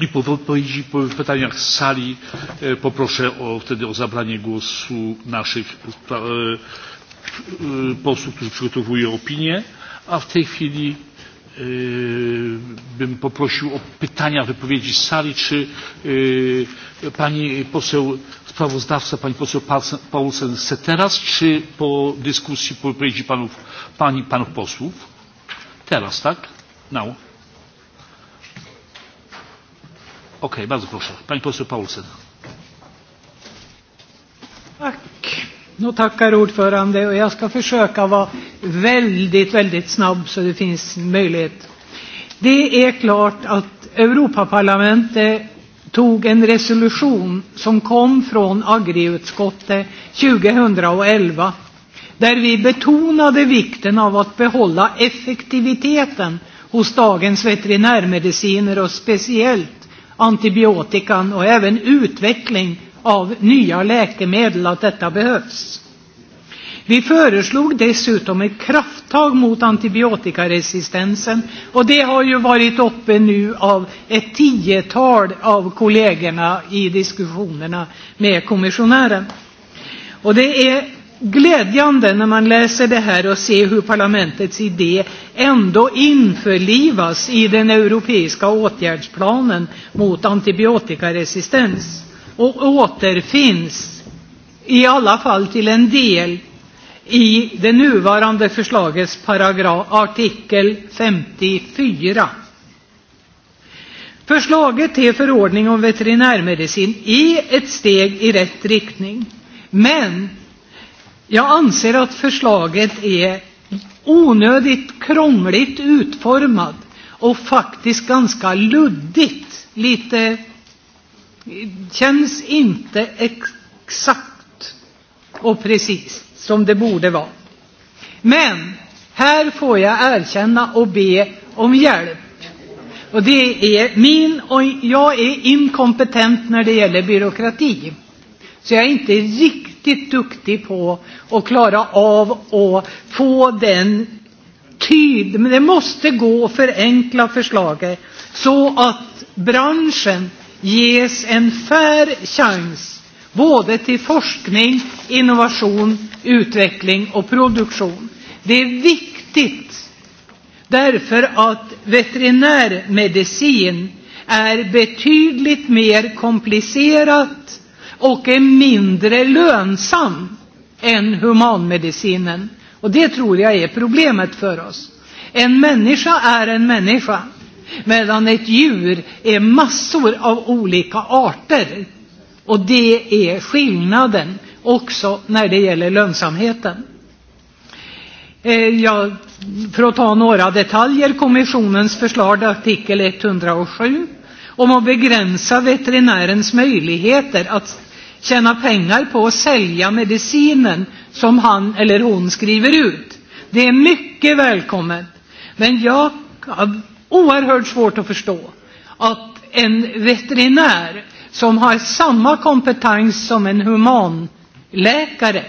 i po odpowiedzi po pytaniach z sali e, poproszę wtedy o zabranie głosu naszych e, e, posłów, którzy przygotowują opinie, a w tej chwili bym poprosił o pytania, wypowiedzi z sali. Czy pani poseł sprawozdawca, pani poseł Paulsen chce teraz, czy po dyskusji, po wypowiedzi panów, pani panów posłów? Teraz, tak? Now. Okej, bardzo proszę. Pani poseł Paulsen. Tack. Nu tackar ordförande och jag ska försöka vara väldigt, väldigt snabb så det finns möjlighet. Det är klart att Europaparlamentet tog en resolution som kom från agriutskottet 2011 där vi betonade vikten av att behålla effektiviteten hos dagens veterinärmediciner och speciellt antibiotikan och även utveckling av nya läkemedel att detta behövs. Vi föreslog dessutom ett krafttag mot antibiotikaresistensen och det har ju varit uppe nu av ett tiotal av kollegorna i diskussionerna med kommissionären. Och det är glädjande när man läser det här och ser hur parlamentets idé ändå införlivas i den europeiska åtgärdsplanen mot antibiotikaresistens och återfinns, i alla fall till en del, i det nuvarande förslagets paragraf, artikel 54. Förslaget till förordning om veterinärmedicin är ett steg i rätt riktning. Men Jag anser att förslaget är onödigt krångligt utformat och faktiskt ganska luddigt. Lite känns inte exakt och precis som det borde vara. Men här får jag erkänna och be om hjälp. Och det är min och jag är inkompetent när det gäller byråkrati. Så jag är inte riktigt riktigt duktig på att klara av att få den tid, men det måste gå att förenkla förslaget så att branschen ges en fair chans både till forskning, innovation, utveckling och produktion. Det är viktigt därför att veterinärmedicin är betydligt mer komplicerat och är mindre lönsam än humanmedicinen. Och det tror jag är problemet för oss. En människa är en människa, medan ett djur är massor av olika arter. Och det är skillnaden också när det gäller lönsamheten. Eh, ja, för att ta några detaljer, kommissionens förslag artikel 107 om att begränsa veterinärens möjligheter att tjäna pengar på att sälja medicinen som han eller hon skriver ut. Det är mycket välkommet. Men jag har oerhört svårt att förstå att en veterinär som har samma kompetens som en humanläkare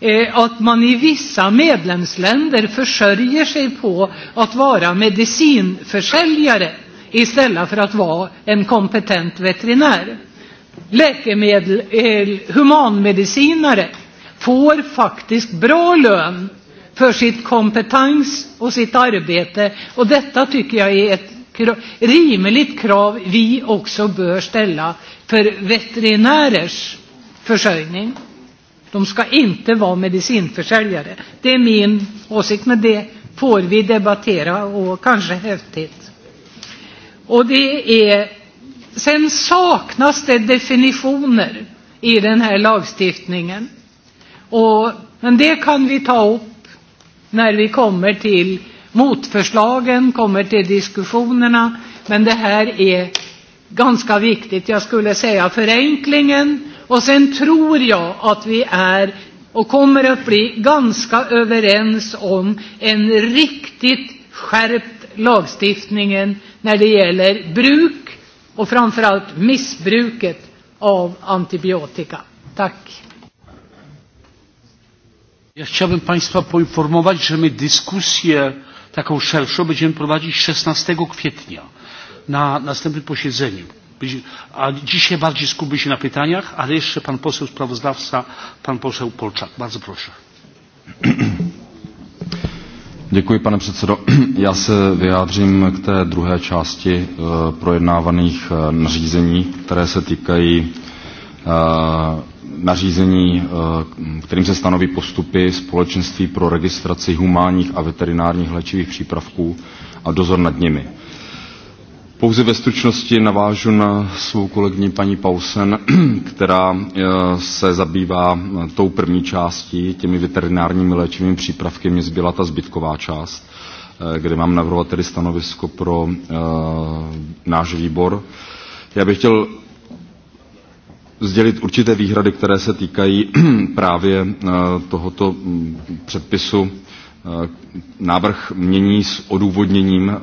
eh, att man i vissa medlemsländer försörjer sig på att vara medicinförsäljare istället för att vara en kompetent veterinär läkemedel, eh, humanmedicinare får faktiskt bra lön för sitt kompetens och sitt arbete. Och detta tycker jag är ett rimligt krav vi också bör ställa för veterinärers försörjning. De ska inte vara medicinförsäljare. Det är min åsikt, men det får vi debattera och kanske häftigt. Och det är sen saknas det definitioner i den här lagstiftningen. Och, men det kan vi ta upp när vi kommer till motförslagen, kommer till diskussionerna. Men det här är ganska viktigt. Jag skulle säga förenklingen. Och sen tror jag att vi är och kommer att bli ganska överens om en riktigt skärpt lagstiftningen när det gäller bruk och framförallt missbruket av antibiotika. Tack. Ja chciałbym Państwa poinformować, że my dyskusję taką szerszą będziemy prowadzić 16 kwietnia na następnym posiedzeniu. A dzisiaj bardziej skupmy się na pytaniach, ale jeszcze pan poseł sprawozdawca, pan poseł Polczak. Bardzo proszę. Děkuji, pane předsedo. Já se vyjádřím k té druhé části eh, projednávaných eh, nařízení, které se týkají eh, nařízení, kterým se stanoví postupy společenství pro registraci humánních a veterinárních léčivých přípravků a dozor nad nimi. Pouze ve stručnosti navážu na svou kolegyni paní Pausen, která eh, se zabývá eh, tou první částí, těmi veterinárními léčivými přípravky. Mně zbyla ta zbytková část, eh, kde mám navrhovat tedy stanovisko pro uh, náš výbor. Já bych chtěl sdělit určité výhrady, které se týkají právě tohoto mm, předpisu Eh, návrh mění s odůvodněním eh,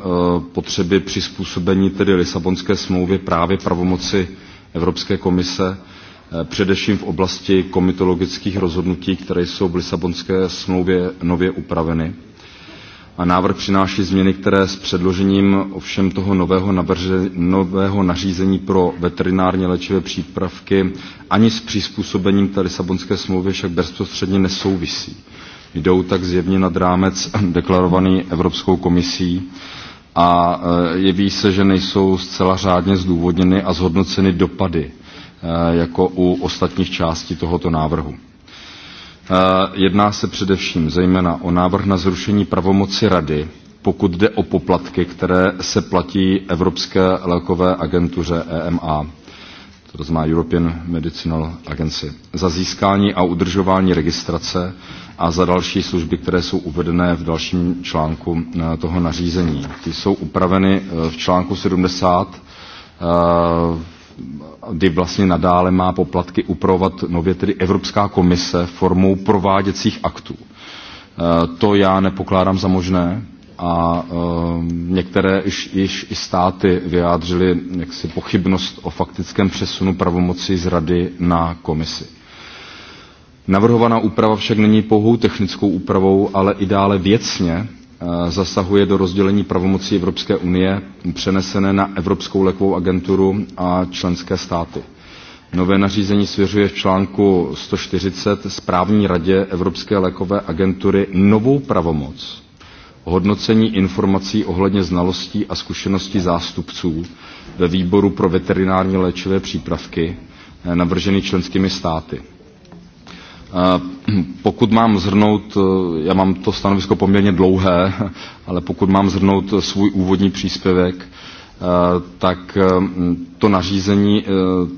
potřeby přizpůsobení tedy Lisabonské smlouvě právě pravomoci Evropské komise, eh, především v oblasti komitologických rozhodnutí, které jsou v Lisabonské smlouvě nově upraveny. A návrh přináší změny, které s předložením ovšem toho nového, nabrže, nového nařízení pro veterinárně léčivé přípravky ani s přizpůsobením té Lisabonské smlouvy však bezprostředně nesouvisí jdou tak zjevně nad rámec deklarovaný Evropskou komisí a e, jeví se, že nejsou zcela řádně zdůvodněny a zhodnoceny dopady e, jako u ostatních částí tohoto návrhu. E, jedná se především zejména o návrh na zrušení pravomoci Rady, pokud jde o poplatky, které se platí Evropské lékové agentuře EMA to znamená European Medicinal Agency, za získání a udržování registrace a za další služby, které jsou uvedené v dalším článku eh, toho nařízení. Ty jsou upraveny eh, v článku 70, eh, kdy vlastně nadále má poplatky upravovat nově tedy Evropská komise formou prováděcích aktů. To já nepokládám za možné, a ehm, některé již, již i státy vyjádřily jaksi pochybnost o faktickém přesunu pravomocí z Rady na komisi. Navrhovaná úprava však není pouhou technickou úpravou, ale i dále věcně e, zasahuje do rozdělení pravomocí Evropské unie přenesené na Evropskou lékovou agenturu a členské státy. Nové nařízení svěřuje v článku 140 správní radě Evropské lékové agentury novou pravomoc hodnocení informací ohledně znalostí a zkušeností zástupců ve výboru pro veterinární léčivé přípravky eh, navržený členskými státy. Eh, pokud mám zhrnout, eh, já mám to stanovisko poměrně dlouhé, ale pokud mám zhrnout svůj úvodní příspěvek, tak to nařízení,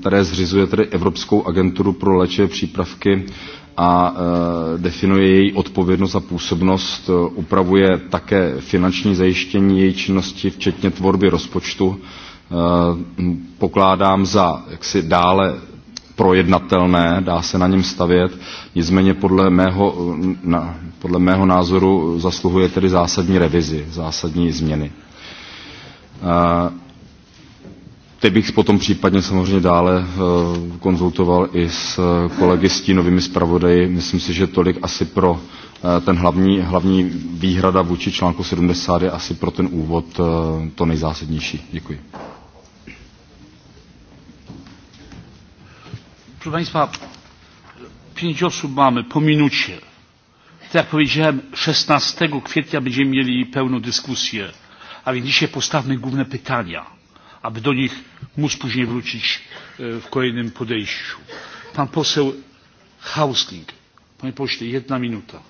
které zřizuje tedy Evropskou agenturu pro léčivé přípravky, a e, definuje její odpovědnost a působnost, e, upravuje také finanční zajištění její činnosti, včetně tvorby rozpočtu. E, pokládám za jaksi dále projednatelné, dá se na něm stavět, nicméně podle mého, podle mého názoru zasluhuje tedy zásadní revizi, zásadní změny. Ty bych potom případně samozřejmě dále eh, konzultoval i s eh, kolegy s stínovými zpravodaji. Myslím si, že tolik asi pro eh, ten hlavní, hlavní výhrada vůči článku 70 je asi pro ten úvod to nejzásadnější. Děkuji. Proszę Państwa, pięć osób mamy po minucie. Tak jak powiedziałem, 16 kwietnia będziemy mieli pełną dyskusję, a więc dzisiaj postawmy główne pytania aby do nich móc później wrócić e, w kolejnym podejściu. Pan poseł Hausling. Panie pośle, jedna minuta.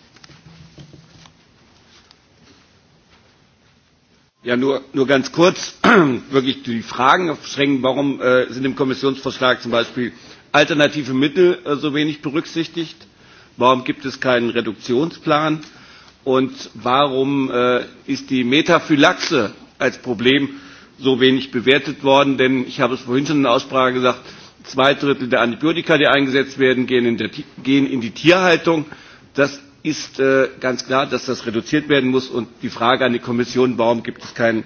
Ja, nur, nur ganz kurz, wirklich die Fragen aufstrengen, warum äh, sind im Kommissionsvorschlag zum Beispiel alternative Mittel äh, so wenig berücksichtigt? Warum gibt es keinen Reduktionsplan? Und warum äh, ist die Metaphylaxe als Problem so wenig bewertet worden, denn ich habe es vorhin schon in der Aussprache gesagt, zwei Drittel der Antibiotika, die eingesetzt werden, gehen in, der, gehen in die Tierhaltung. Das ist äh, ganz klar, dass das reduziert werden muss. Und die Frage an die Kommission, warum gibt es keinen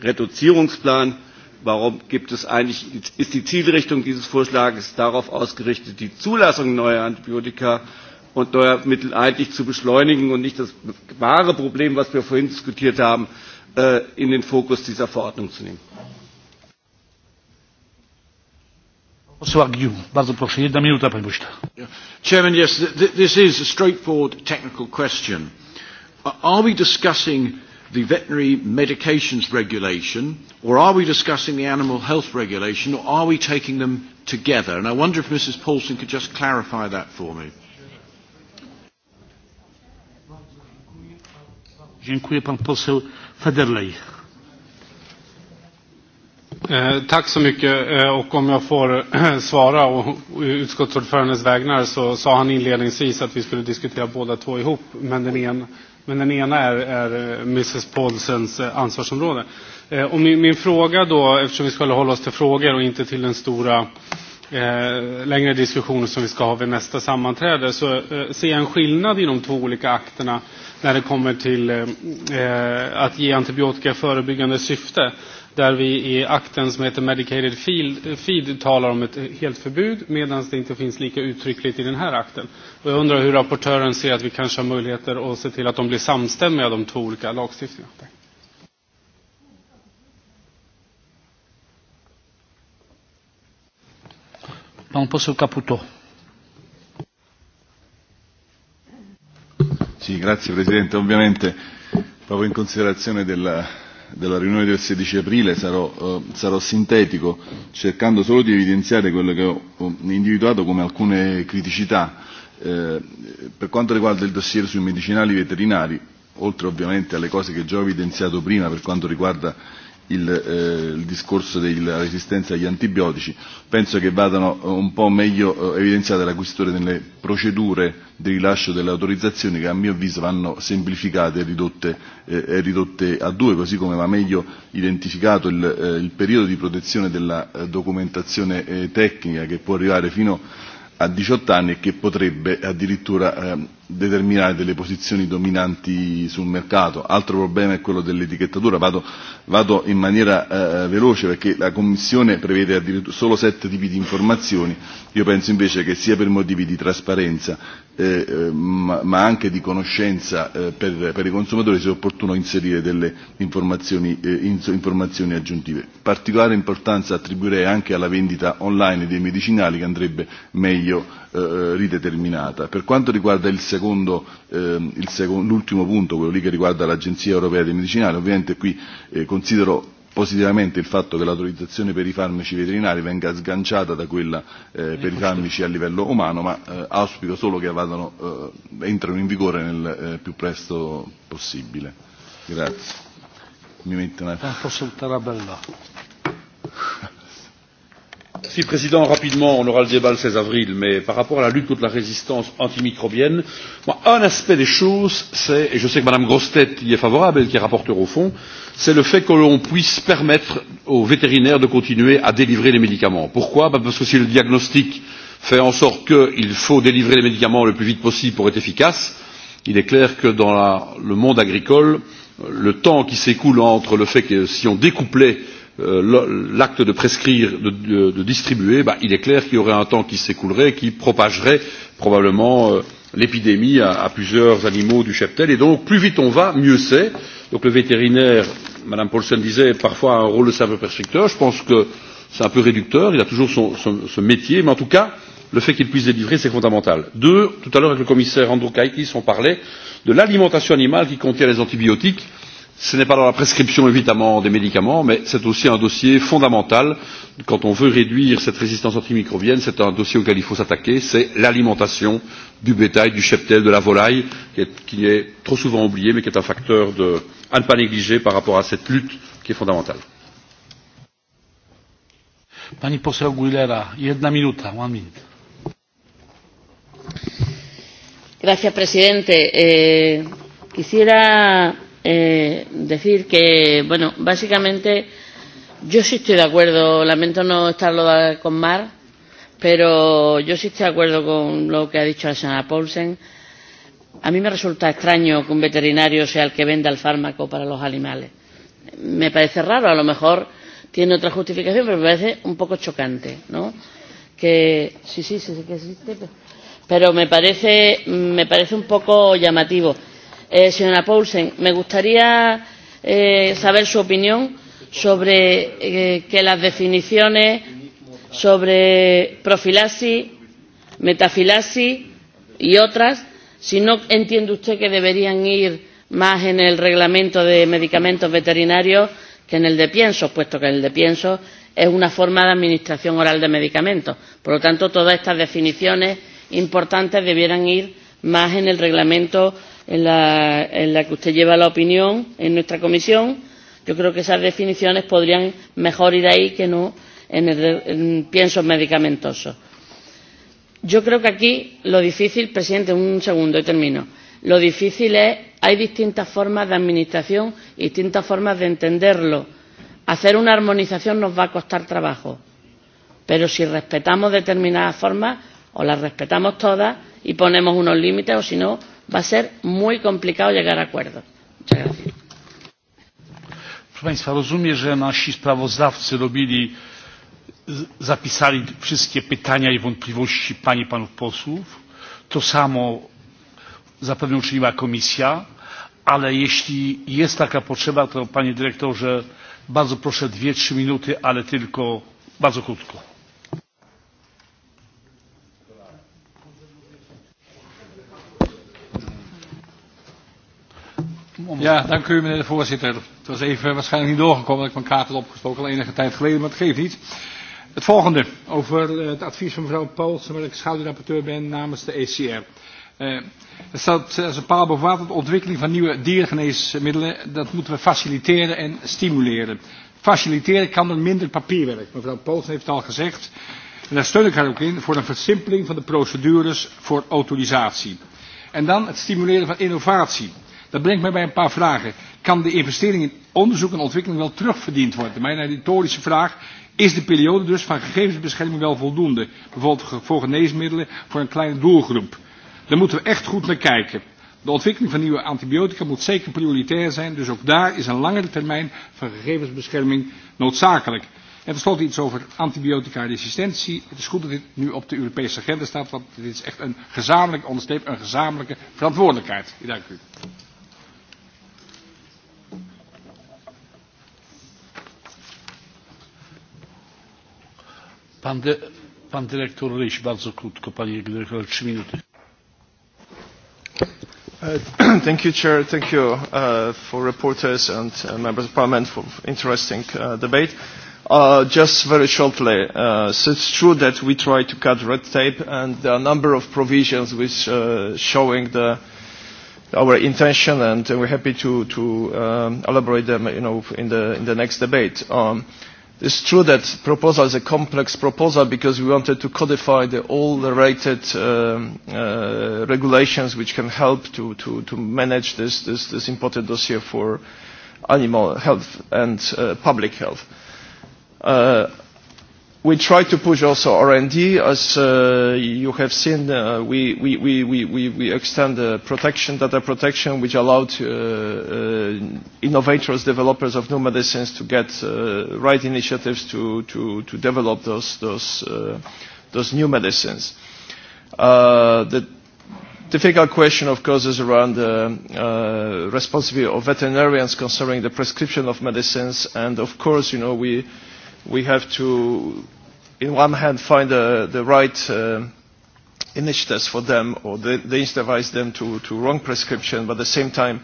Reduzierungsplan? Warum gibt es eigentlich, ist die Zielrichtung dieses Vorschlages darauf ausgerichtet, die Zulassung neuer Antibiotika und neuer Mittel eigentlich zu beschleunigen und nicht das wahre Problem, was wir vorhin diskutiert haben, Äh, in den Fokus dieser Verordnung zu nehmen. Chairman, yes, this is a straightforward technical question. Are we discussing the veterinary medications regulation, or are we discussing the animal health regulation, or are we taking them together? And I wonder if Mrs. Paulson could just clarify that for me. Dziękuję pan poseł Federley. Eh, tack så mycket. Eh, och om jag får eh, svara och utskottsordförandens vägnar så sa han inledningsvis att vi skulle diskutera båda två ihop. Men den, en, men den ena är, är Mrs Paulsens ansvarsområde. Och min, min fråga då, eftersom vi skulle hålla oss till frågor och inte till den stora eh, längre diskussionen som vi ska ha vid nästa sammanträde så eh, ser jag en skillnad i de två olika akterna när det kommer till eh, eh att ge antibiotika förebyggande syfte. Där vi i akten som heter Medicated Field, feed talar om ett helt förbud medan det inte finns lika uttryckligt i den här akten. Och jag undrar hur rapportören ser att vi kanske har möjligheter att se till att de blir samstämmiga de två olika lagstiftningarna. Tack. Pan poseł Caputo. Sì, grazie Presidente. Ovviamente proprio in considerazione della, della riunione del 16 aprile sarò, uh, sarò sintetico cercando solo di evidenziare quello che ho individuato come alcune criticità. Eh, per quanto riguarda il dossier sui medicinali veterinari, oltre ovviamente alle cose che già ho evidenziato prima per quanto riguarda il, eh, il discorso della resistenza agli antibiotici, penso che vadano eh, un po' meglio eh, evidenziate la questione delle procedure di rilascio delle autorizzazioni che a mio avviso vanno semplificate e ridotte, eh, e ridotte a due, così come va meglio identificato il, eh, il periodo di protezione della eh, documentazione eh, tecnica che può arrivare fino a 18 anni e che potrebbe addirittura eh, determinare delle posizioni dominanti sul mercato. Altro problema è quello dell'etichettatura, vado, vado in maniera eh, veloce perché la Commissione prevede addirittura solo sette tipi di informazioni, io penso invece che sia per motivi di trasparenza eh, eh ma, ma anche di conoscenza eh, per, per i consumatori sia opportuno inserire delle informazioni, eh, in, informazioni aggiuntive. Particolare importanza attribuirei anche alla vendita online dei medicinali che andrebbe meglio eh, rideterminata. Per quanto riguarda il secondo, ehm, il secondo, l'ultimo punto, quello lì che riguarda l'Agenzia Europea dei Medicinali, ovviamente qui eh, considero positivamente il fatto che l'autorizzazione per i farmaci veterinari venga sganciata da quella eh, eh per i farmaci a livello umano, ma eh, auspico solo che vadano, eh, entrano in vigore nel eh, più presto possibile. Grazie. Mi metto una... Ah, posso monsieur le Président. Rapidement, on aura le débat le seize avril, mais par rapport à la lutte contre la résistance antimicrobienne, un aspect des choses, c'est, et je sais que Mme grossetête y est favorable, elle qui est rapporteure au fond, le fait que l'on puisse permettre aux vétérinaires de continuer à délivrer les médicaments. Pourquoi Parce que si le diagnostic fait en sorte qu'il faut délivrer les médicaments le plus vite possible pour être efficace, il est clair que dans la, le monde agricole, le temps qui s'écoule entre le fait que si on découplait Euh, l'acte de prescrire, de, distribuer, il est clair qu'il y aurait un temps qui s'écoulerait, et qui propagerait probablement euh, l'épidémie à, plusieurs animaux du cheptel. Et donc, plus vite on va, mieux c'est. Donc, le vétérinaire, Madame Paulsen disait, parfois a un rôle de simple prescripteur. Je pense que c'est un peu réducteur. Il a toujours son, ce métier, mais en tout cas, le fait qu'il puisse délivrer, c'est fondamental. Deux, tout à l'heure avec le commissaire andriukaitis on parlait de l'alimentation animale qui contient les antibiotiques ce n'est pas dans la prescription évidemment des médicaments mais c'est aussi un dossier fondamental quand on veut réduire cette résistance antimicrobienne c'est un dossier auquel il faut s'attaquer c'est l'alimentation du bétail du cheptel de la volaille qui est, qui est trop souvent oubliée mais qui est un facteur de, à ne pas négliger par rapport à cette lutte qui est fondamentale. Pani poseł Gulera, jedna minuta, one minute. Gracias, presidente. Eh, quisiera eh, decir que, bueno, básicamente yo sí estoy de acuerdo, lamento no estarlo con Mar, pero yo sí estoy de acuerdo con lo que ha dicho la señora Paulsen. A mí me resulta extraño que un veterinario sea el que venda el fármaco para los animales. Me parece raro, a lo mejor tiene otra justificación, pero me parece un poco chocante, ¿no? Que sí, sí, sí, sí que existe, pero me parece, me parece un poco llamativo Eh, señora Paulsen, me gustaría eh, saber su opinión sobre eh, que las definiciones sobre profilaxis, metafilaxis y otras, si no entiende usted que deberían ir más en el reglamento de medicamentos veterinarios que en el de piensos, puesto que el de piensos es una forma de administración oral de medicamentos. Por lo tanto, todas estas definiciones importantes debieran ir más en el reglamento en la, en la que usted lleva la opinión en nuestra comisión. Yo creo que esas definiciones podrían mejor ir ahí que no en, el, en piensos medicamentosos. Yo creo que aquí lo difícil, presidente, un segundo y termino. Lo difícil es, hay distintas formas de administración y distintas formas de entenderlo. Hacer una armonización nos va a costar trabajo, pero si respetamos determinadas formas, o las respetamos todas y ponemos unos límites, o si no, va a ser muy complicado llegar a acuerdos. Muchas gracias. Państwa, rozumiem, że nasi sprawozdawcy robili, zapisali wszystkie pytania i wątpliwości Pani i Panów posłów. To samo zapewne uczyniła Komisja, ale jeśli jest taka potrzeba, to Panie Dyrektorze, bardzo proszę dwie, trzy minuty, ale tylko bardzo krótko Ja, dank u meneer de voorzitter. Het was even waarschijnlijk niet doorgekomen dat ik mijn kaart had opgestoken al enige tijd geleden, maar het geeft niet. Het volgende over eh, het advies van mevrouw Paulsen, waar ik schaduwrapporteur ben namens de ECR. Uh, eh, er staat eh, als een paal boven water de ontwikkeling van nieuwe diergeneesmiddelen. Dat moeten we faciliteren en stimuleren. Faciliteren kan er minder papierwerk. Mevrouw Poolsen heeft het al gezegd. En daar steun ik haar ook in voor een versimpeling van de procedures voor autorisatie. En dan het stimuleren van innovatie. Dat brengt mij bij een paar vragen. Kan de investering in onderzoek en ontwikkeling wel terugverdiend worden? Mijn retorische vraag. Is de periode dus van gegevensbescherming wel voldoende? Bijvoorbeeld voor geneesmiddelen voor een kleine doelgroep. Daar moeten we echt goed naar kijken. De ontwikkeling van nieuwe antibiotica moet zeker prioritair zijn, dus ook daar is een langere termijn van gegevensbescherming noodzakelijk. En tenslotte iets over antibiotica-resistentie. Het is goed dat dit nu op de Europese agenda staat, want dit is echt een gezamenlijke onderstreep, een gezamenlijke verantwoordelijkheid. Ik dank u. Pan, de, pan dyrektor Ryś, bardzo krótko, panie dyrektorze, trzy minuty. Uh, thank you, Chair. Thank you uh, for reporters and uh, members of Parliament for interesting uh, debate. Uh, just very shortly, uh, so it's true that we try to cut red tape, and there are a number of provisions which uh, showing the our intention, and we're happy to, to um, elaborate them, you know, in the in the next debate. Um, It's true that proposal is a complex proposal because we wanted to codify the, all the rated um, uh, regulations which can help to, to, to manage this, this, this important dossier for animal health and uh, public health. Uh, we try to push also R&D. As uh, you have seen, uh, we, we, we, we, we extend the protection, data protection, which allowed uh, uh, innovators, developers of new medicines to get uh, right initiatives to, to, to develop those, those, uh, those new medicines. Uh, the difficult question, of course, is around the uh, uh, responsibility of veterinarians concerning the prescription of medicines. And, of course, you know, we we have to, in one hand, find the, the right uh, initiatives for them or de incentivize them to, to wrong prescription, but at the same time,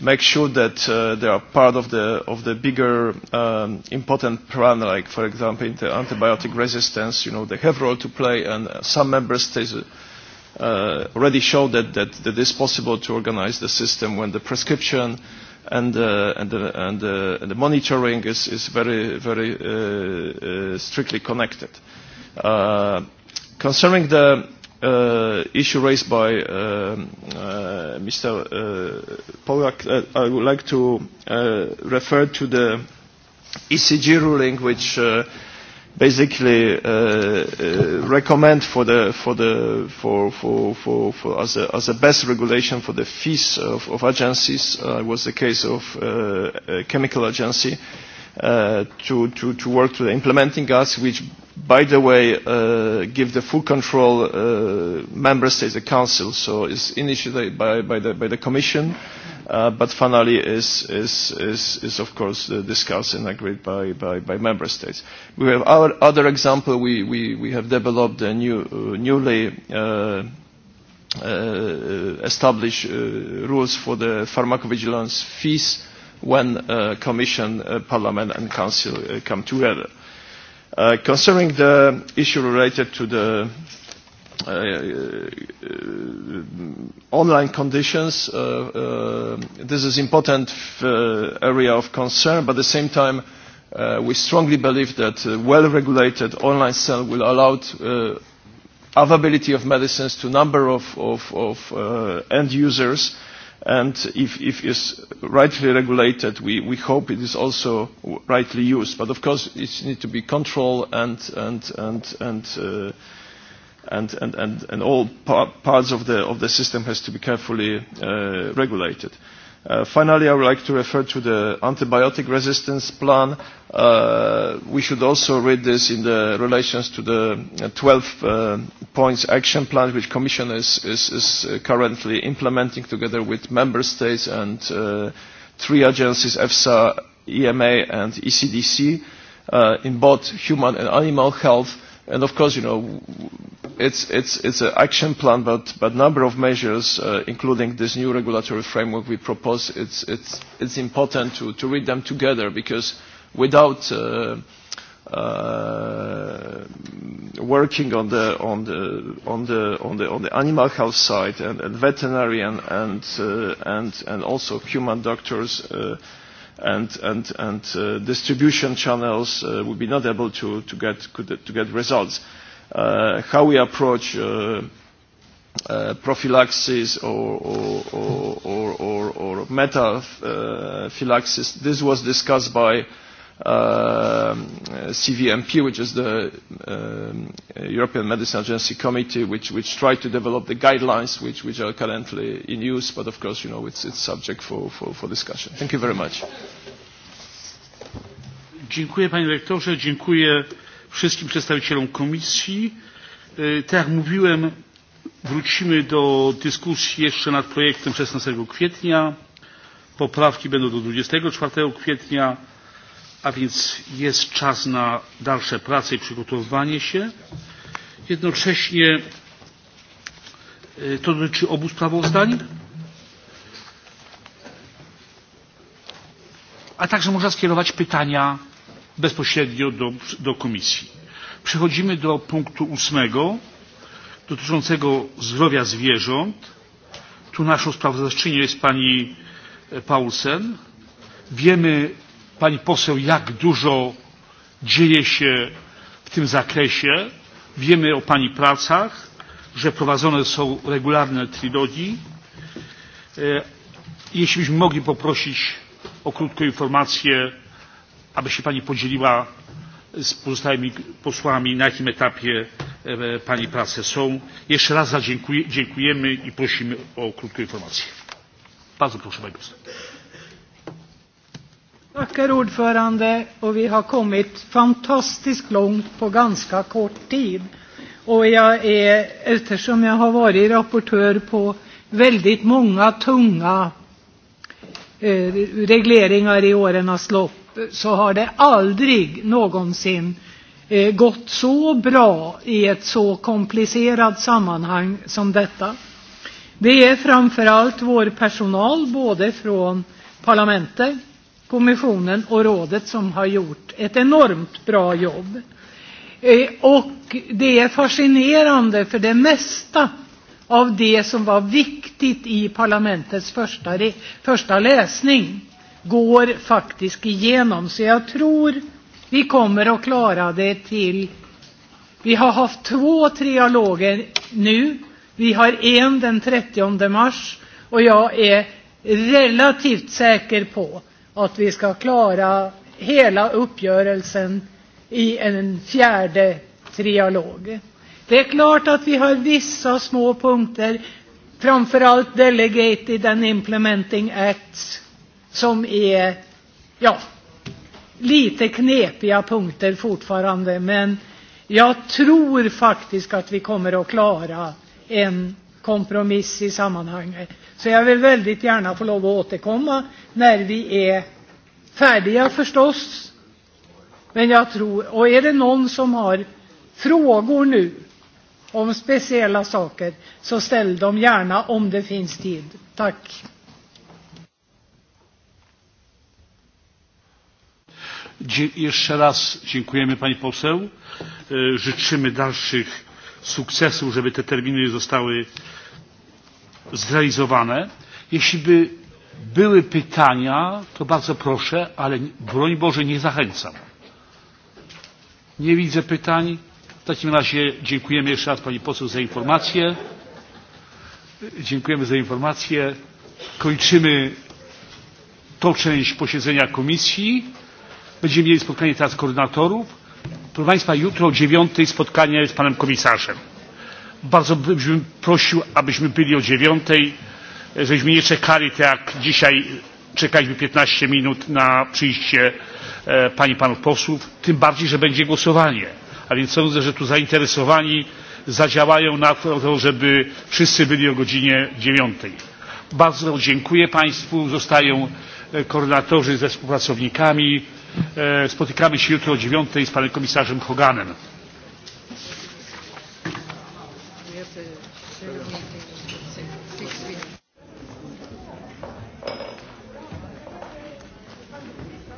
make sure that uh, they are part of the, of the bigger um, important plan, like, for example, the antibiotic resistance. You know, they have a role to play, and some member states uh, already showed that, that, that it is possible to organize the system when the prescription uh, and, uh, and, uh, and, uh, and the monitoring is, is very, very uh, uh, strictly connected. Uh, concerning the uh, issue raised by um, uh, uh, Mr. Uh, Polak, uh, I would like to uh, refer to the ECG ruling, which uh, basically uh, uh, recommend for the for the for for for, for as, a, as a best regulation for the fees of, of agencies uh, was the case of uh, a chemical agency uh, to, to to work to the implementing gas which by the way uh, give the full control uh, member states the council so it's initiated by by the by the commission uh, Uh, but finally is, is, is, is of course uh, discussed and agreed by, by, by member states. We have our other example, we, we, we have developed a new, uh, newly uh, uh, established uh, rules for the pharmacovigilance fees when uh, Commission, uh, Parliament and Council uh, come together. Uh, concerning the issue related to the Uh, uh, uh, online conditions. Uh, uh, this is important uh, area of concern, but at the same time, uh, we strongly believe that a uh, well-regulated online cell will allow uh, availability of medicines to a number of, of, of uh, end users. And if, if it's rightly regulated, we, we hope it is also rightly used. But of course, it needs to be controlled and, and, and, and uh, and, and, and, and all par parts of the, of the system has to be carefully uh, regulated. Uh, finally, I would like to refer to the antibiotic resistance plan. Uh, we should also read this in the relations to the 12 uh, uh, points action plan which Commission is, is, is uh, currently implementing together with member states and uh, three agencies, EFSA, EMA and ECDC, uh, in both human and animal health And of course, you know, it's, it's, it's an action plan, but a number of measures, uh, including this new regulatory framework we propose, it's, it's, it's important to, to read them together because without uh, uh, working on the, on, the, on, the, on, the, on the animal health side and, and veterinarian and, uh, and, and also human doctors, uh, and, and, and uh, distribution channels uh, would be not able to, to, get, could, to get results. Uh, how we approach uh, uh, prophylaxis or, or, or, or, or, or metaphylaxis, uh, this was discussed by uh, uh, CVMP, which is the uh, European Medicine Agency Committee, which, which tried to develop the guidelines which, which are currently in use, but of course, you know, it's, it's subject for, for, for discussion. Thank you very much. Dziękuję panie rektorze, dziękuję wszystkim przedstawicielom komisji. E, tak jak mówiłem, wrócimy do dyskusji jeszcze nad projektem 16 kwietnia. Poprawki będą do 24 kwietnia a więc jest czas na dalsze prace i przygotowywanie się. Jednocześnie to dotyczy obu sprawozdań, a także można skierować pytania bezpośrednio do, do komisji. Przechodzimy do punktu ósmego dotyczącego zdrowia zwierząt. Tu naszą sprawozdawczynią jest pani e, Paulsen. Wiemy, pani poseł, jak dużo dzieje się w tym zakresie. Wiemy o pani pracach, że prowadzone są regularne trilogi. E, jeśli byśmy mogli poprosić o krótką informację, aby się pani podzieliła z pozostałymi posłami, na jakim etapie e, pani prace są. Jeszcze raz dziękuję, dziękujemy i prosimy o krótką informację. Bardzo proszę pani poseł. Tackar ordförande och vi har kommit fantastiskt långt på ganska kort tid. Och jag är, eftersom jag har varit rapportör på väldigt många tunga eh, regleringar i årens lopp, så har det aldrig någonsin eh, gått så bra i ett så komplicerat sammanhang som detta. Det är framförallt vår personal, både från parlamentet kommissionen och rådet som har gjort ett enormt bra jobb. Eh, och det är fascinerande för det mesta av det som var viktigt i parlamentets första, första läsning går faktiskt igenom. Så jag tror vi kommer att klara det till Vi har haft två trialoger nu. Vi har en den 30 mars och jag är relativt säker på att vi ska klara hela uppgörelsen i en fjärde trialog. Det är klart att vi har vissa små punkter, framförallt Delegated and Implementing Acts, som är ja, lite knepiga punkter fortfarande. Men jag tror faktiskt att vi kommer att klara en kompromiss i sammanhanget. Så jag vill väldigt gärna få lov att återkomma när vi är färdiga förstås. Men jag tror, och är det någon som har frågor nu om speciella saker så ställ dem gärna om det finns tid. Tack. Jeszcze raz dziękujemy pani poseł. E, życzymy dalszych sukcesów, żeby te terminy zostały zrealizowane. Jeśli by były pytania, to bardzo proszę, ale broń Boże nie zachęcam. Nie widzę pytań. W takim razie dziękujemy jeszcze raz Pani poseł za informację. Dziękujemy za informację. Kończymy tą część posiedzenia komisji. Będziemy mieli spotkanie teraz koordynatorów. Proszę Państwa, jutro o dziewiątej spotkanie z Panem Komisarzem bardzo bym prosił abyśmy byli o dziewiątej żebyśmy nie czekali tak jak dzisiaj czekaliśmy piętnaście minut na przyjście e, pań i panów posłów tym bardziej że będzie głosowanie a więc sądzę że tu zainteresowani zadziałają na to żeby wszyscy byli o godzinie dziewiątej. bardzo dziękuję państwu zostają e, koordynatorzy ze współpracownikami e, spotykamy się jutro o dziewiątej z panem komisarzem hoganem.